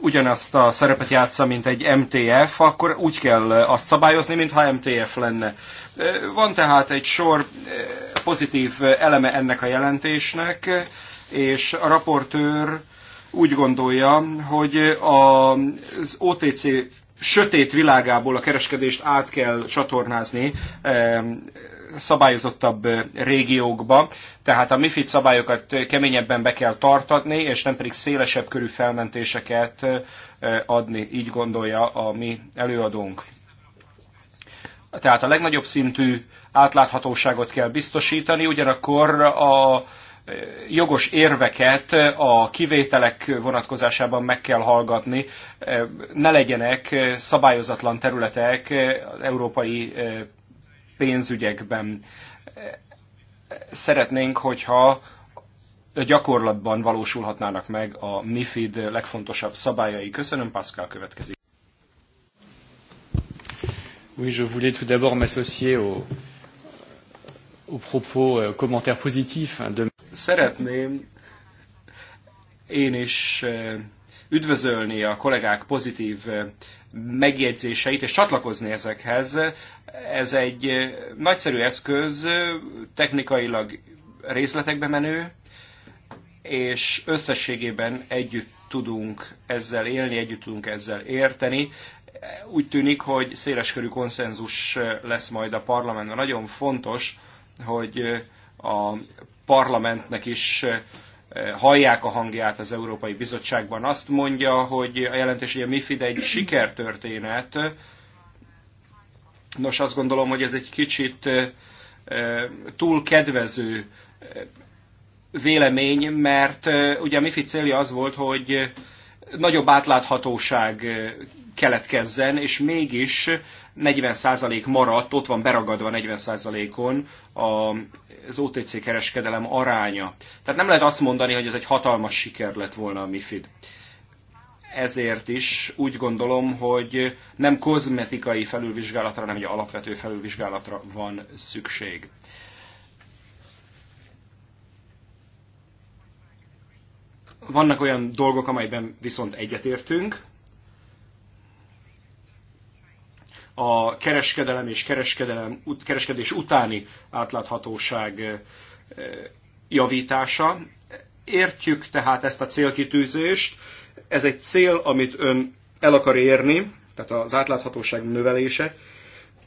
ugyanazt a szerepet játsza, mint egy MTF, akkor úgy kell azt szabályozni, mintha MTF lenne. Van tehát egy sor pozitív eleme ennek a jelentésnek, és a raportőr úgy gondolja, hogy az OTC sötét világából a kereskedést át kell csatornázni szabályozottabb régiókba, tehát a MIFID szabályokat keményebben be kell tartatni, és nem pedig szélesebb körű felmentéseket adni, így gondolja a mi előadónk. Tehát a legnagyobb szintű átláthatóságot kell biztosítani, ugyanakkor a jogos érveket a kivételek vonatkozásában meg kell hallgatni, ne legyenek szabályozatlan területek európai pénzügyekben. Szeretnénk, hogyha gyakorlatban valósulhatnának meg a MIFID legfontosabb szabályai. Köszönöm, Pascal következik. Oui, je voulais tout d'abord m'associer au, au propos, euh, commentaire positif de... Szeretném én is euh, üdvözölni a kollégák pozitív eh, megjegyzéseit és csatlakozni ezekhez. Ez egy eh, nagyszerű eszköz, eh, technikailag részletekbe menő, és összességében együtt tudunk ezzel élni, együtt tudunk ezzel érteni. Úgy tűnik, hogy széleskörű konszenzus lesz majd a parlamentben. Nagyon fontos, hogy a parlamentnek is hallják a hangját az Európai Bizottságban. Azt mondja, hogy a jelentés, hogy a MIFID egy sikertörténet. Nos, azt gondolom, hogy ez egy kicsit túl kedvező vélemény, mert ugye a MIFID célja az volt, hogy nagyobb átláthatóság keletkezzen, és mégis 40% maradt, ott van beragadva 40%-on a az OTC kereskedelem aránya. Tehát nem lehet azt mondani, hogy ez egy hatalmas siker lett volna a MIFID. Ezért is úgy gondolom, hogy nem kozmetikai felülvizsgálatra, hanem egy alapvető felülvizsgálatra van szükség. Vannak olyan dolgok, amelyben viszont egyetértünk, a kereskedelem és kereskedelem, kereskedés utáni átláthatóság javítása. Értjük tehát ezt a célkitűzést. Ez egy cél, amit ön el akar érni, tehát az átláthatóság növelése.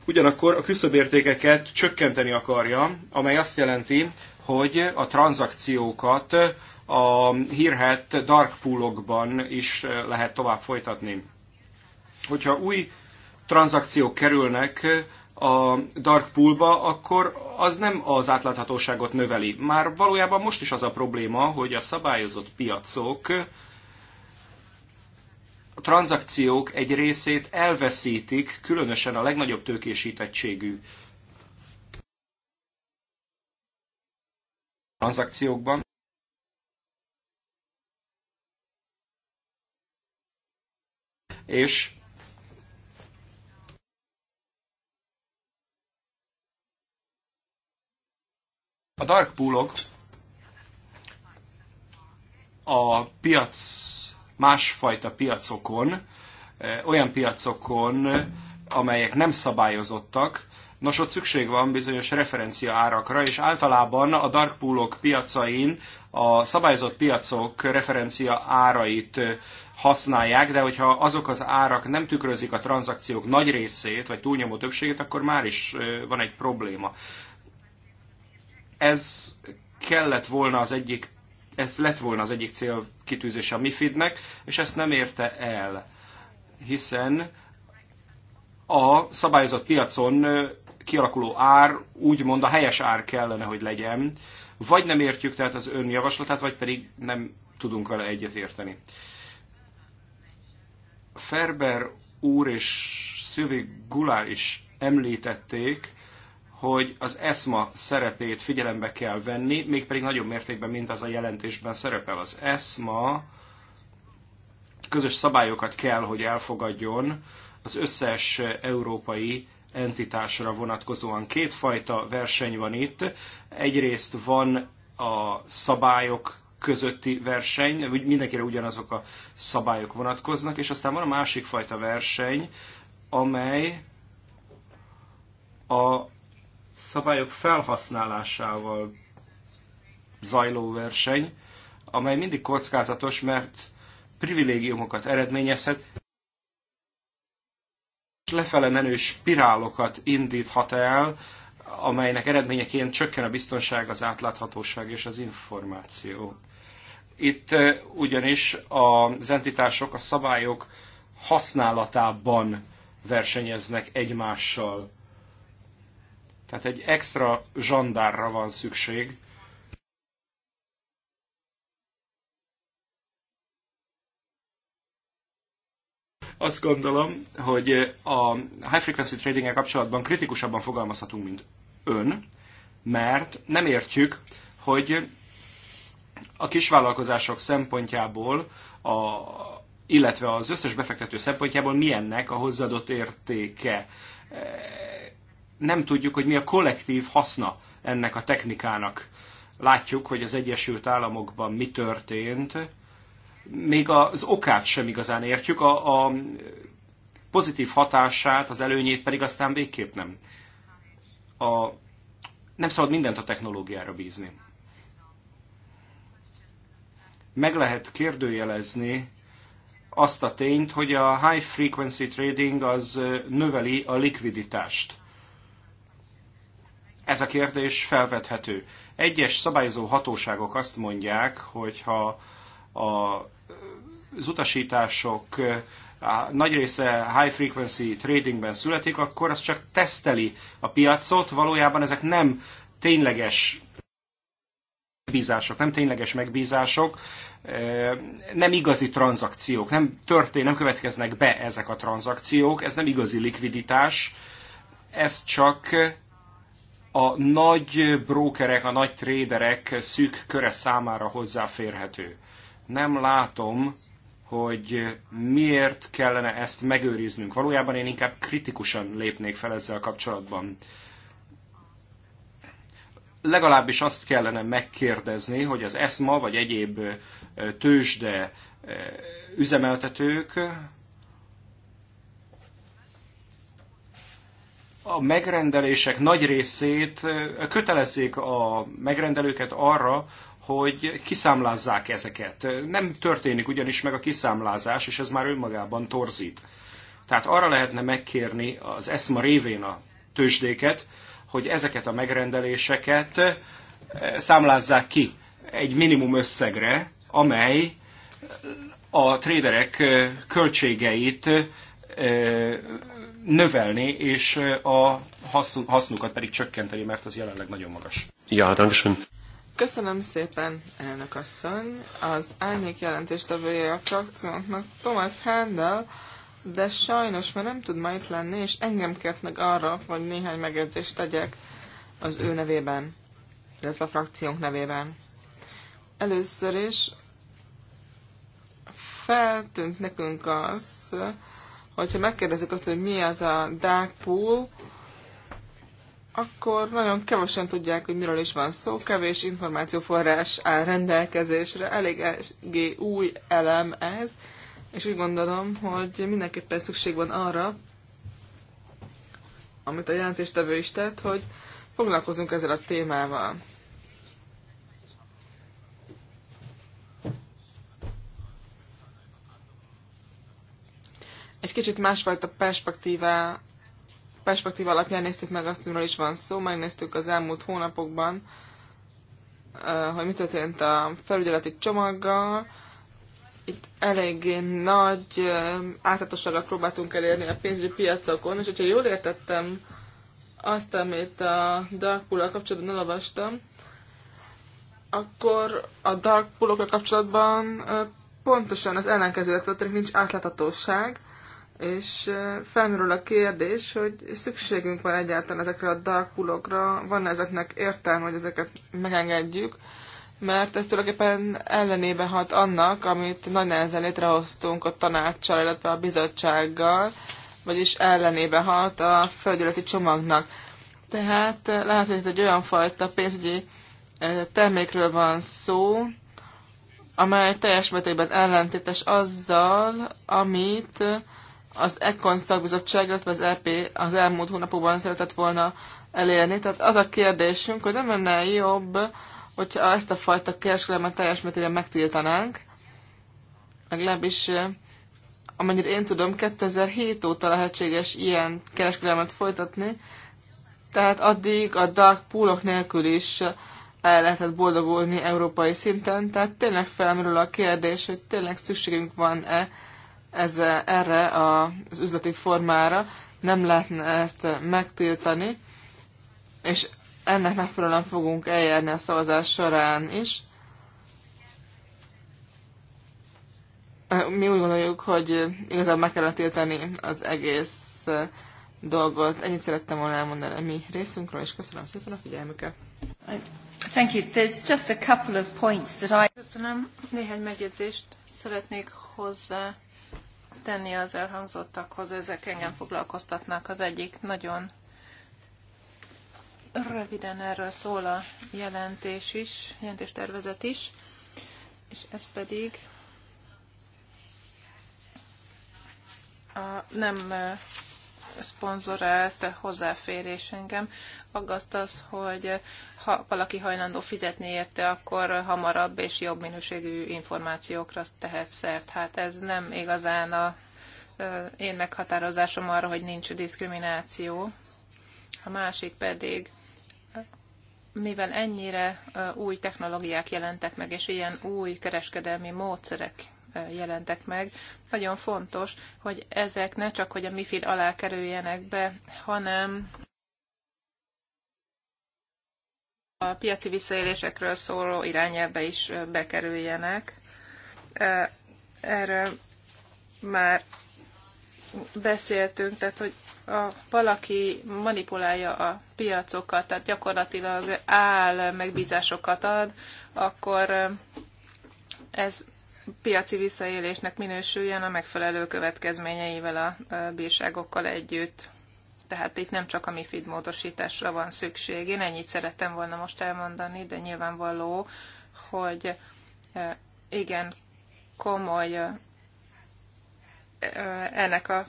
Ugyanakkor a küszöbértékeket csökkenteni akarja, amely azt jelenti, hogy a tranzakciókat a hírhet dark poolokban is lehet tovább folytatni. Hogyha új tranzakciók kerülnek a dark poolba, akkor az nem az átláthatóságot növeli. Már valójában most is az a probléma, hogy a szabályozott piacok a tranzakciók egy részét elveszítik, különösen a legnagyobb tőkésítettségű tranzakciókban. És A dark poolok a piac, másfajta piacokon, olyan piacokon, amelyek nem szabályozottak, Nos, ott szükség van bizonyos referencia árakra, és általában a dark poolok piacain a szabályozott piacok referencia árait használják, de hogyha azok az árak nem tükrözik a tranzakciók nagy részét, vagy túlnyomó többségét, akkor már is van egy probléma. Ez kellett volna az egyik, ez lett volna az egyik célkitűzés a MIFID-nek, és ezt nem érte el, hiszen a szabályozott piacon kialakuló ár, úgymond a helyes ár kellene, hogy legyen, vagy nem értjük tehát az ön javaslatát, vagy pedig nem tudunk vele egyetérteni. Ferber úr és Szilvi Gulár is említették hogy az ESMA szerepét figyelembe kell venni, mégpedig nagyobb mértékben, mint az a jelentésben szerepel. Az ESMA közös szabályokat kell, hogy elfogadjon az összes európai entitásra vonatkozóan. Kétfajta verseny van itt. Egyrészt van a szabályok közötti verseny, mindenkire ugyanazok a szabályok vonatkoznak, és aztán van a másik fajta verseny, amely a szabályok felhasználásával zajló verseny, amely mindig kockázatos, mert privilégiumokat eredményezhet, és lefele menő spirálokat indíthat el, amelynek eredményeként csökken a biztonság, az átláthatóság és az információ. Itt ugyanis az entitások a szabályok használatában versenyeznek egymással. Tehát egy extra zsandárra van szükség. Azt gondolom, hogy a high frequency trading kapcsolatban kritikusabban fogalmazhatunk, mint ön, mert nem értjük, hogy a kisvállalkozások szempontjából, a, illetve az összes befektető szempontjából milyennek a hozzáadott értéke nem tudjuk, hogy mi a kollektív haszna ennek a technikának. Látjuk, hogy az Egyesült Államokban mi történt, még az okát sem igazán értjük, a, a pozitív hatását, az előnyét pedig aztán végképp nem. A, nem szabad mindent a technológiára bízni. Meg lehet kérdőjelezni azt a tényt, hogy a high frequency trading az növeli a likviditást ez a kérdés felvethető. Egyes szabályozó hatóságok azt mondják, hogy ha a, az utasítások nagy része high frequency tradingben születik, akkor az csak teszteli a piacot, valójában ezek nem tényleges megbízások, nem tényleges megbízások, nem igazi tranzakciók, nem történ, nem következnek be ezek a tranzakciók, ez nem igazi likviditás, ez csak a nagy brókerek, a nagy tréderek szűk köre számára hozzáférhető. Nem látom, hogy miért kellene ezt megőriznünk. Valójában én inkább kritikusan lépnék fel ezzel kapcsolatban. Legalábbis azt kellene megkérdezni, hogy az ESMA vagy egyéb tőzsde üzemeltetők a megrendelések nagy részét kötelezzék a megrendelőket arra, hogy kiszámlázzák ezeket. Nem történik ugyanis meg a kiszámlázás, és ez már önmagában torzít. Tehát arra lehetne megkérni az ESMA révén a tőzsdéket, hogy ezeket a megrendeléseket számlázzák ki egy minimum összegre, amely a tréderek költségeit növelni, és a hasznukat pedig csökkenteni, mert az jelenleg nagyon magas. Ja, dankeschön. Köszönöm szépen, elnök asszony. Az árnyék jelentéstevője a frakciónknak Thomas Handel, de sajnos már nem tud ma itt lenni, és engem kért meg arra, hogy néhány megjegyzést tegyek az ő nevében, illetve a frakciónk nevében. Először is feltűnt nekünk az, hogyha megkérdezik azt, hogy mi az a dark pool, akkor nagyon kevesen tudják, hogy miről is van szó, kevés információforrás áll rendelkezésre, elég új elem ez, és úgy gondolom, hogy mindenképpen szükség van arra, amit a jelentéstevő is tett, hogy foglalkozunk ezzel a témával. egy kicsit másfajta perspektívá, perspektíva alapján néztük meg azt, miről is van szó, megnéztük az elmúlt hónapokban, hogy mi történt a felügyeleti csomaggal. Itt eléggé nagy átlatosságot próbáltunk elérni a pénzügyi piacokon, és hogyha jól értettem azt, amit a Dark pool kapcsolatban elolvastam, akkor a Dark pool kapcsolatban pontosan az ellenkező történik, nincs átláthatóság, és felmerül a kérdés, hogy szükségünk van egyáltalán ezekre a dark poolokra, van ezeknek értelme, hogy ezeket megengedjük, mert ez tulajdonképpen ellenébe hat annak, amit nagy nehezen létrehoztunk a tanácssal, illetve a bizottsággal, vagyis ellenébe hat a földületi csomagnak. Tehát lehet, hogy ez egy olyan fajta pénzügyi termékről van szó, amely teljes mértékben ellentétes azzal, amit az ECON szakbizottság, illetve az EP az elmúlt hónapokban szeretett volna elérni. Tehát az a kérdésünk, hogy nem lenne jobb, hogyha ezt a fajta kereskedelmet teljes mértékben megtiltanánk, legalábbis amennyire én tudom, 2007 óta lehetséges ilyen kereskedelmet folytatni, tehát addig a dark poolok nélkül is el lehetett boldogulni európai szinten, tehát tényleg felmerül a kérdés, hogy tényleg szükségünk van-e ez, erre a, az üzleti formára, nem lehetne ezt megtiltani, és ennek megfelelően fogunk eljárni a szavazás során is. Mi úgy gondoljuk, hogy igazából meg kellene tiltani az egész dolgot. Ennyit szerettem volna elmondani a mi részünkről, és köszönöm szépen a figyelmüket. Thank you. There's just a couple of points that I... Köszönöm. Néhány megjegyzést szeretnék hozzá tenni az elhangzottakhoz, ezek engem foglalkoztatnak. Az egyik nagyon röviden erről szól a jelentés is, jelentéstervezet is, és ez pedig a nem szponzorált hozzáférés engem. Aggaszt az, hogy ha valaki hajlandó fizetni érte, akkor hamarabb és jobb minőségű információkra tehet szert. Hát ez nem igazán a én meghatározásom arra, hogy nincs diszkrimináció. A másik pedig, mivel ennyire új technológiák jelentek meg, és ilyen új kereskedelmi módszerek jelentek meg. Nagyon fontos, hogy ezek ne csak, hogy a MIFID alá kerüljenek be, hanem a piaci visszaélésekről szóló irányelbe is bekerüljenek. Erről már beszéltünk, tehát hogy a, valaki manipulálja a piacokat, tehát gyakorlatilag áll, megbízásokat ad, akkor ez piaci visszaélésnek minősüljön a megfelelő következményeivel a bírságokkal együtt tehát itt nem csak a MIFID módosításra van szükség. Én ennyit szerettem volna most elmondani, de nyilvánvaló, hogy e, igen, komoly e, e, ennek a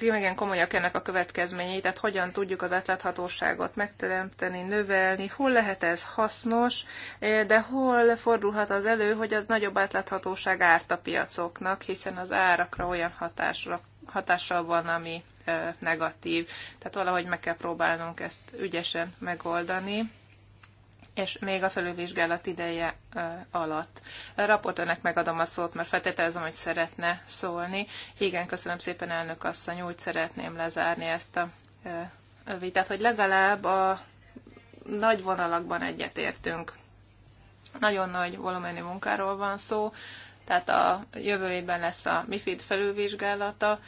igen komolyak ennek a következményei, tehát hogyan tudjuk az átláthatóságot megteremteni, növelni, hol lehet ez hasznos, de hol fordulhat az elő, hogy az nagyobb átláthatóság árt a piacoknak, hiszen az árakra olyan hatásra, hatással van, ami negatív. Tehát valahogy meg kell próbálnunk ezt ügyesen megoldani és még a felülvizsgálat ideje alatt. A raportőrnek megadom a szót, mert feltételezem, hogy szeretne szólni. Igen, köszönöm szépen, elnök asszony, úgy szeretném lezárni ezt a vitát, hogy legalább a nagy vonalakban egyetértünk. Nagyon nagy volumenű munkáról van szó, tehát a jövő évben lesz a MIFID felülvizsgálata,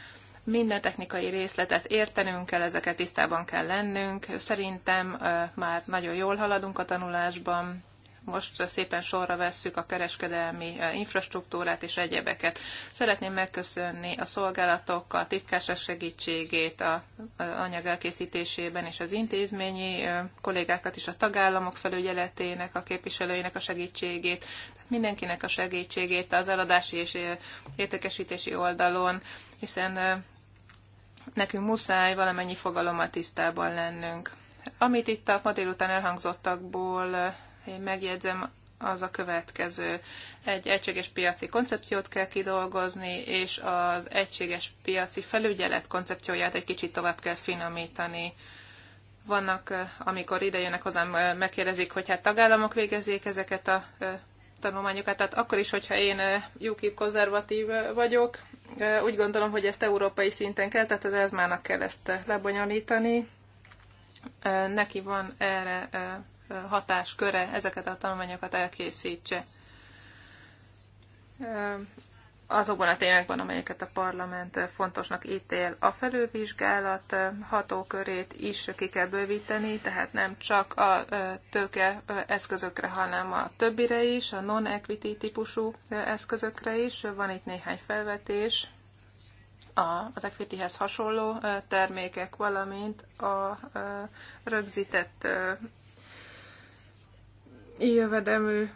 minden technikai részletet értenünk kell, ezeket tisztában kell lennünk. Szerintem már nagyon jól haladunk a tanulásban, most szépen sorra vesszük a kereskedelmi infrastruktúrát és egyebeket. Szeretném megköszönni a szolgálatok, a titkásra segítségét a anyag elkészítésében és az intézményi kollégákat is a tagállamok felügyeletének, a képviselőinek a segítségét, tehát mindenkinek a segítségét az eladási és értékesítési oldalon, hiszen nekünk muszáj valamennyi fogalommal tisztában lennünk. Amit itt a ma délután elhangzottakból eh, én megjegyzem, az a következő. Egy egységes piaci koncepciót kell kidolgozni, és az egységes piaci felügyelet koncepcióját egy kicsit tovább kell finomítani. Vannak, eh, amikor ide jönnek hozzám, eh, megkérdezik, hogy hát tagállamok végezzék ezeket a tanulmányokat, tehát akkor is, hogyha én UKIP konzervatív vagyok, úgy gondolom, hogy ezt európai szinten kell, tehát az ESMA-nak kell ezt lebonyolítani. Neki van erre hatásköre, ezeket a tanulmányokat elkészítse azokban a témákban, amelyeket a parlament fontosnak ítél. A felülvizsgálat hatókörét is ki kell bővíteni, tehát nem csak a tőke eszközökre, hanem a többire is, a non-equity típusú eszközökre is. Van itt néhány felvetés az equityhez hasonló termékek, valamint a rögzített jövedelmű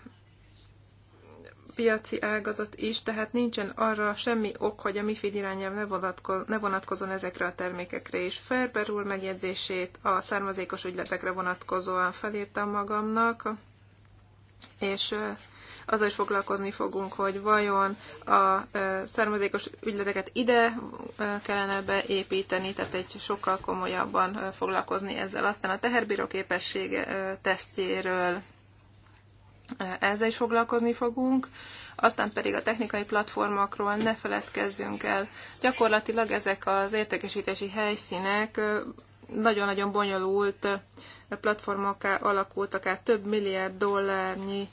piaci ágazat is, tehát nincsen arra semmi ok, hogy a MIFID irányelv ne, vonatko- ne vonatkozon ezekre a termékekre is. Ferber úr megjegyzését a származékos ügyletekre vonatkozóan felírtam magamnak, és azzal is foglalkozni fogunk, hogy vajon a származékos ügyleteket ide kellene beépíteni, tehát egy sokkal komolyabban foglalkozni ezzel. Aztán a teherbíró képessége tesztjéről ezzel is foglalkozni fogunk, aztán pedig a technikai platformokról ne feledkezzünk el. Gyakorlatilag ezek az értékesítési helyszínek nagyon-nagyon bonyolult platformokká alakultak át, több milliárd dollárnyi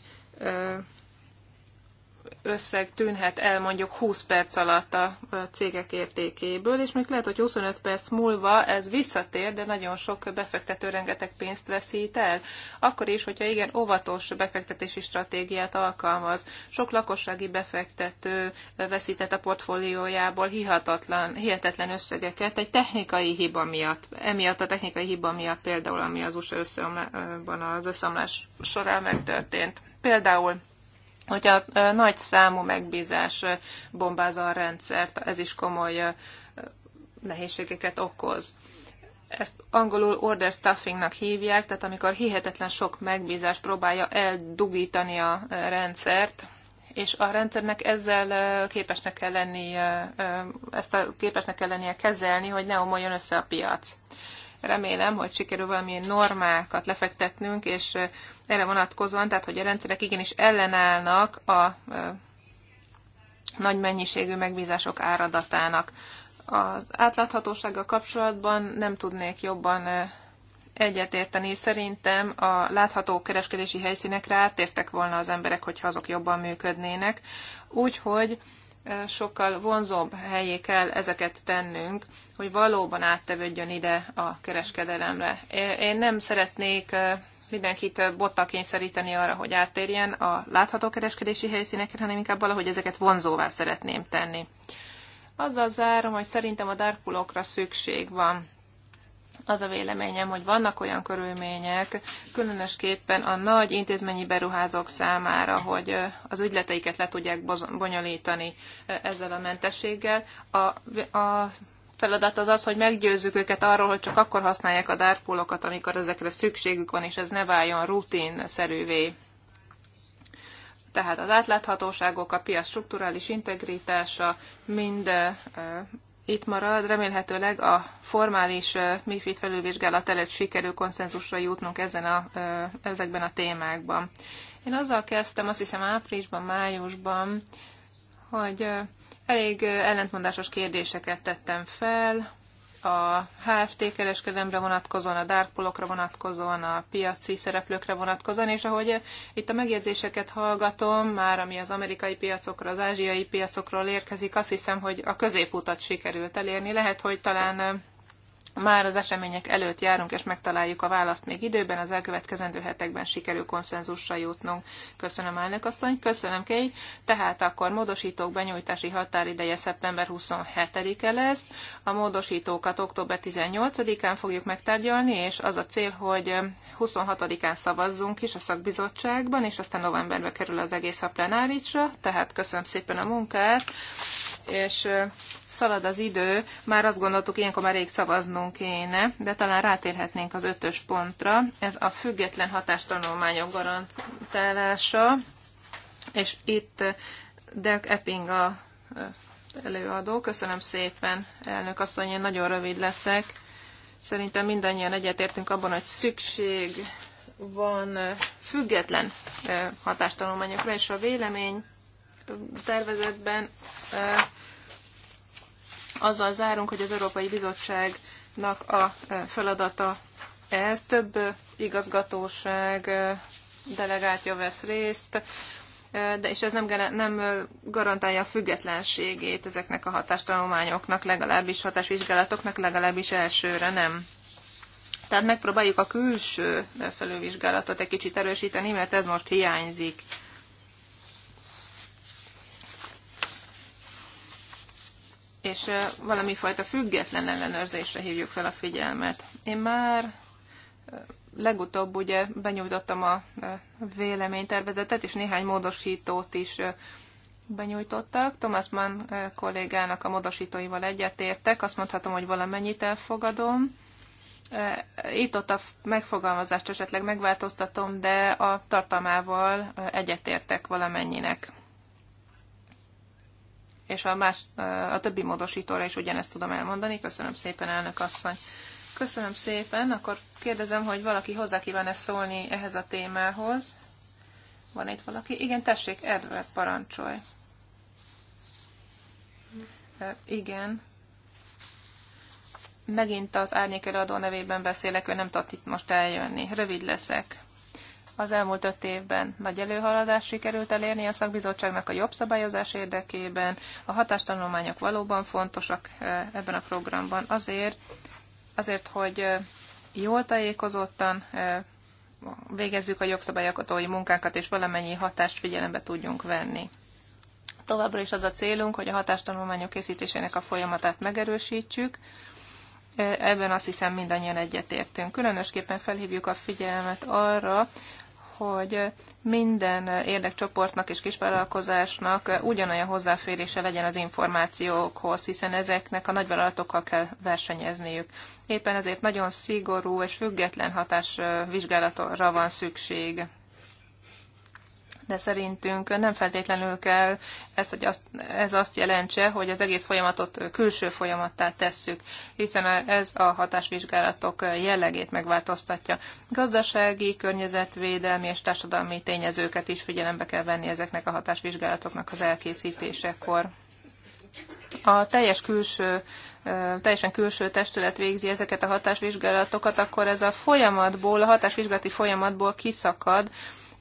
összeg tűnhet el mondjuk 20 perc alatt a cégek értékéből, és még lehet, hogy 25 perc múlva ez visszatér, de nagyon sok befektető rengeteg pénzt veszít el. Akkor is, hogyha igen óvatos befektetési stratégiát alkalmaz. Sok lakossági befektető veszített a portfóliójából hihatatlan, hihetetlen összegeket egy technikai hiba miatt. Emiatt a technikai hiba miatt például, ami az USA összeomlásban az összeomlás során megtörtént. Például hogy a nagy számú megbízás bombázza a rendszert, ez is komoly nehézségeket okoz. Ezt angolul order stuffingnak hívják, tehát amikor hihetetlen sok megbízás próbálja eldugítani a rendszert, és a rendszernek ezzel képesnek kell lennie, ezt a képesnek kell lennie kezelni, hogy ne omoljon össze a piac. Remélem, hogy sikerül valami normákat lefektetnünk, és erre vonatkozóan, tehát hogy a rendszerek igenis ellenállnak a nagy mennyiségű megbízások áradatának. Az átláthatósággal kapcsolatban nem tudnék jobban egyetérteni. Szerintem a látható kereskedési helyszínekre átértek volna az emberek, hogyha azok jobban működnének. Úgyhogy sokkal vonzóbb helyé kell ezeket tennünk, hogy valóban áttevődjön ide a kereskedelemre. Én nem szeretnék mindenkit bottal kényszeríteni arra, hogy áttérjen a látható kereskedési helyszínekre, hanem inkább valahogy ezeket vonzóvá szeretném tenni. Azzal zárom, hogy szerintem a darkulokra szükség van. Az a véleményem, hogy vannak olyan körülmények, különösképpen a nagy intézményi beruházók számára, hogy az ügyleteiket le tudják bonyolítani ezzel a mentességgel. A, a feladat az az, hogy meggyőzzük őket arról, hogy csak akkor használják a dárpólokat, amikor ezekre szükségük van, és ez ne váljon rutinszerűvé. Tehát az átláthatóságok, a piac strukturális integritása mind itt marad. Remélhetőleg a formális MIFID felülvizsgálat előtt sikerül konszenzusra jutnunk ezen a, ezekben a témákban. Én azzal kezdtem, azt hiszem áprilisban, májusban, hogy Elég ellentmondásos kérdéseket tettem fel, a HFT kereskedemre vonatkozóan, a dárpolokra vonatkozóan, a piaci szereplőkre vonatkozóan, és ahogy itt a megjegyzéseket hallgatom, már ami az amerikai piacokra, az ázsiai piacokról érkezik, azt hiszem, hogy a középutat sikerült elérni. Lehet, hogy talán már az események előtt járunk, és megtaláljuk a választ még időben, az elkövetkezendő hetekben sikerül konszenzusra jutnunk. Köszönöm, elnök asszony, köszönöm, Kéj. Tehát akkor módosítók benyújtási határideje szeptember 27-e lesz. A módosítókat október 18-án fogjuk megtárgyalni, és az a cél, hogy 26-án szavazzunk is a szakbizottságban, és aztán novemberbe kerül az egész a plenárisra. Tehát köszönöm szépen a munkát és szalad az idő, már azt gondoltuk, ilyenkor már rég szavaznunk kéne, de talán rátérhetnénk az ötös pontra. Ez a független hatástanulmányok garantálása, és itt Dirk Epping a előadó. Köszönöm szépen, elnök asszony, én nagyon rövid leszek. Szerintem mindannyian egyetértünk abban, hogy szükség van független hatástanulmányokra, és a vélemény tervezetben azzal zárunk, hogy az Európai Bizottságnak a feladata ez. több igazgatóság delegátja vesz részt, de és ez nem, nem garantálja a függetlenségét ezeknek a hatástanulmányoknak, legalábbis hatásvizsgálatoknak, legalábbis elsőre nem. Tehát megpróbáljuk a külső felülvizsgálatot egy kicsit erősíteni, mert ez most hiányzik. és valami fajta független ellenőrzésre hívjuk fel a figyelmet. Én már legutóbb ugye benyújtottam a véleménytervezetet, és néhány módosítót is benyújtottak. Thomas Mann kollégának a módosítóival egyetértek, azt mondhatom, hogy valamennyit elfogadom. Itt ott a megfogalmazást esetleg megváltoztatom, de a tartalmával egyetértek valamennyinek és a, más, a többi módosítóra is ugyanezt tudom elmondani. Köszönöm szépen, elnök asszony. Köszönöm szépen. Akkor kérdezem, hogy valaki hozzá kíván-e szólni ehhez a témához. Van itt valaki? Igen, tessék, Edward, parancsolj. Igen. Megint az árnyékelőadó nevében beszélek, ő nem tart itt most eljönni. Rövid leszek. Az elmúlt öt évben nagy előhaladás sikerült elérni a szakbizottságnak a jobb szabályozás érdekében. A hatástanulmányok valóban fontosak eh, ebben a programban azért, azért hogy eh, jól tájékozottan eh, végezzük a jogszabályalkotói munkákat, és valamennyi hatást figyelembe tudjunk venni. Továbbra is az a célunk, hogy a hatástanulmányok készítésének a folyamatát megerősítsük, Ebben azt hiszem mindannyian egyetértünk. Különösképpen felhívjuk a figyelmet arra, hogy minden érdekcsoportnak és kisvállalkozásnak ugyanolyan hozzáférése legyen az információkhoz, hiszen ezeknek a nagyvállalatokkal kell versenyezniük. Éppen ezért nagyon szigorú és független hatásvizsgálatra van szükség de szerintünk nem feltétlenül kell ez, hogy azt, ez azt jelentse, hogy az egész folyamatot külső folyamattá tesszük, hiszen ez a hatásvizsgálatok jellegét megváltoztatja. Gazdasági, környezetvédelmi és társadalmi tényezőket is figyelembe kell venni ezeknek a hatásvizsgálatoknak az elkészítésekor. A teljes külső teljesen külső testület végzi ezeket a hatásvizsgálatokat, akkor ez a folyamatból, a hatásvizsgálati folyamatból kiszakad,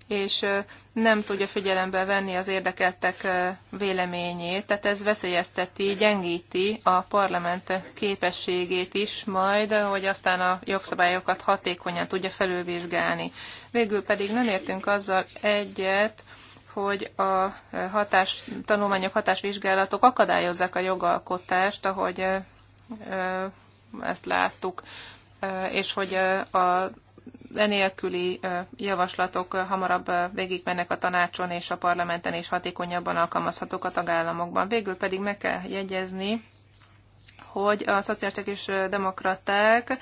és nem tudja figyelembe venni az érdekeltek véleményét, tehát ez veszélyezteti, gyengíti a parlament képességét is majd, hogy aztán a jogszabályokat hatékonyan tudja felülvizsgálni. Végül pedig nem értünk azzal egyet, hogy a hatás, tanulmányok hatásvizsgálatok akadályozzák a jogalkotást, ahogy ezt láttuk, és hogy a enélküli javaslatok hamarabb végigmennek a tanácson és a parlamenten, és hatékonyabban alkalmazhatók a tagállamokban. Végül pedig meg kell jegyezni, hogy a szociálisták és demokraták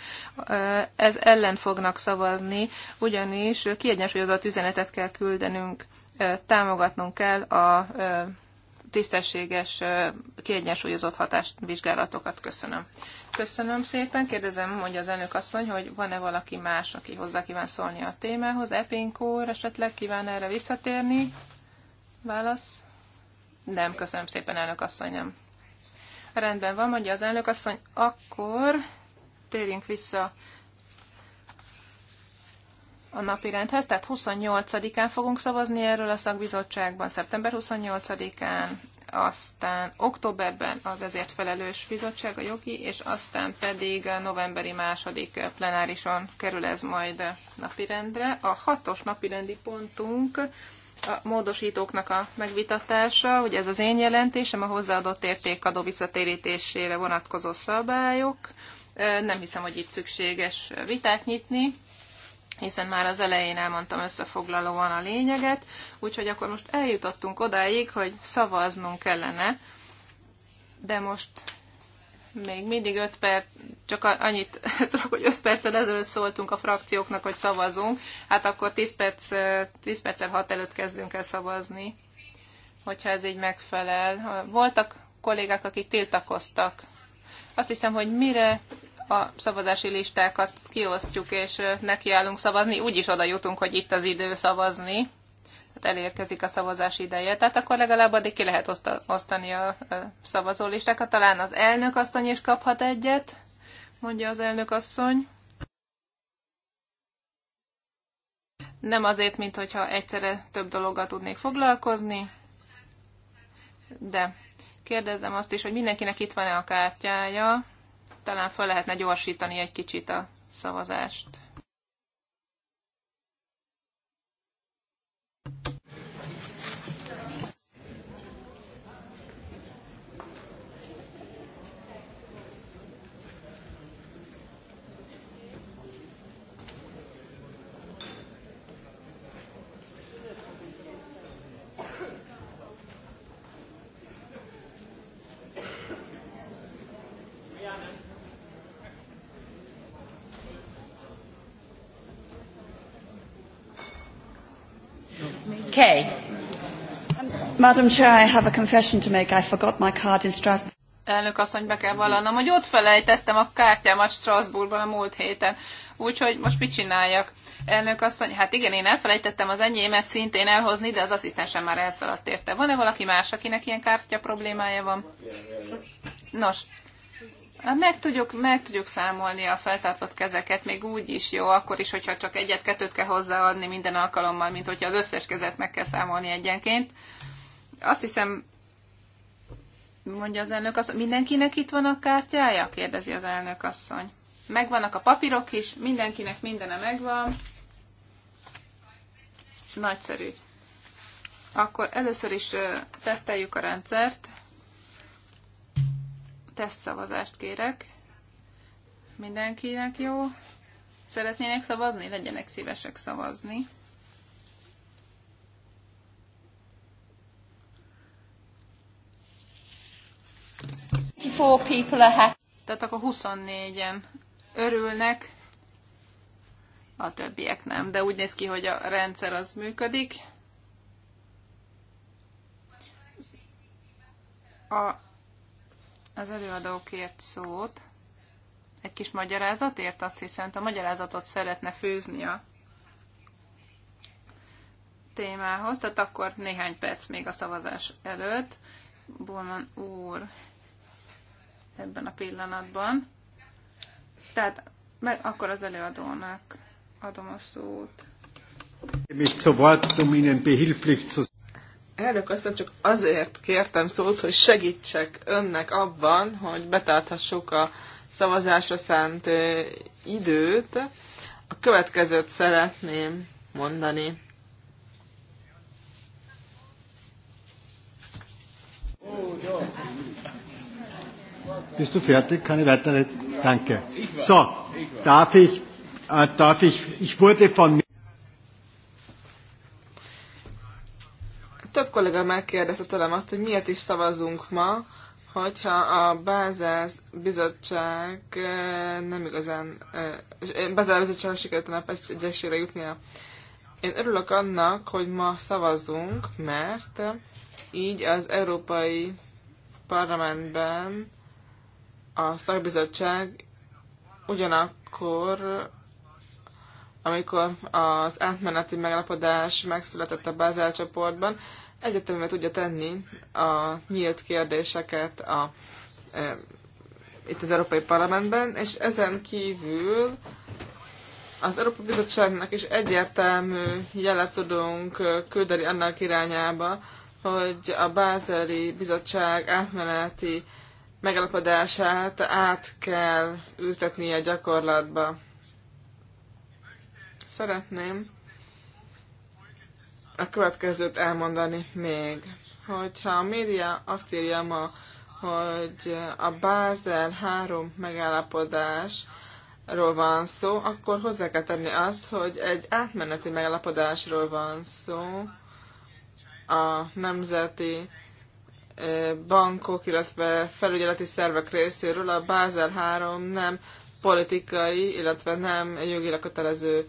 ez ellen fognak szavazni, ugyanis kiegyensúlyozott üzenetet kell küldenünk, támogatnunk kell a tisztességes, kiegyensúlyozott hatásvizsgálatokat. Köszönöm. Köszönöm szépen. Kérdezem, hogy az elnök asszony, hogy van-e valaki más, aki hozzá kíván szólni a témához. Epinkór esetleg kíván erre visszatérni? Válasz? Nem, köszönöm szépen, elnök asszony, nem. Rendben van, mondja az elnök asszony, akkor térjünk vissza a napi rendhez, tehát 28-án fogunk szavazni erről a szakbizottságban, szeptember 28-án, aztán októberben az ezért felelős bizottság, a jogi, és aztán pedig novemberi második plenárison kerül ez majd napirendre. A hatos napirendi pontunk a módosítóknak a megvitatása, hogy ez az én jelentésem, a hozzáadott értékadó visszatérítésére vonatkozó szabályok. Nem hiszem, hogy itt szükséges vitát nyitni hiszen már az elején elmondtam összefoglalóan a lényeget, úgyhogy akkor most eljutottunk odáig, hogy szavaznunk kellene, de most még mindig 5 perc, csak annyit tudok, hogy 5 perccel ezelőtt szóltunk a frakcióknak, hogy szavazunk, hát akkor 10, perc, 10 perccel 6 előtt kezdünk el szavazni, hogyha ez így megfelel. Voltak kollégák, akik tiltakoztak. Azt hiszem, hogy mire a szavazási listákat kiosztjuk, és nekiállunk szavazni, úgyis oda jutunk, hogy itt az idő szavazni, tehát elérkezik a szavazás ideje, tehát akkor legalább addig ki lehet osztani a szavazólistákat. Talán az elnök asszony is kaphat egyet, mondja az elnök asszony. Nem azért, mint hogyha egyszerre több dologgal tudnék foglalkozni, de kérdezem azt is, hogy mindenkinek itt van-e a kártyája talán fel lehetne gyorsítani egy kicsit a szavazást. Okay. Madam Chair, I have a confession to make. I forgot my card in Strasbourg. Elnök asszony, be kell vallanom, hogy ott felejtettem a kártyámat Strasbourgban a múlt héten. Úgyhogy most mit csináljak? Elnök asszony, hát igen, én elfelejtettem az enyémet szintén elhozni, de az asszisztensem már elszaladt érte. Van-e valaki más, akinek ilyen kártya problémája van? Nos, meg tudjuk, meg tudjuk számolni a feltartott kezeket, még úgy is jó, akkor is, hogyha csak egyet-kettőt kell hozzáadni minden alkalommal, mint hogyha az összes kezet meg kell számolni egyenként. Azt hiszem, mondja az elnök asszony, mindenkinek itt van a kártyája? kérdezi az elnök asszony. Megvannak a papírok is, mindenkinek mindene megvan. Nagyszerű. Akkor először is teszteljük a rendszert szavazást kérek. Mindenkinek jó. Szeretnének szavazni? Legyenek szívesek szavazni. Four people are happy. Tehát akkor 24-en örülnek, a többiek nem. De úgy néz ki, hogy a rendszer az működik. A az előadó szót. Egy kis magyarázatért azt hiszem, a magyarázatot szeretne főzni a témához, tehát akkor néhány perc még a szavazás előtt. Bulman úr ebben a pillanatban. Tehát meg akkor az előadónak adom a szót. Mich zu Wort, um Ihnen behilflich zu Elnök asszony, csak azért kértem szót, hogy segítsek önnek abban, hogy betarthassuk a szavazásra szánt időt. A következőt szeretném mondani. Bist du fertig? Kann ich weiter? Danke. So, darf ich, äh, darf ich, ich wurde von Több kollega megkérdezte tőlem azt, hogy miért is szavazunk ma, hogyha a Bázász bizottság nem igazán, Bázász bizottság sikerült a egyesére jutnia. Én örülök annak, hogy ma szavazunk, mert így az Európai Parlamentben a szakbizottság ugyanakkor, amikor az átmeneti megalapodás megszületett a Bázel csoportban, egyetemével tudja tenni a nyílt kérdéseket a, e, itt az Európai Parlamentben, és ezen kívül az Európai Bizottságnak is egyértelmű jelet tudunk küldeni annak irányába, hogy a Bázeli Bizottság átmeneti megalapodását át kell ültetnie a gyakorlatba. Szeretném a következőt elmondani még. Hogyha a média azt írja ma, hogy a Bázel 3 megállapodásról van szó, akkor hozzá kell tenni azt, hogy egy átmeneti megállapodásról van szó a nemzeti bankok, illetve felügyeleti szervek részéről. A Bázel 3 nem politikai, illetve nem jogilag kötelező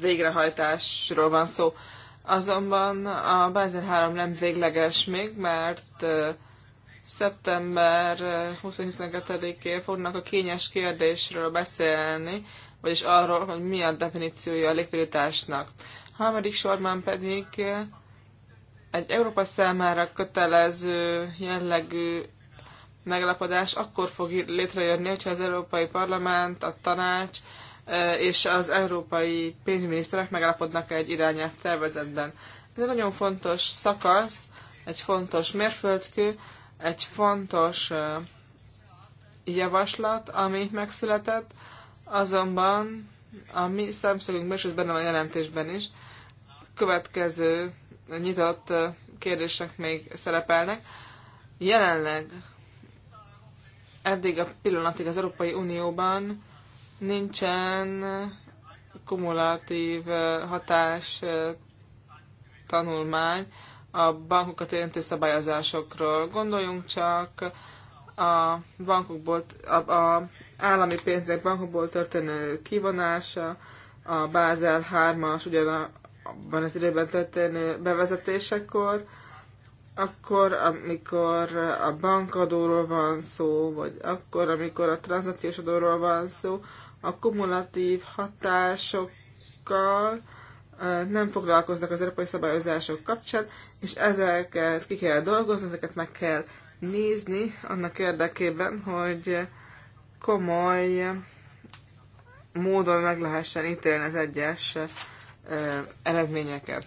végrehajtásról van szó. Azonban a Bázer 3 nem végleges még, mert szeptember 22 én fognak a kényes kérdésről beszélni, vagyis arról, hogy mi a definíciója a likviditásnak. Harmadik sorban pedig egy Európa számára kötelező jellegű megalapodás akkor fog létrejönni, hogyha az Európai Parlament, a tanács, és az európai pénzminiszterek megállapodnak egy irányelv tervezetben. Ez egy nagyon fontos szakasz, egy fontos mérföldkő, egy fontos javaslat, ami megszületett, azonban a mi szemszögünkben, és ez benne van a jelentésben is, következő nyitott kérdések még szerepelnek. Jelenleg eddig a pillanatig az Európai Unióban nincsen kumulatív hatás tanulmány a bankokat érintő szabályozásokról. Gondoljunk csak a bankokból, a, a állami pénzek bankokból történő kivonása, a Bázel 3-as ugyanabban az időben történő bevezetésekor, akkor, amikor a bankadóról van szó, vagy akkor, amikor a tranzakciós adóról van szó, a kumulatív hatásokkal nem foglalkoznak az európai szabályozások kapcsán, és ezeket ki kell dolgozni, ezeket meg kell nézni annak érdekében, hogy komoly módon meg lehessen ítélni az egyes eredményeket.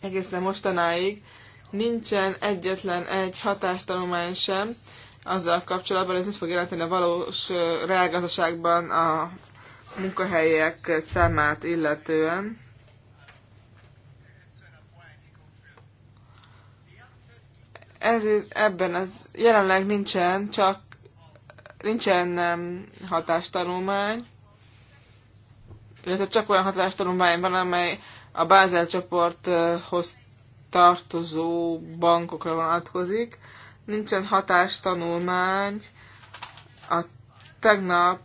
Egészen mostanáig Nincsen egyetlen egy hatástanulmány sem azzal kapcsolatban, hogy ez mit fog jelenteni a valós reálgazdaságban a munkahelyek számát illetően. ez, ebben az jelenleg nincsen, csak nincsen um, hatástanulmány, illetve csak olyan hatástanulmány van, amely a Bázel csoporthoz tartozó bankokra vonatkozik. Nincsen hatástanulmány. A tegnap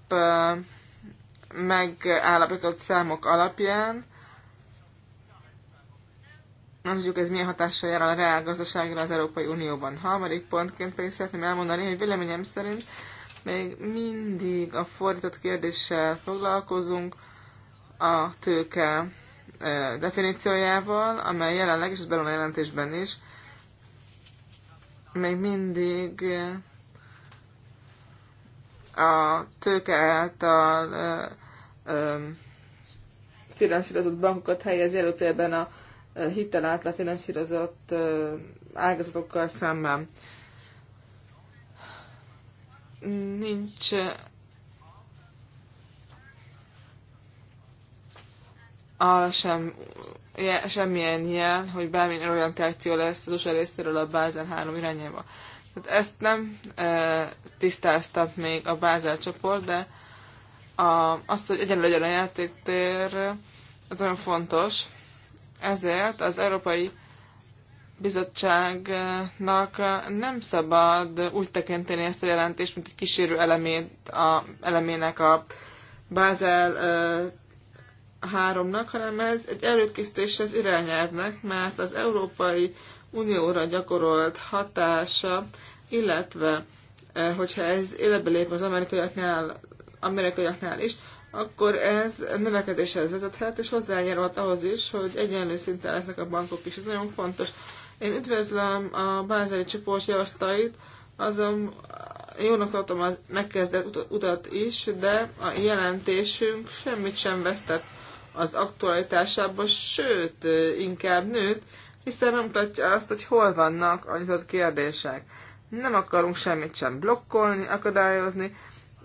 megállapított számok alapján nem tudjuk ez milyen hatással jár a reál gazdaságra az Európai Unióban. Harmadik pontként pedig szeretném elmondani, hogy véleményem szerint még mindig a fordított kérdéssel foglalkozunk, a tőke definíciójával, amely jelenleg, és ez belül a jelentésben is, még mindig a tőke által finanszírozott bankokat helyez előtérben a hitel által finanszírozott ágazatokkal szemben. Nincs arra sem, je, semmilyen jel, hogy bármilyen orientáció lesz az USA részéről a Bázel 3 irányába. Tehát ezt nem e, tisztázta még a Bázel csoport, de a, azt, hogy egyenlő legyen a játéktér, az nagyon fontos. Ezért az Európai Bizottságnak nem szabad úgy tekinteni ezt a jelentést, mint egy kísérő elemét, a, elemének a Bázel háromnak, hanem ez egy előkészítés az irányelvnek, mert az Európai Unióra gyakorolt hatása, illetve eh, hogyha ez életbe lép az amerikaiaknál, amerikaiaknál is, akkor ez növekedéshez vezethet, és hozzájárulhat ahhoz is, hogy egyenlő szinten lesznek a bankok is. Ez nagyon fontos. Én üdvözlöm a bázeli csoport javaslatait, azon jónak tartom az megkezdett utat is, de a jelentésünk semmit sem vesztett az aktualitásában, sőt, inkább nőtt, hiszen nem mutatja azt, hogy hol vannak a nyitott kérdések. Nem akarunk semmit sem blokkolni, akadályozni,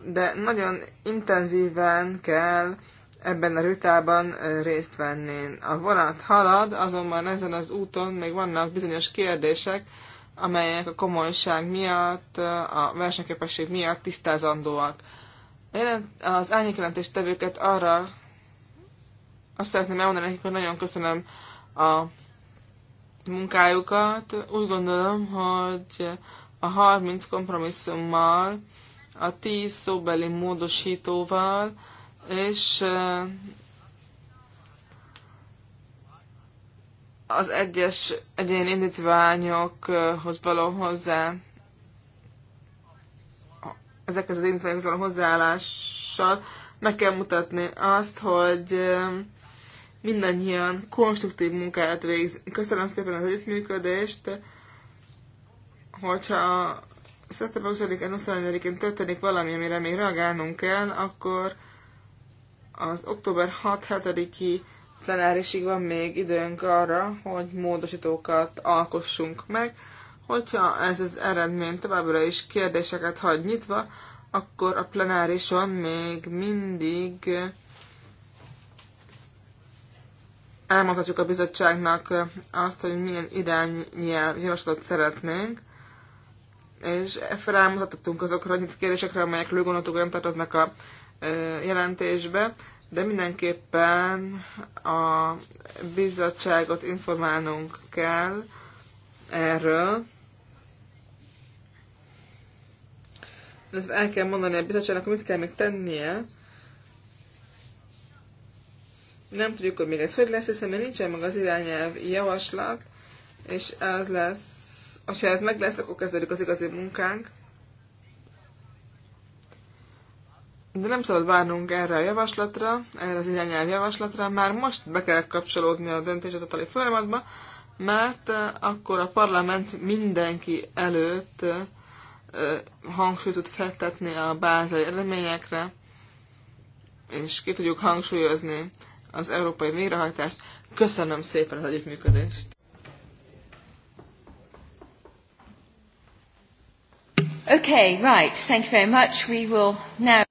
de nagyon intenzíven kell ebben a rütában részt venni. A vonat halad, azonban ezen az úton még vannak bizonyos kérdések, amelyek a komolyság miatt, a versenyképesség miatt tisztázandóak. Az árnyékjelentéstevőket arra azt szeretném elmondani nekik, hogy nagyon köszönöm a munkájukat. Úgy gondolom, hogy a 30 kompromisszummal, a 10 szóbeli módosítóval, és az egyes egyén indítványokhoz való hozzá ezekhez az indítványokhoz való hozzáállással meg kell mutatni azt, hogy mindannyian konstruktív munkát végz. Köszönöm szépen az együttműködést, hogyha szeptember 20-án, 24-én történik valami, amire még reagálnunk kell, akkor az október 6-7-i plenárisig van még időnk arra, hogy módosítókat alkossunk meg. Hogyha ez az eredmény továbbra is kérdéseket hagy nyitva, akkor a plenárison még mindig elmondhatjuk a bizottságnak azt, hogy milyen irányjel javaslatot szeretnénk, és felmutattunk azokra a kérdésekre, amelyek lőgondatok nem tartoznak a jelentésbe, de mindenképpen a bizottságot informálnunk kell erről, el kell mondani a bizottságnak, hogy mit kell még tennie, nem tudjuk, hogy még ez hogy lesz, hiszen még nincsen meg az irányelv javaslat, és ez lesz, ha ez meg lesz, akkor kezdődik az igazi munkánk. De nem szabad várnunk erre a javaslatra, erre az irányelv javaslatra, már most be kell kapcsolódni a döntéshozatali folyamatba, mert eh, akkor a parlament mindenki előtt eh, hangsúlyt tud feltetni a bázai eredményekre, és ki tudjuk hangsúlyozni az európai végrehajtást. Köszönöm szépen az együttműködést! Okay, right. Thank you very much. We will now...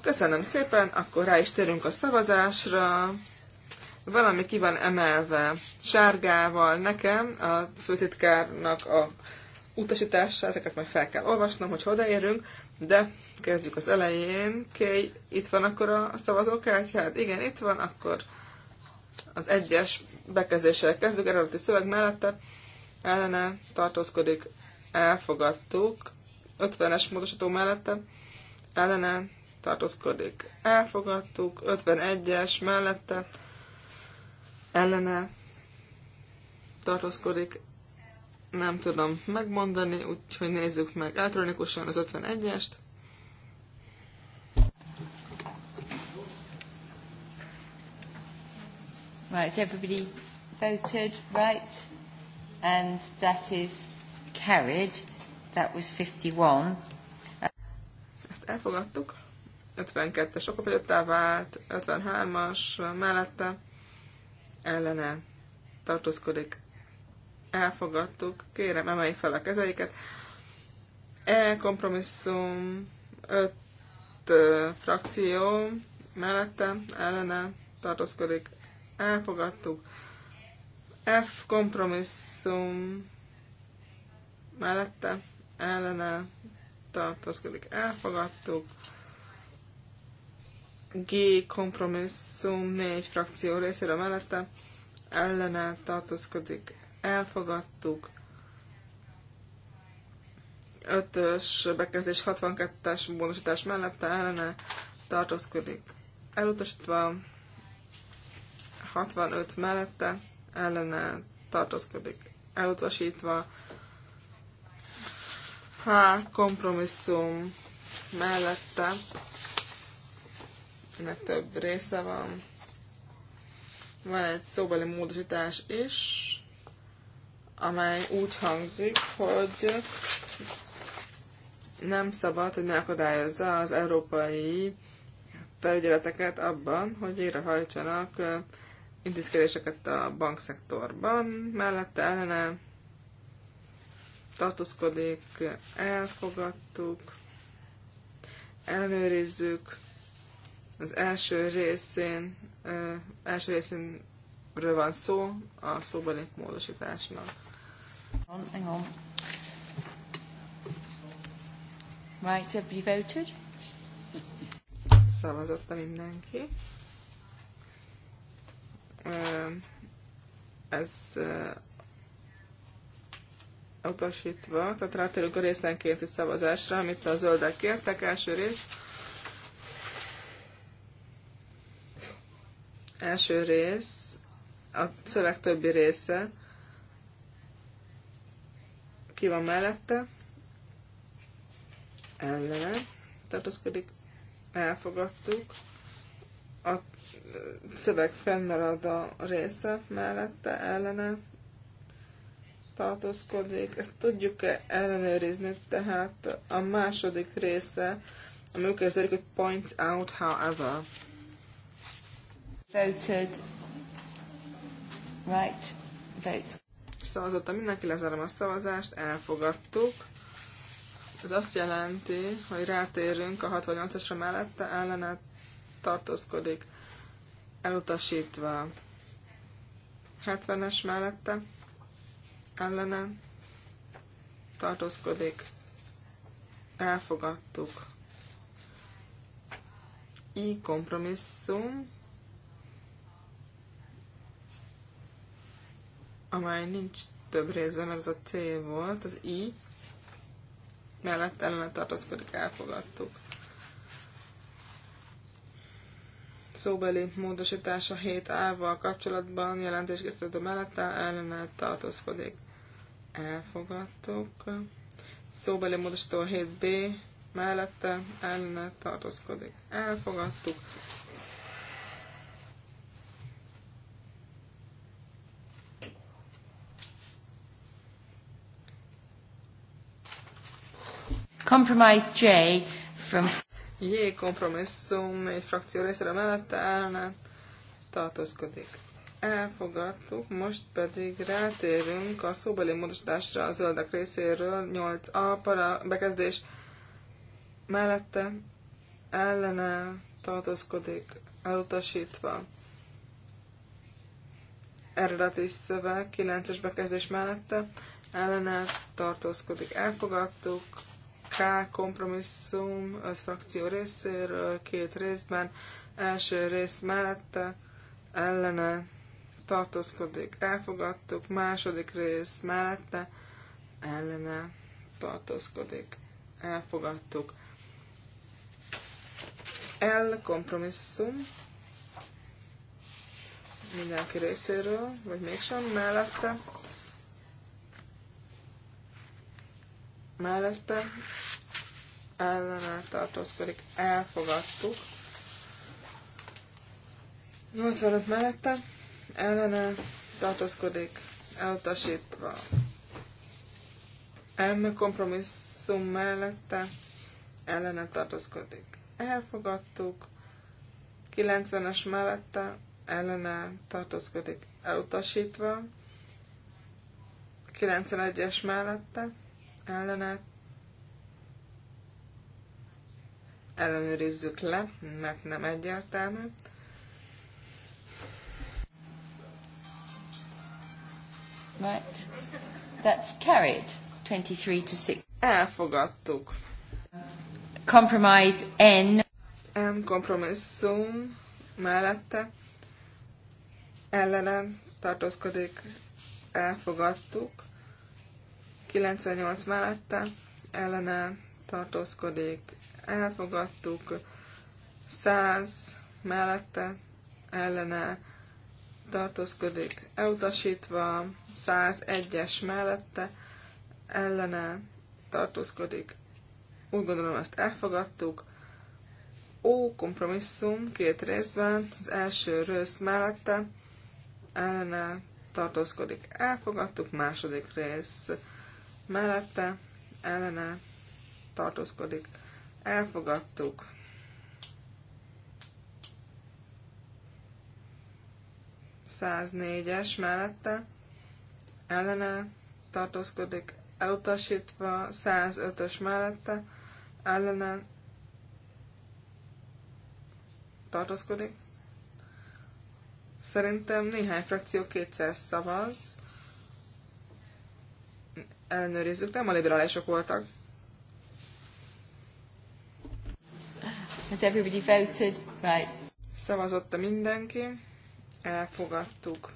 Köszönöm szépen, akkor rá is térünk a szavazásra. Valami ki van emelve sárgával nekem, a főtitkárnak a utasítása, ezeket majd fel kell olvasnom, hogy odaérünk. De kezdjük az elején. Kay, itt van akkor a szavazókártyád? Igen, itt van, akkor az egyes bekezéssel kezdjük, eredeti szöveg mellette ellene tartózkodik, elfogadtuk, 50-es módosító mellette ellene tartózkodik, elfogadtuk, 51-es mellette ellene tartózkodik, nem tudom megmondani, úgyhogy nézzük meg elektronikusan az 51-est. Right, everybody voted, right? And that is carried. That was 51. Ezt elfogadtuk. 52-es okopagyottá vált, 53-as mellette ellene tartózkodik elfogadtuk. Kérem, emelj fel a kezeiket. E kompromisszum 5 frakció mellette, ellene tartózkodik. Elfogadtuk. F kompromisszum mellette, ellene tartózkodik. Elfogadtuk. G kompromisszum négy frakció részére mellette ellene tartózkodik elfogadtuk. 5-ös bekezdés 62-es módosítás mellette ellene tartózkodik. Elutasítva 65 mellette ellene tartózkodik. Elutasítva H kompromisszum mellette ennek több része van. Van egy szóbeli módosítás is amely úgy hangzik, hogy nem szabad, hogy akadályozza az európai felügyeleteket abban, hogy végrehajtsanak intézkedéseket a bankszektorban, mellette ellene tartózkodik, elfogadtuk, ellenőrizzük, az első részén, első részénről van szó a szóbeli módosításnak. Hang on. Right, everybody voted? Szavazott mindenki. Ez utasítva, tehát rátérünk a részenkénti szavazásra, amit a zöldek kértek, első rész. Első rész, a szöveg többi része, ki van mellette, ellene tartozkodik, elfogadtuk, a szöveg fennmarad a része mellette, ellene tartózkodik, ezt tudjuk-e ellenőrizni, tehát a második része, ami úgy kezdődik, hogy points out however. Voted. Right. Vote szavazott a mindenki, lezárom a szavazást, elfogadtuk. Ez azt jelenti, hogy rátérünk a 68-asra mellette, ellene tartózkodik, elutasítva. 70-es mellette, ellene tartózkodik, elfogadtuk. I kompromisszum, amely nincs több részben, mert az a C volt, az I, mellett ellene tartozkodik, elfogadtuk. Szóbeli módosítása 7A-val kapcsolatban jelentéskészítő mellette ellene tartozkodik, Elfogadtuk. Szóbeli módosító 7B mellette ellene tartozkodik, Elfogadtuk. Compromise J from... J kompromisszum egy frakció részére mellette állna, tartózkodik. Elfogadtuk, most pedig rátérünk a szóbeli módosításra a zöldek részéről, 8a para bekezdés mellette ellene tartózkodik, elutasítva. Eredeti szöveg, 9-es bekezdés mellette ellene tartózkodik, elfogadtuk. K kompromisszum az frakció részéről két részben. Első rész mellette ellene tartózkodik. Elfogadtuk. Második rész mellette ellene tartózkodik. Elfogadtuk. L kompromisszum mindenki részéről, vagy mégsem mellette mellette ellenállt tartózkodik, elfogadtuk. 85 mellette ellene tartózkodik, elutasítva. M kompromisszum mellette ellene tartózkodik. Elfogadtuk. 90-es mellette ellene tartózkodik, elutasítva. 91-es mellette ellene ellenőrizzük le, mert nem egyértelmű. Right. That's carried 23 to 6. Elfogadtuk. Compromise N. M kompromisszum mellette ellenen tartózkodik, elfogadtuk. 98 mellette ellene tartózkodik, elfogadtuk, 100 mellette ellene tartózkodik, elutasítva, 101-es mellette ellene tartózkodik. Úgy gondolom, ezt elfogadtuk. Ó, kompromisszum két részben, az első rész mellette ellene tartózkodik. Elfogadtuk, második rész mellette ellene tartózkodik. Elfogadtuk. es mellette ellene tartózkodik, elutasítva 105-ös mellette ellene tartózkodik. Szerintem néhány frakció kétszer szavaz, ellenőrizzük, nem a liberálisok voltak. Has everybody voted? Right. Szavazott mindenki. Elfogadtuk.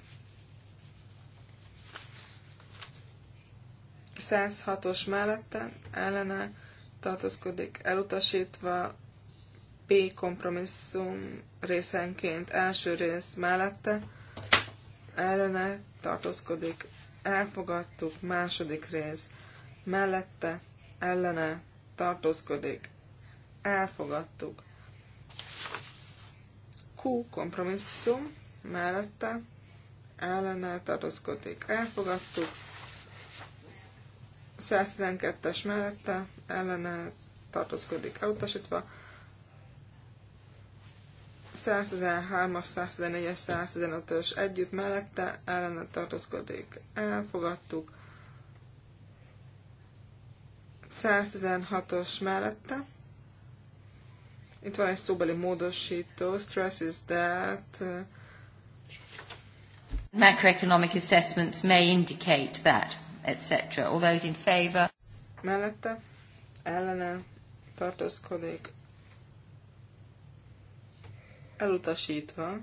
106-os mellette ellene tartozkodik elutasítva P kompromisszum részenként első rész mellette ellene tartózkodik elfogadtuk, második rész, mellette, ellene, tartózkodik, elfogadtuk. Q kompromisszum, mellette, ellene, tartózkodik, elfogadtuk. 112-es mellette, ellene, tartózkodik, elutasítva. 113-as, 114-es, 115-ös együtt mellette ellene tartózkodik. Elfogadtuk. 116-os mellette. Itt van egy szóbeli módosító, stress is that. Macroeconomic assessments may indicate that, etc. All those in favor. Mellette ellene tartózkodik elutasítva.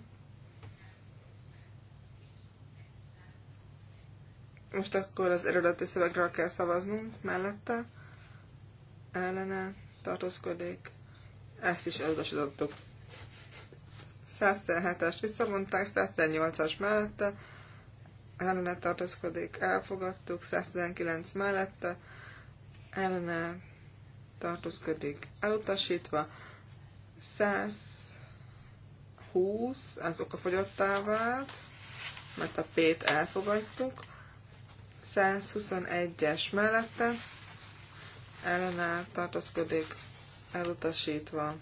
Most akkor az eredeti szövegről kell szavaznunk mellette. Ellene tartózkodik. Ezt is elutasítottuk. 107 es visszavonták, 108-as mellette. Ellene tartózkodik. Elfogadtuk. 119 mellette. Ellene tartózkodik. Elutasítva. 100 20, az fogyottá vált, mert a P-t elfogadtuk. 121-es mellette ellenáll tartózkodik, elutasítva.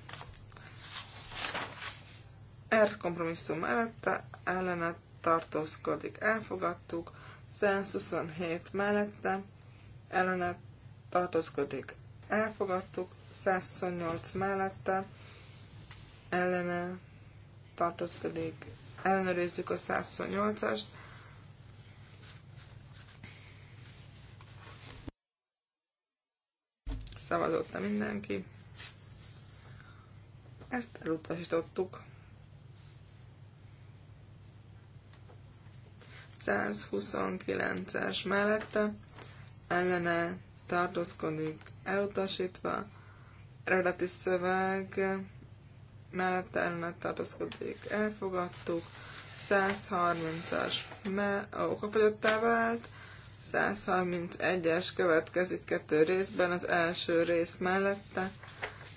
R kompromisszum mellette ellene tartózkodik, elfogadtuk. 127 mellette ellene tartózkodik, elfogadtuk. 128 mellette ellene tartózkodik. Ellenőrizzük a 128-ast. Szavazott -e mindenki. Ezt elutasítottuk. 129-es mellette ellene tartózkodik elutasítva. Eredeti szöveg mellette ellene tartózkodik, elfogadtuk, 130-as me- okafogyottá vált, 131-es következik kettő részben, az első rész mellette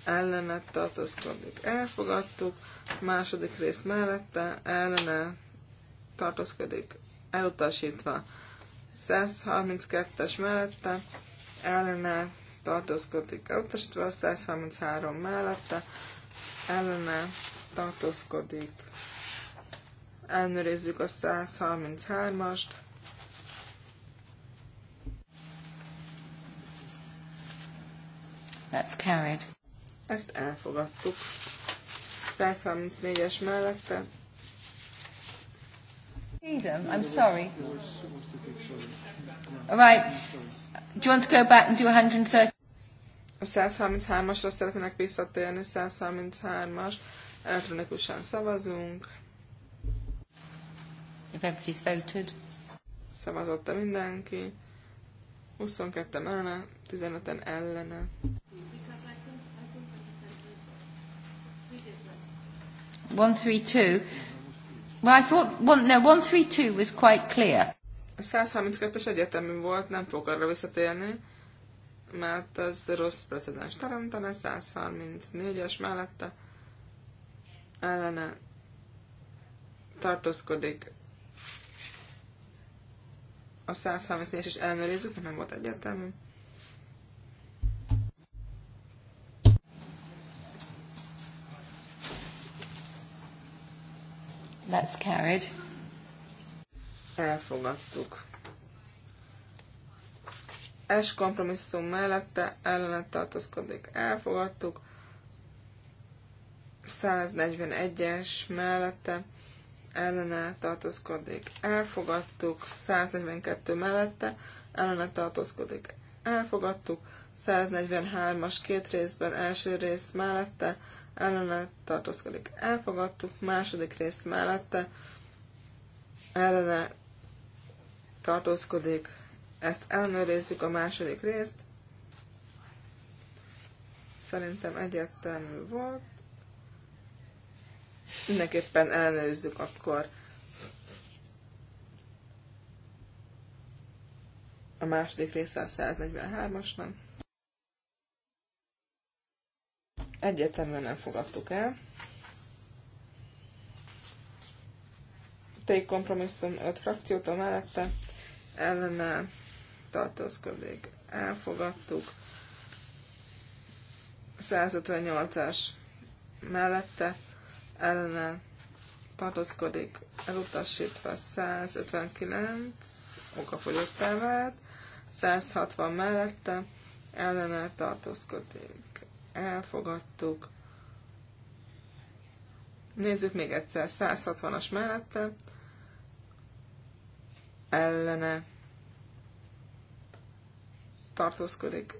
ellene tartózkodik, elfogadtuk, második rész mellette ellene tartózkodik, elutasítva, 132-es mellette ellene tartózkodik, elutasítva, 133 mellette ellene tartózkodik. Elnőrizzük a 133-ast. That's carried. Ezt elfogadtuk. 134-es mellette. Freedom, I'm sorry. All right. Do you want to go back and do 130? A 133-asra szeretnének visszatérni, 133-as. Elektronikusan szavazunk. If everybody's voted. Szavazotta mindenki. 22 ellene, 15 ellene. One three two. Well, I thought one, no, one three two was quite clear. A 132-es egyetemű volt, nem fog arra visszatérni mert ez rossz precedens teremtene, 134-es mellette ellene tartózkodik a 134-es is ellenőrizzük, mert nem volt egyértelmű. That's carried. Elfogadtuk. S kompromisszum mellette ellenet tartózkodik. Elfogadtuk. 141-es mellette ellenet tartózkodik. Elfogadtuk. 142 mellette ellenet tartózkodik. Elfogadtuk. 143-as két részben első rész mellette ellenet tartózkodik. Elfogadtuk. Második rész mellette ellene tartózkodik ezt ellenőrizzük a második részt. Szerintem egyértelmű volt. Mindenképpen ellenőrizzük akkor a második része a 143-asnak. Egyértelműen nem fogadtuk el. Take kompromisszum 5 frakciótól mellette ellene tartózkodik. Elfogadtuk. 158-as mellette ellene tartózkodik, elutasítva 159, okafogyottá vált, 160 mellette ellene tartózkodik. Elfogadtuk. Nézzük még egyszer, 160-as mellette ellene tartózkodik.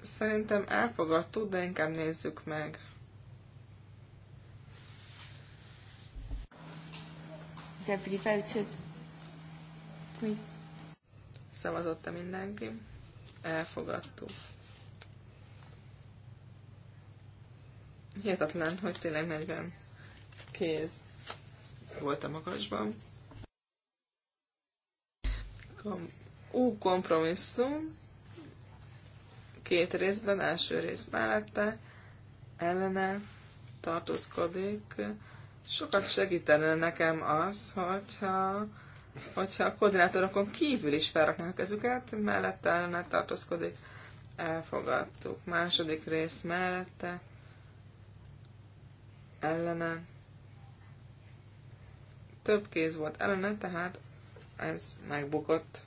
Szerintem elfogadtuk, de inkább nézzük meg. Szavazott-e mindenki? Elfogadtuk. Hihetetlen, hogy tényleg 40 kéz volt a magasban. Kom- Ú, kompromisszum két részben, első rész mellette, ellene tartózkodik. Sokat segítene nekem az, hogyha, hogyha a koordinátorokon kívül is felraknak a kezüket, mellette ellene tartózkodik. Elfogadtuk. Második rész mellette, ellene. Több kéz volt ellene, tehát ez megbukott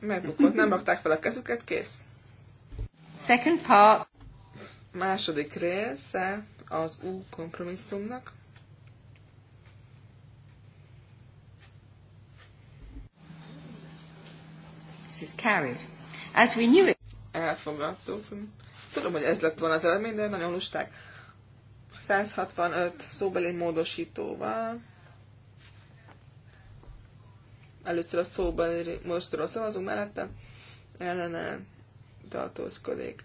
megbukott, nem rakták fel a kezüket, kész. Second part. Második része az U kompromisszumnak. This is carried. As we knew it. Elfogadtuk. Tudom, hogy ez lett volna az eredmény, de nagyon lusták. 165 szóbeli módosítóval. Először a szóban most a szavazó mellette, ellene tartózkodik.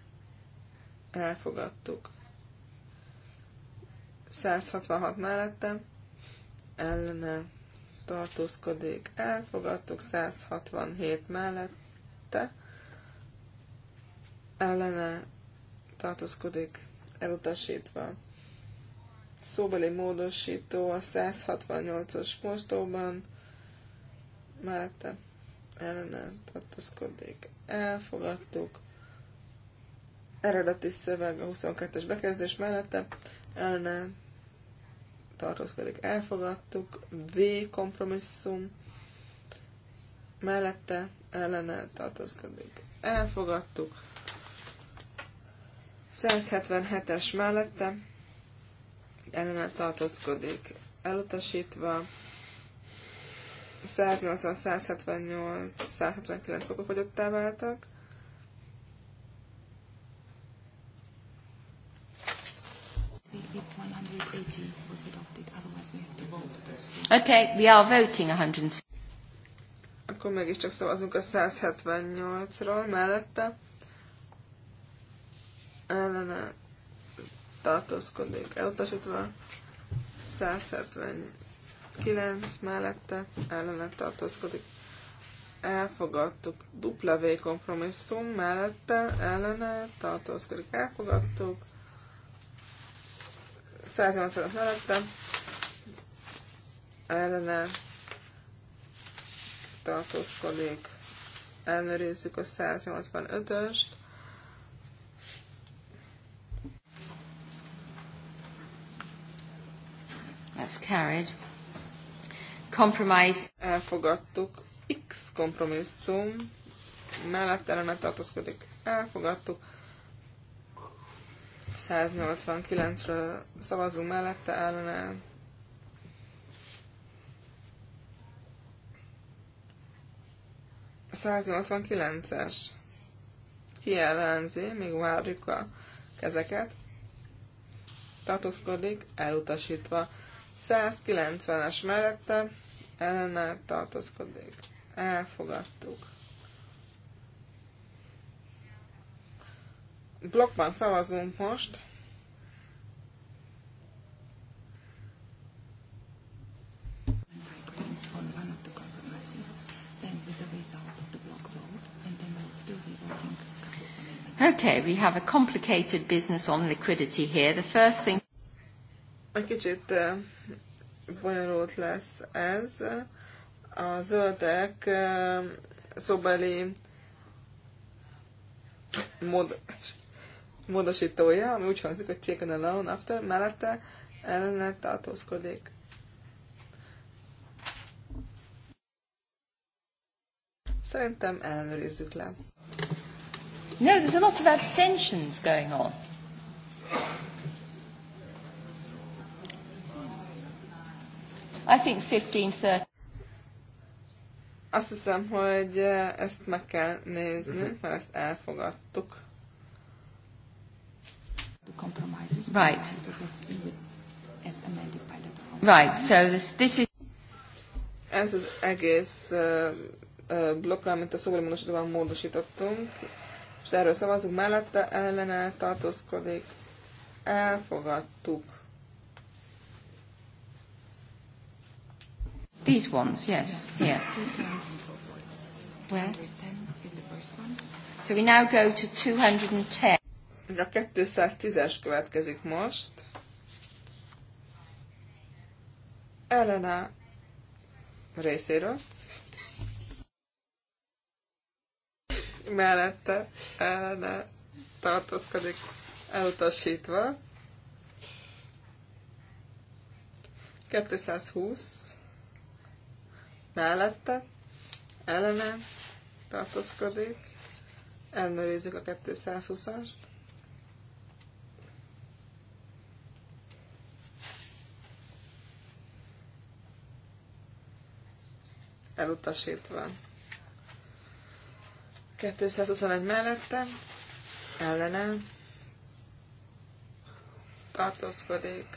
Elfogadtuk. 166 mellette, ellene tartózkodik. Elfogadtuk 167 mellette, ellene tartózkodik, elutasítva. Szóbeli módosító a 168-os mostóban, mellette ellene tartozkodik. Elfogadtuk. Eredeti szöveg a 22-es bekezdés mellette ellene tartozkodik. Elfogadtuk. V kompromisszum mellette ellene tartozkodik. Elfogadtuk. 177-es mellette ellene tartozkodik. Elutasítva 180, 178, 179 okafogyottá váltak. Okay, we are voting 100. Akkor csak szavazunk a 178-ról mellette. Ellene tartózkodik, elutasítva 178. 9 mellette ellene tartózkodik. Elfogadtuk. W kompromisszum mellette ellene tartózkodik. Elfogadtuk. 185 mellette ellene tartózkodik. Ellenőrizzük a 185-öst. That's carried. Compromise. Elfogadtuk. X kompromisszum. Mellett ellene tartozkodik. Elfogadtuk. 189-ről szavazunk mellette ellene. A 189-es. Ki ellenzi? Még várjuk a kezeket. Tartózkodik, elutasítva. 190-es mellette ellene tartozkodik. Elfogadtuk. Blokkban szavazunk most. Okay, we have a complicated business on liquidity here. The first thing... A kicsit eh, bonyolult lesz ez. A zöldek szobeli mod módosítója, ami úgy hangzik, hogy taken alone after, mellette ellene tartózkodik. Szerintem ellenőrizzük le. No, there's a lot of abstentions going on. I think 15-30. Azt hiszem, hogy eh, ezt meg kell nézni, mhm. mert ezt elfogadtuk. Right. Right, so this, this is... Ez az egész uh, uh, blokk, amit a szóbeli módosítóban módosítottunk, és erről szavazunk mellette, ellene tartózkodik, elfogadtuk. These ones, yes. Yeah. yeah. Where? So we now go to 210. A 210-es következik most. Elena részéről. Mellette Elena tartózkodik elutasítva. 220 mellette, ellene tartózkodik, ellenőrizzük a 220-ast. Elutasítva. 221 mellette, ellene tartózkodik.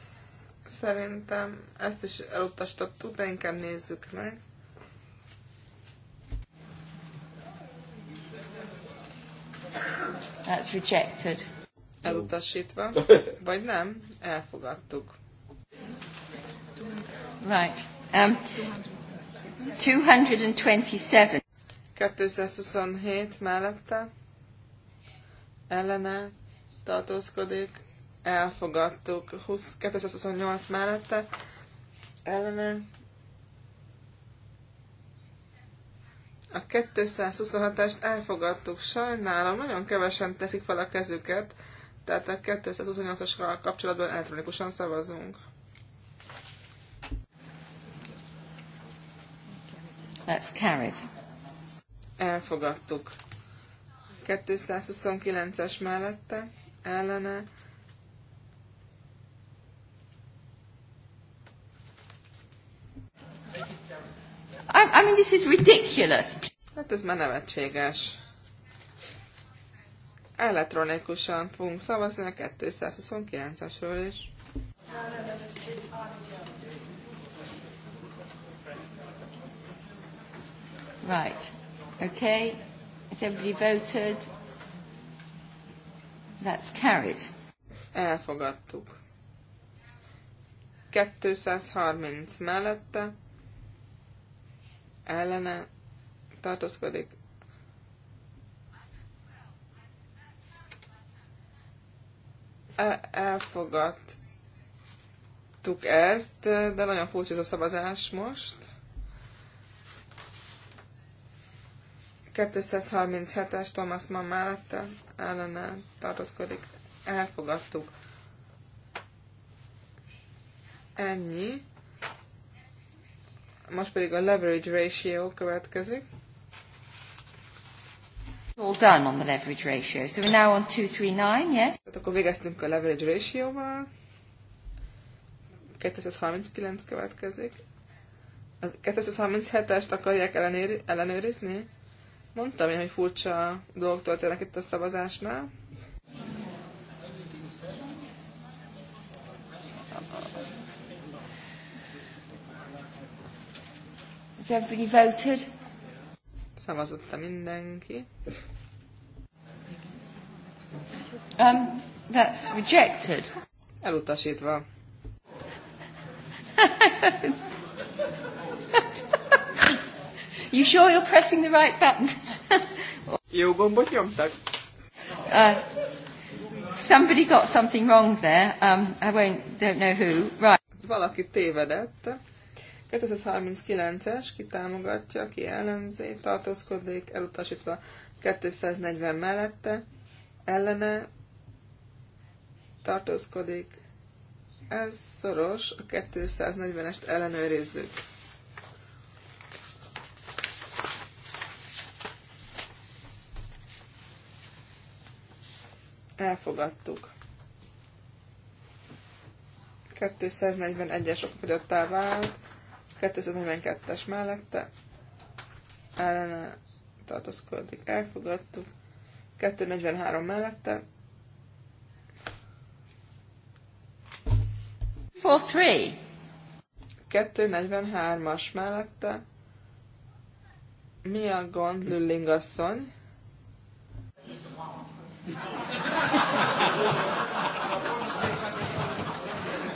Szerintem ezt is elutasítottuk, de inkább nézzük meg. That's rejected. Elutasítva. Vagy nem, elfogadtuk. Right. Um, 227. 227 mellette ellene tartózkodik, elfogadtuk. 20, 228 mellette ellene A 226-ást elfogadtuk, sajnálom, nagyon kevesen teszik fel a kezüket, tehát a 228-asra kapcsolatban elektronikusan szavazunk. That's carried. Elfogadtuk. 229-es mellette, ellene, I, I mean, this is ridiculous. Hát ez már nevetséges. Elektronikusan fogunk szavazni a 229-esről is. Right. Okay. Has everybody voted? That's carried. Elfogadtuk. 230 mellette ellene tartózkodik. E, elfogadtuk ezt, de nagyon furcsa ez a szavazás most. 237-es Thomas Mann mellette ellene tartózkodik. Elfogadtuk. Ennyi. Most pedig a leverage ratio következik. All done on the leverage ratio. So we're now on 239, yes? Tehát akkor végeztünk a leverage ratio-val. 239 következik. Az 237-est akarják ellenér, ellenőrizni? Mondtam én, hogy furcsa dolgok történnek itt a szavazásnál. Has everybody voted? Szavazott -e mindenki. Um, that's rejected. Elutasítva. you sure you're pressing the right buttons? Jó gombot nyomtak? Uh, somebody got something wrong there. Um, I won't, don't know who. Right. Valaki tévedett. 239-es, ki támogatja, ki ellenzi, tartózkodik, elutasítva 240 mellette, ellene tartózkodik, ez szoros, a 240-est ellenőrizzük. Elfogadtuk. 241-es okfogyottá vált, 242-es mellette ellene tartózkodik. Elfogadtuk. 243 mellette. 4-3. 243-as mellette. Mi a gond, Lülling asszony?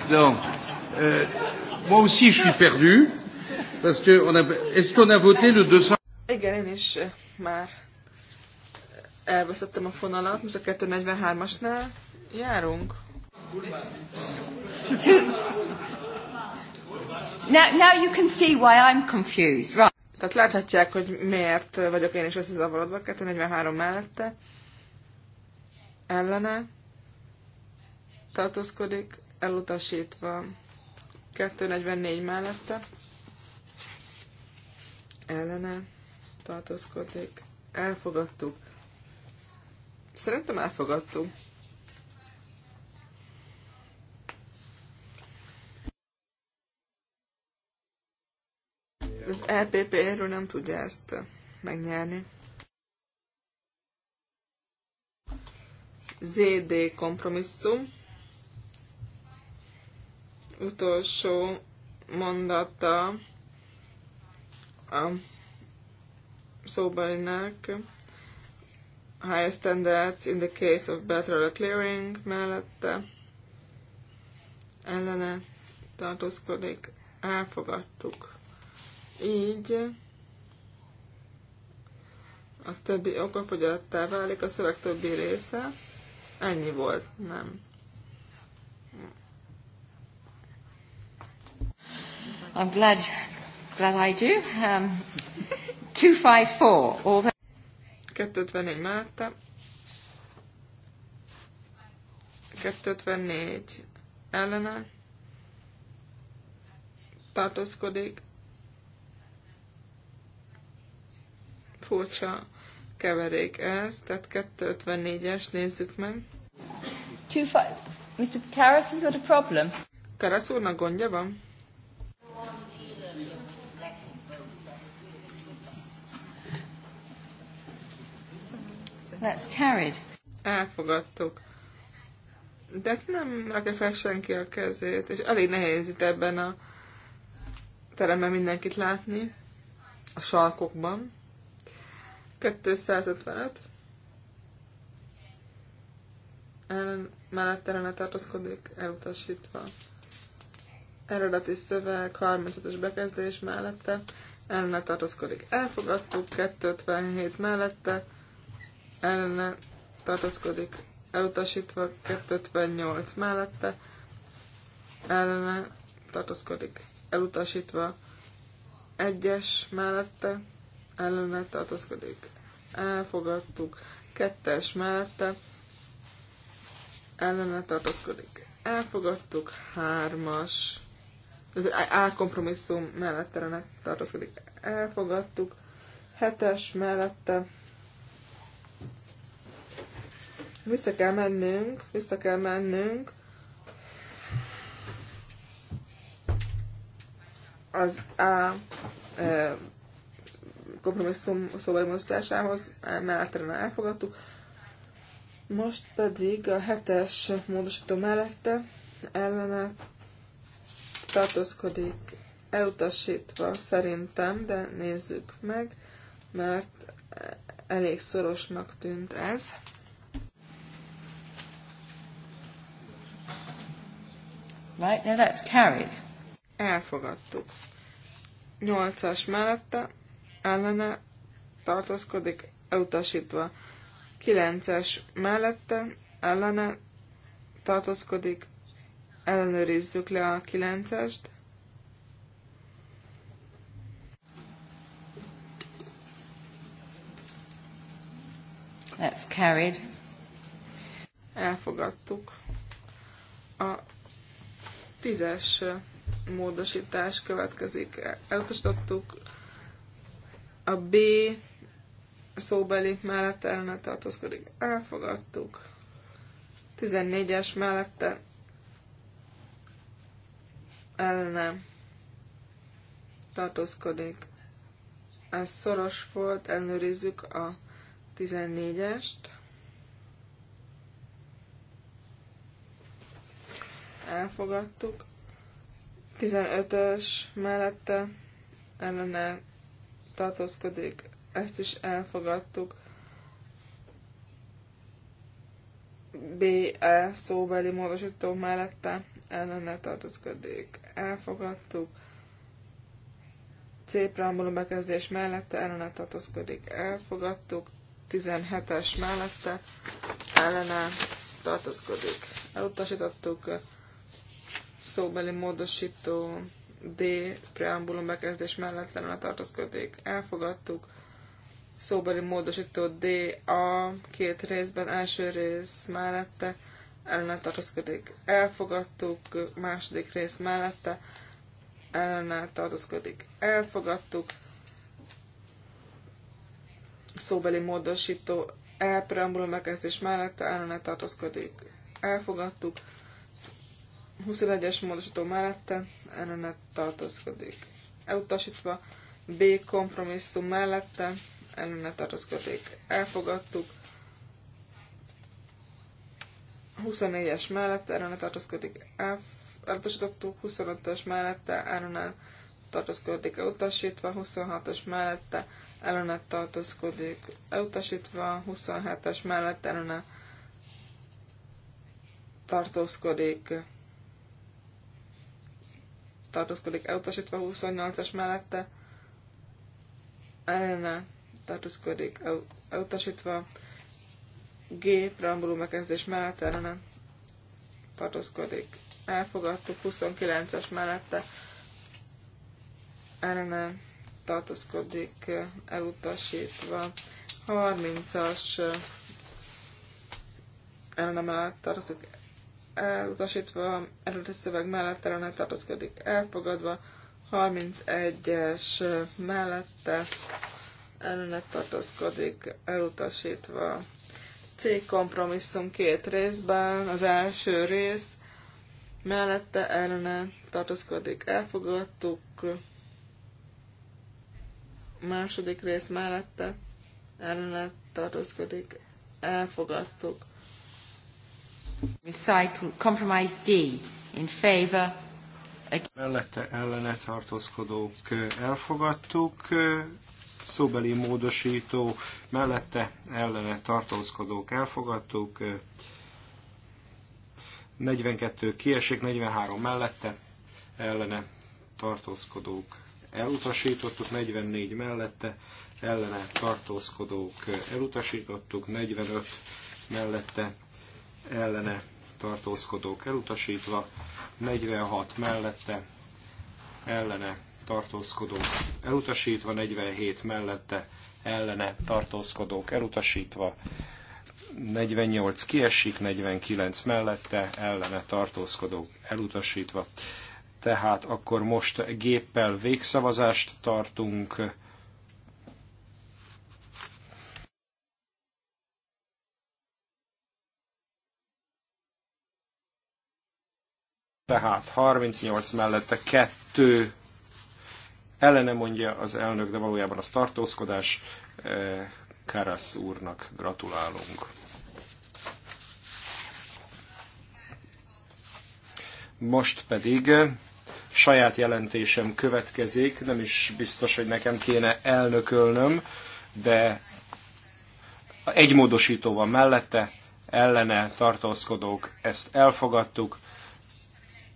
Donc, euh, Moi aussi, je suis perdu. Parce que on a... Est-ce qu'on a voté le 200... Igen, én is eh, már elveszettem a fonalat, most a 243-asnál járunk. To... Now, now you can see why I'm confused, right? Tehát láthatják, hogy miért vagyok én is összezavarodva, 243 mellette. Ellene tartózkodik, elutasítva. 244 mellette ellene tartózkodik. Elfogadtuk. Szerintem elfogadtuk. Az LPP e ről nem tudja ezt megnyerni. ZD kompromisszum utolsó mondata a szóbelinek high standards in the case of better clearing mellette ellene tartózkodik, elfogadtuk. Így a többi okafogyattá válik a szöveg többi része. Ennyi volt, nem. I'm glad, glad I do. Um, 254. All the... mellette. 254 ellene tartózkodik. Furcsa keverék ez, tehát 254-es, nézzük meg. Two five. Mr. Karras, you got a problem? Karras úrnak gondja van? That's carried. Elfogadtuk. De nem rakja fel senki a kezét, és elég nehéz itt ebben a teremben mindenkit látni, a sarkokban. 255. Ellen, mellett ellene tartozkodik, elutasítva. Eredeti szöveg, 35-ös bekezdés mellette, ellene tartozkodik, elfogadtuk, 257 mellette, ellene tartózkodik elutasítva, 258 mellette ellene tartózkodik elutasítva, 1-es mellette ellene tartózkodik elfogadtuk, 2-es mellette ellene tartózkodik elfogadtuk, 3-as A kompromisszum mellette ellene tartózkodik elfogadtuk, 7-es mellette Vissza kell mennünk, vissza kell mennünk az A e, kompromisszum szóval mozdításához, mellette elfogadtuk. Most pedig a hetes módosító mellette ellene tartózkodik elutasítva szerintem, de nézzük meg, mert elég szorosnak tűnt ez. Right, now that's carried. Elfogadtuk. Nyolcas mellette ellene tartózkodik, elutasítva. Kilences mellette ellene tartózkodik, ellenőrizzük le a kilencest. That's carried. Elfogadtuk. A Tízes módosítás következik. Elutasítottuk a B szóbeli mellett ellene tartozkodik. Elfogadtuk. 14-es mellette ellene tartózkodik. Ez szoros volt, ellenőrizzük a 14-est. elfogadtuk. 15-ös mellette ellene tartózkodik, ezt is elfogadtuk. BE szóbeli módosító mellette ellene tartózkodik, elfogadtuk. C preambulum bekezdés mellette ellene tartózkodik, elfogadtuk. 17-es mellette ellene tartózkodik. Elutasítottuk szóbeli módosító D preambulum bekezdés mellettelen a tartózkodik. Elfogadtuk. Szóbeli módosító D a két részben, első rész mellette ellene tartozkodik. Elfogadtuk. Második rész mellette ellene tartozkodik. Elfogadtuk. Szóbeli módosító E preambulum bekezdés mellette ellene tartozkodik. Elfogadtuk 21-es módosító mellette ellenet tartózkodik. Elutasítva B kompromisszum mellette ellenet tartózkodik. Elfogadtuk. 24-es mellette ellene tartózkodik. Elutasítottuk. 25-ös mellette ellene tartózkodik. Elutasítva. 26-os mellette ellene tartózkodik. Elutasítva. 27-es mellette ellene tartózkodik tartózkodik elutasítva, 28-as mellette ellene tartózkodik el, elutasítva, G preambulum megkezdés mellett ellene tartózkodik. Elfogadtuk 29-es mellette ellene tartózkodik elutasítva. 30-as ellene mellett tartózkodik elutasítva, eredeti szöveg mellett ellene tartozkodik elfogadva, 31-es mellette ellene tartozkodik elutasítva. C kompromisszum két részben, az első rész mellette ellene tartozkodik elfogadtuk, második rész mellette ellene tartozkodik elfogadtuk compromise D, in favor. Mellette ellene tartózkodók elfogadtuk, szóbeli módosító, mellette ellene tartózkodók elfogadtuk, 42 kiesik, 43 mellette ellene tartózkodók elutasítottuk, 44 mellette ellene tartózkodók elutasítottuk, 45 mellette ellene tartózkodók elutasítva, 46 mellette ellene tartózkodók elutasítva, 47 mellette ellene tartózkodók elutasítva, 48 kiesik, 49 mellette ellene tartózkodók elutasítva. Tehát akkor most géppel végszavazást tartunk Tehát 38 mellette 2 ellene mondja az elnök, de valójában az tartózkodás. Eh, Karasz úrnak gratulálunk. Most pedig eh, saját jelentésem következik, nem is biztos, hogy nekem kéne elnökölnöm, de egy módosító van mellette, ellene tartózkodók, ezt elfogadtuk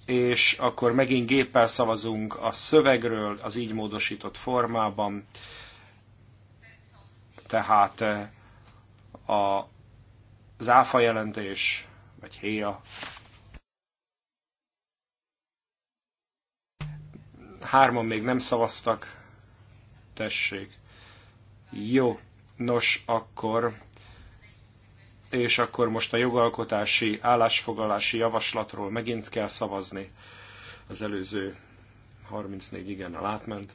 és akkor megint géppel szavazunk a szövegről az így módosított formában. Tehát eh, a, záfa jelentés, vagy héja, hárman még nem szavaztak, tessék. Jó, nos, akkor és akkor most a jogalkotási állásfoglalási javaslatról megint kell szavazni. Az előző 34 igen, a látment.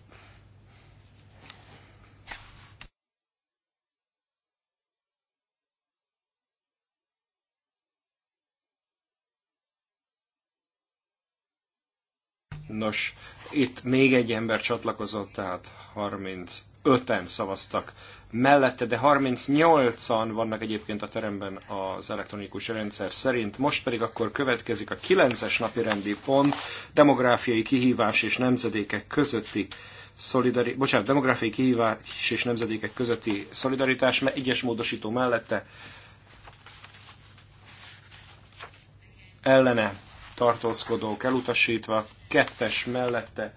Nos, itt még egy ember csatlakozott, tehát 35-en szavaztak mellette, de 38-an vannak egyébként a teremben az elektronikus rendszer szerint. Most pedig akkor következik a 9-es napi rendi pont, demográfiai kihívás és nemzedékek közötti szolidari... bocsánat, demográfiai kihívás és nemzedékek közötti szolidaritás, mert egyes módosító mellette ellene tartózkodók elutasítva, kettes mellette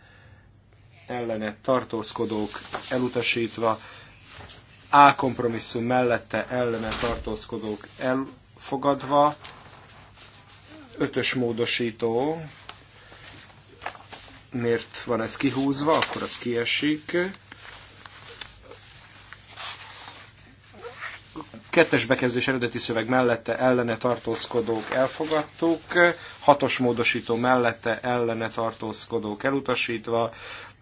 ellene tartózkodók elutasítva, A kompromisszum mellette ellene tartózkodók elfogadva, ötös módosító, miért van ez kihúzva, akkor az kiesik, Kettes bekezdés eredeti szöveg mellette ellene tartózkodók elfogadtuk, hatos módosító mellette ellene tartózkodók elutasítva,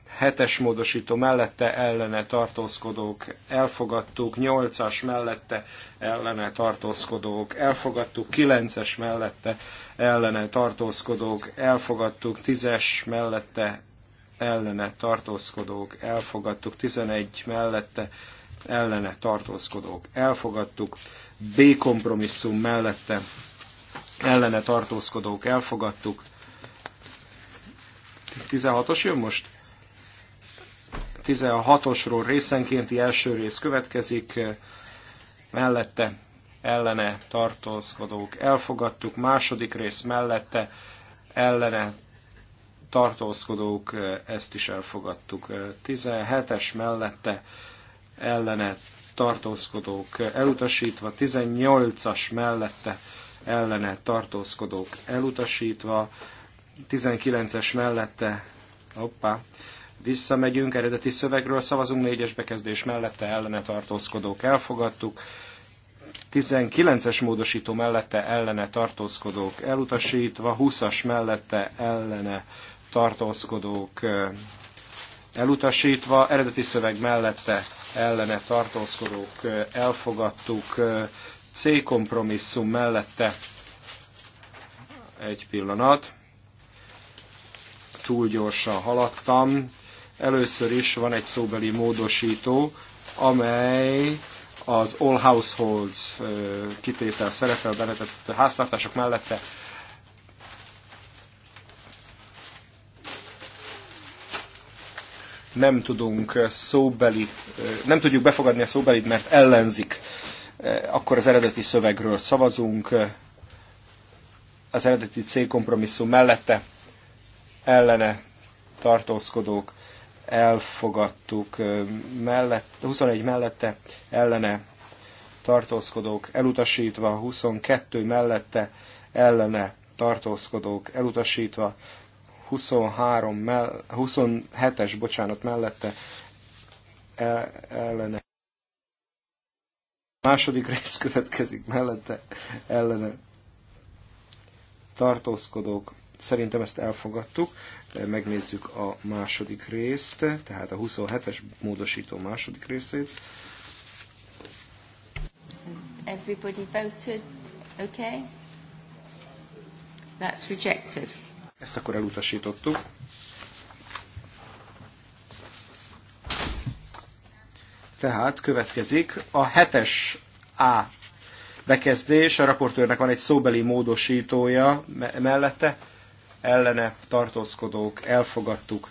hetes módosító mellette ellene tartózkodók elfogadtuk, nyolcas mellette ellene tartózkodók elfogadtuk, kilences mellette ellene tartózkodók elfogadtuk, tízes mellette ellene tartózkodók elfogadtuk, tizenegy mellette ellene tartózkodók elfogadtuk, B kompromisszum mellette ellene tartózkodók elfogadtuk. 16-os jön most? 16-osról részenkénti első rész következik, mellette ellene tartózkodók elfogadtuk, második rész mellette ellene tartózkodók, ezt is elfogadtuk. 17-es mellette ellene tartózkodók elutasítva, 18-as mellette ellene tartózkodók elutasítva, 19-es mellette, hoppá, visszamegyünk, eredeti szövegről szavazunk, 4-es bekezdés mellette ellene tartózkodók elfogadtuk, 19-es módosító mellette ellene tartózkodók elutasítva, 20-as mellette ellene tartózkodók elutasítva, eredeti szöveg mellette ellene tartózkodók elfogadtuk, C kompromisszum mellette egy pillanat, túl gyorsan haladtam. Először is van egy szóbeli módosító, amely az all households kitétel szerepel, beletett háztartások mellette nem tudunk szóbeli, nem tudjuk befogadni a szóbelit, mert ellenzik, akkor az eredeti szövegről szavazunk, az eredeti C kompromisszum mellette ellene tartózkodók elfogadtuk mellette, 21 mellette ellene tartózkodók elutasítva, 22 mellette ellene tartózkodók elutasítva, 23 mell, 27-es, bocsánat, mellette e, ellene. második rész következik mellette ellene. Tartózkodók. Szerintem ezt elfogadtuk. E, megnézzük a második részt, tehát a 27-es módosító második részét. Everybody voted okay? That's rejected. Ezt akkor elutasítottuk. Tehát következik a 7-es A bekezdés. A raportőrnek van egy szóbeli módosítója mellette. Ellene tartózkodók elfogadtuk.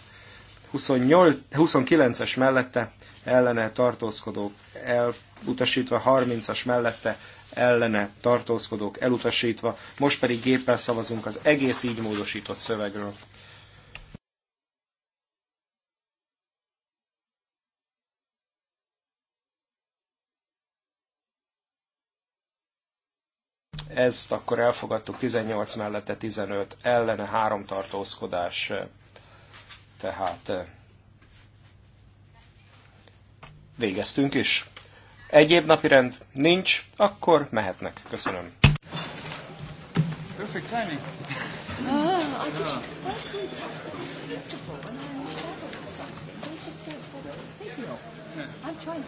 28, 29-es mellette ellene tartózkodók elutasítva, 30-as mellette ellene tartózkodók elutasítva. Most pedig géppel szavazunk az egész így módosított szövegről. Ezt akkor elfogadtuk 18 mellette 15 ellene három tartózkodás. Tehát eh, végeztünk is. Egyéb napirend nincs, akkor mehetnek. Köszönöm. Perfect timing. Ah, I'm trying